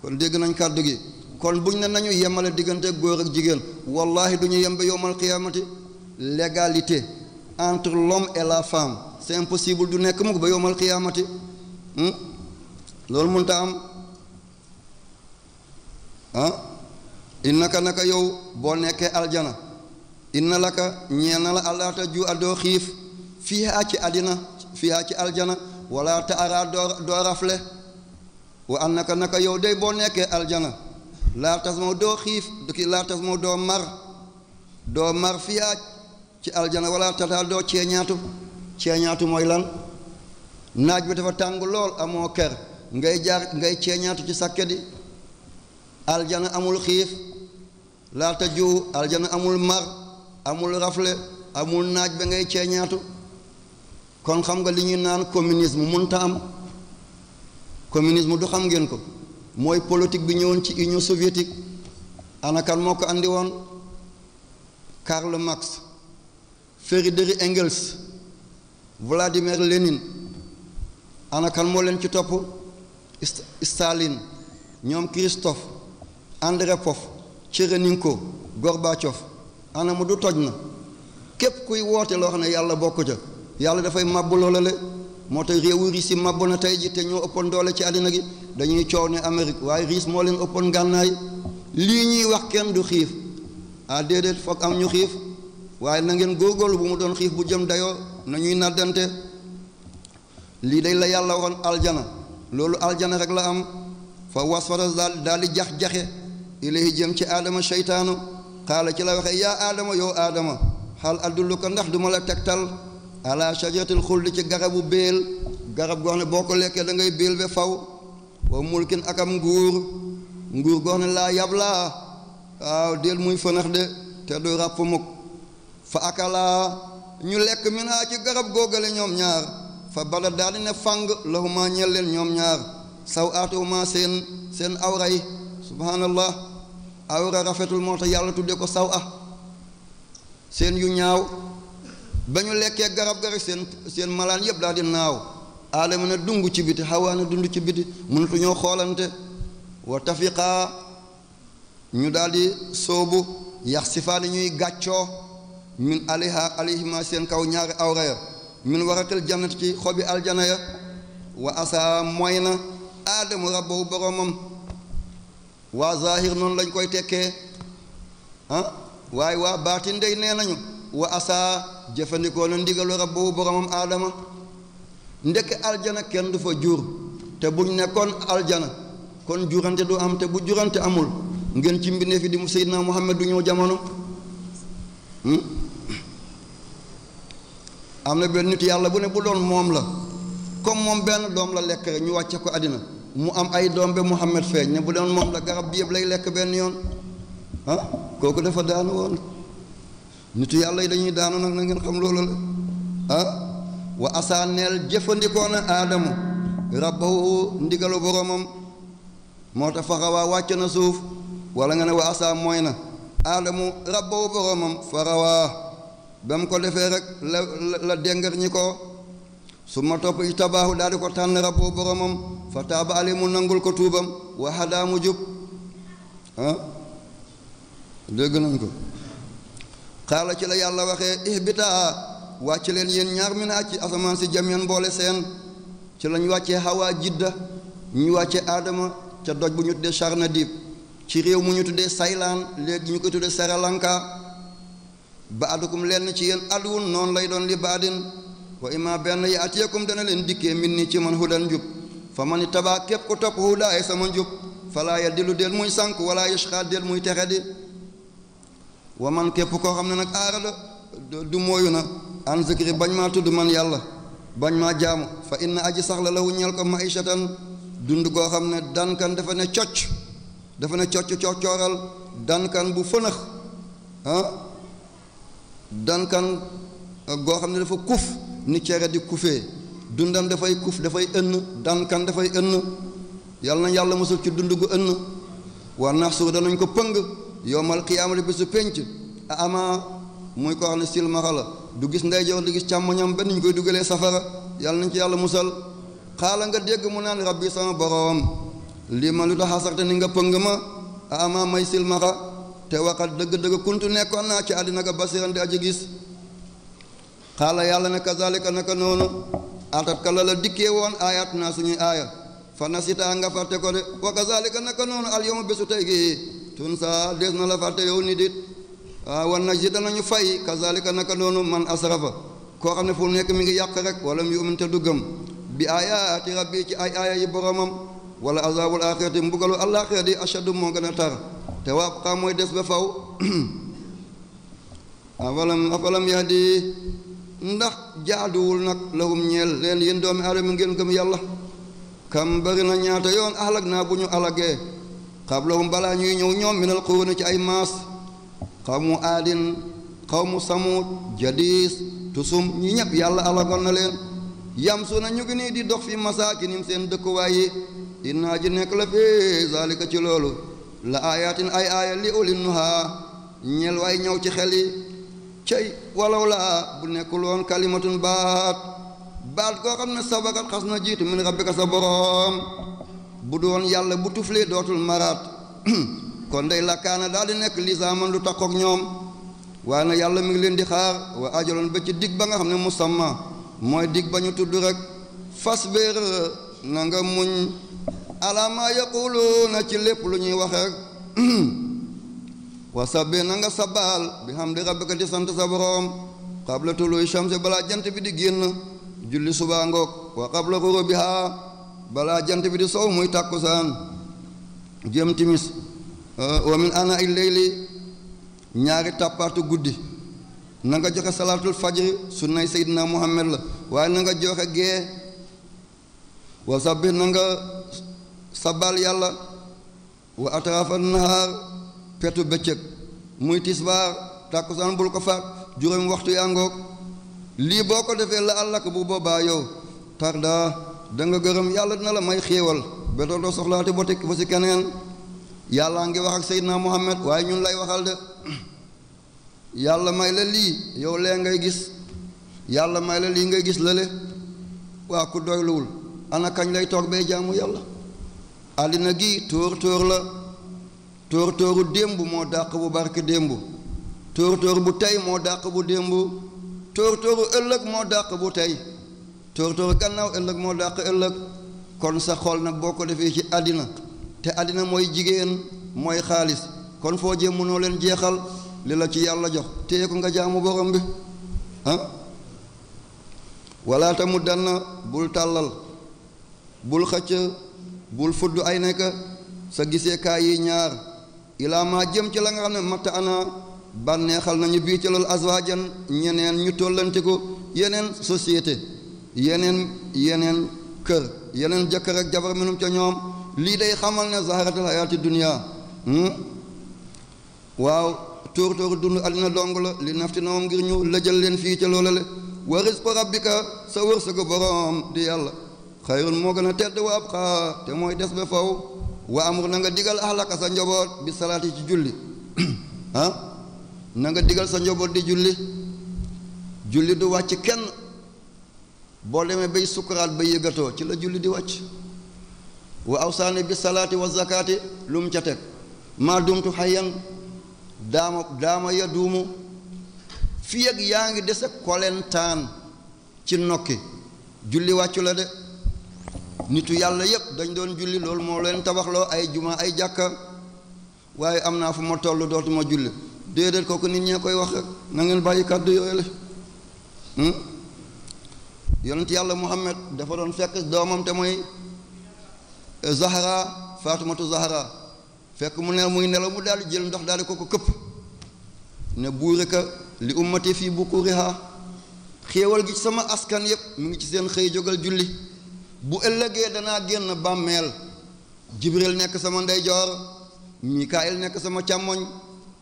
kon dégg nañ kàddu gi kon buñ ne nañu yemale ak wallahi duñu yembe yowmal qiyamati l'égalité entre l'homme et la femme c'est impossible du nekk mukk ba yowmal qiyamati hmm? loolu munta am ah innaka naka yow aljana inna la ka ñeel na la allah ta ju adoo xiif fii ci àddina fii ci aljana wala ta araa doo rafle wa an naka yow day boo nekkee aljana laa tas moo doo xiif du ki laa tas moo doo mar doo mar fii ci aljana wala tataa doo ceeñaatu ceeñaatu mooy lan naaj bi dafa tàng lool amoo ker ngay jaar ngay ceeñaatu ci sàkke aljana amul xiif laata ju aljana amul mar amul rafle amul naaj ba ngay ceeñaatu kon xam nga li ñuy naan communisme mënta am communisme du xam ngeen ko mooy politique bi ñëwoon ci union soviétique ana kan moo ko andi woon Karl Marx Friedrich Engels Vladimir Lénine ana moo leen ci topp Staline ñoom Christophe Andropov Tchereninko Gorbatchev anamu du toj na képp kuy woote loo xam ne yàlla bokk ca yàlla dafay màbb loola le moo tax réewu riis yi màbb na tey ji te ñoo ëppoon doole ci àddina gi dañuy coow ne Amérique waaye riis moo leen ëppoon gànnaay lii ñuy wax kenn du xiif ah déedéet foog am ñu xiif waaye na ngeen góorgóorlu bu mu doon xiif bu jëm dayoo na ñuy nàddante lii day la yàlla waxoon aljana loolu aljana rek la am fa wasfara daal di jax jaxe ilay jëm ci aadama seytaanu xaala ci la waxee yaa aadama yow aadama xal addulluka ndax du la tegtal ala shajaratil xuldi ci garabu béel garab goo xam boo ko lekkee da ngay béel ba faw wa mulkin akam nguur nguur goo xam laa yab laa waaw déel muy fënax de te du ràpp mukk fa akalaa ñu lekk min haa ci garab googale ñoom ñaar fa bada daal di ne fàng lahuma leen ñoom ñaar saw aatuhuma seen seen awray subhanallah awra rafetul moo tax yàlla tudde ko saw ah seen yu ñaaw ba ñu lekkee garab garab seen seen malaan yëpp daal di naaw aadama na dung ci biti xawaa dund ci biti mënatu ñoo xoolante wa tafiqaa ñu daldi di soobu yax sifaani ñuy gàccoo min aliha alihima seen kaw ñaari awra ya min waratal jannat ci xobi aljana ya wa asa mooy na aadamu rabbahu boromam waa zahir noonu lañ koy tekkee ah, waaye waa baatin ndey nee nañu wa asaa jëfandikoo na ndigalu rabbu boromam aadama ndekk aljana kenn du fa jur te buñ nekkoon aljana kon jurante du am te bu jurante amul ngeen ci mbindeef yi di mu seydina muhammad du ñëw jamono hmm? am na benn nit yàlla bu ne bu doon moom la comme moom benn doom la lekk ñu wàcce ko àddina mu am ay doom ba Muhammad feeñ na bu doon moom la garab bi yëpp lay lekk benn yoon ah kooku dafa daanu woon nitu yàlla yi dañuy daanu nag na ngeen xam loolu la ah wa asaaneel jëfandikoo na aadamu rabbahu ndigalu boromam moo tax farawaa wàcc na suuf wala nga ne wa asaa mooy na aadamu rabbahu boromam farawaa ba mu ko defee rek la la dengar ñi ko su ma topp ijtabaahu daal di ko tànn rabbu boromam fa taaba mu nangul ko tuubam waxadaa mu jub ah, dégg nañ ko xaala ci la yàlla waxee ihbitaa wàcc leen yéen ñaar mi naa ci asamaan si jamian boole seen ci lañ wàccee xawaa jidda ñu wàccee aadama ca doj bu ñu tuddee Charnadib ci réew mu ñu tuddee saylaan ko tuddee Sri Lanka lenn ci yéen aduwun noonu lay doon li baadin wa imma benn yaatiyakum dana leen dikkee min ni ci man hudan njub fa man tabaa képp ku topp hudaay sama njub falaa yadillu del muy sànk wala yashqa del muy texe di wa man képp koo xam ne nag aarada du mooyu na an zikri bañ maa tudd man yàlla bañ maa jaamu fa inna aji saxla lawu ñeel ko maishatan dund koo xam ne dankan dafa ne coc dafa ne cocc coccooral dankan bu fënax ah, dankan goo xam ne dafa kuf ni cere di kufee dundam dafay kuf dafay ënn dankan dafay ënn yàlla nañ yàlla mosul ci dund gu ënn war nax suur danañ ko pëng yowmal xiyaamati bi su pénc a ama muy ko wax ne silmaxa la du gis ndeyjoor du gis càmmoñam benn ñu koy dugalee safara yàlla nañ ci yàlla musal xaala nga dégg mu naan rabbi sama boroom lii ma lu tax xasarte ni nga pëng ma a ama may silmaxa te waxat dëgg-dëgg kuntu nekkoon naa ci àddina ga basiran di aji gis xaala yàlla ne kazalika naka noonu atat kala la dikkee woon ayat naa suñuy aaya fa nasitaa nga fàtte ko de wa kazalika naka noonu al yawma bésu tey gi tun saa des na la fàtte yow ni dit waaw ah, wan nag ji danañu fay kazalika naka noonu man asrafa koo xam ne fu nekk mi ngi yàq rek wala mu yumin te du gëm bi ayaati ci ay aaya yi boromam wala azabul axirati mbugalu àllaaxira di ashadu moo gën a tar te waa xam mooy des ba faw afalam ah, afalam yahdi ndax jaaduwul nag lahum ñeel leen yéen doomi aadama ngeen gëm yàlla kam bari na ñaata yoon alag naa bu ñu alagee xablahum balaa ñuy ñëw ñoom minal quruuni ci ay maas xawmu aadin xawmu samuud jadiis tusum ñi ñëpp yàlla alagoon na leen yam su na ñu ngi nii di dox fi masaakinim seen dëkkuwaay yi innaa ji nekk la fii zalika ci loolu la aayaatin ay aaya li ulin nuhaa ñeel waay ñëw ci xel yi cey walaw bu nekkul woon kalimatun baat baat koo xam ne sabakat xas na jiitu min rabbika sa boroom bu doon yàlla bu tuflee dootul maraat kon day lakkaana daal di nekk lisaaman du takkook ñoom waaye na yàlla mu ngi leen di xaar wa ajaloon ba ci ba nga xam ne musamma mooy dig ba ñu tudd rek fas béer na nga muñ alaamaa yaquluuna ci lépp lu ñuy wax rek wa sabbih na nga sabbaal bi hamdi rabbika di sant sa boroom qabla tuluy balaa jant bi di génn julli subaa ngoog wa qabla ghurubiha balaa jant bi di sow muy tàkkusaan jëm timis eh, wa min ana il layli ñaari tàppaatu guddi na nga joxe salaatul fajri sunnay seydina muhammad la waaye na nga joxe gee wa sabbih na nga yàlla wa atrafa nahaar fetu bëccëg muy tisbaar tàkkusaan bul ko faat juróomi waxtu yaa ngoog lii boo ko defee la àllak bu boobaa yow tardaa da nga gërëm yàlla dina la may xéewal ba dootoo soxlaati botik ba si keneen yàllaa ngi wax ak Seydina Muhammad waaye ñun lay waxal de yàlla may la lii yow lee ngay gis yàlla may la lii ngay gis lële waa ku doyluwul ana kañ lay toog bay jaamu yàlla àddina gi tóor tóor la tóor tóoru démb moo dàq bu barke démb tóor tóor bu tey moo dàq bu démb tóor tóoru ëllëg moo dàq bu tey tóor tóoru gannaaw ëllëg moo dàq ëllëg kon sa xol nag boo ko defee ci àddina te àddina mooy jigéen mooy xaalis kon foo jëm mënoo leen jeexal li la ci yàlla jox téye ko nga jaamu borom bi ah mu tamu danna bul tàllal bul xëcc bul fudd ay nekk sa gisee kaay yi ñaar ilaa maa jëm ci la nga xam ne matta ana bànneexal nañu bii ci loolu azwaajan ñeneen ñu tollante ko yeneen société yeneen yeneen kër yeneen jëkkër ak jabar minum ca ñoom lii dey xamal ne zaharatul hayaati dunia hmm? waaw tóor tóor dund àddina dong la li nafti na moom ngir ñu lëjal leen fii ca loola le wa risqu rabbika sa wërsëgu boroom di yàlla xayrun moo gën a tedd wa abqaa te mooy des ba faw waa amur na nga digal ahlaka sa njaboot bi salaati ci julli na nga digal sa njaboot di julli julli du wàcc kenn boo demee bay sukuraat ba yëgatoo ci la julli di wàcc wa awsaani bi salaati wa lu mu ca teg maa dumtu xayyan daama daama ya duumu fii yaa ngi dese kolentaan ci nokki julli wàccu la de nitu yàlla yépp dañ doon julli loolu moo leen tabaxloo ay juma ay jàkka waaye am naa fu ma toll dootuma julli déedéet ko nit ñee koy wax rek na ngeen bàyyi kàddu yooyu la hmm? yonent yàlla muhammad dafa doon fekk doomam te mooy eh, zahra faatumatu zahra fekk mu ne muy nelaw mu daal di jël ndox daal di ko ko këpp ne buurika li ummati fii bukuriha xéewal gi ci sama askan yépp mu ngi ci seen xëy jógal julli bu ëllëgee danaa génn bàmmeel jibril nekk sama ndeyjoor mikaayil nekk sama càmmoñ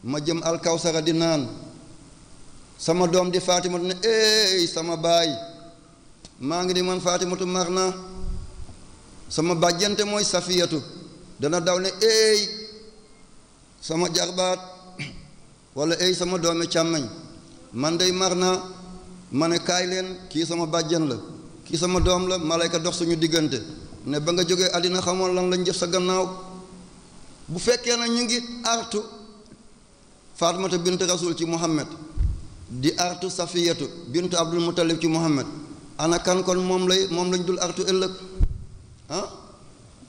ma jëm alkawsara di naan sama doom di faatimatu ne éey sama baay maa ngi di man faatimatu mar na sama bàjjante mooy safiyatu dana daw ne éey sama jarbaat wala éey sama doomi càmmeñ man day mar na ma ne kaay leen kii sama bàjjan la kii sama doom la malayka dox suñu diggante ne ba nga jógee àddina xamoon lan lañ jëf sa gannaaw bu fekkee na ñu ngi artu Faatumata bint Rasul ci Muhammad di artu Safiyatu bint Abdul Muttalib ci Muhammad ana kan kon moom lay moom lañ dul artu ëllëg ah?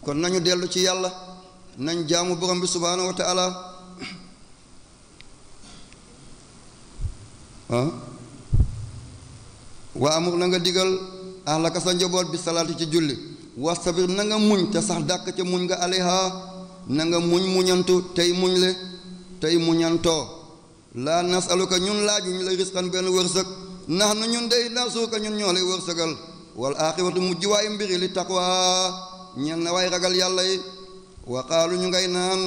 kon nañu dellu ci yàlla nañ jaamu borom bi subhaanahu wa ah? waa amur na nga digal ahlaka sa bisa bi salaati ci julli wastabir na nga muñ te sax dàkk ca muñ nga aliha na nga muñ muñantu tey muñ le tey muñantoo laa nasaluka ñun laajuñ la risqan benn wërsëg nax na ñun day nasuuka ñun ñoo lay wal aaxiratu mujj waaye mbiri li taqwa ñel na waay ragal yàlla yi wa qaalu ñu ngay naan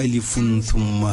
alifun thumma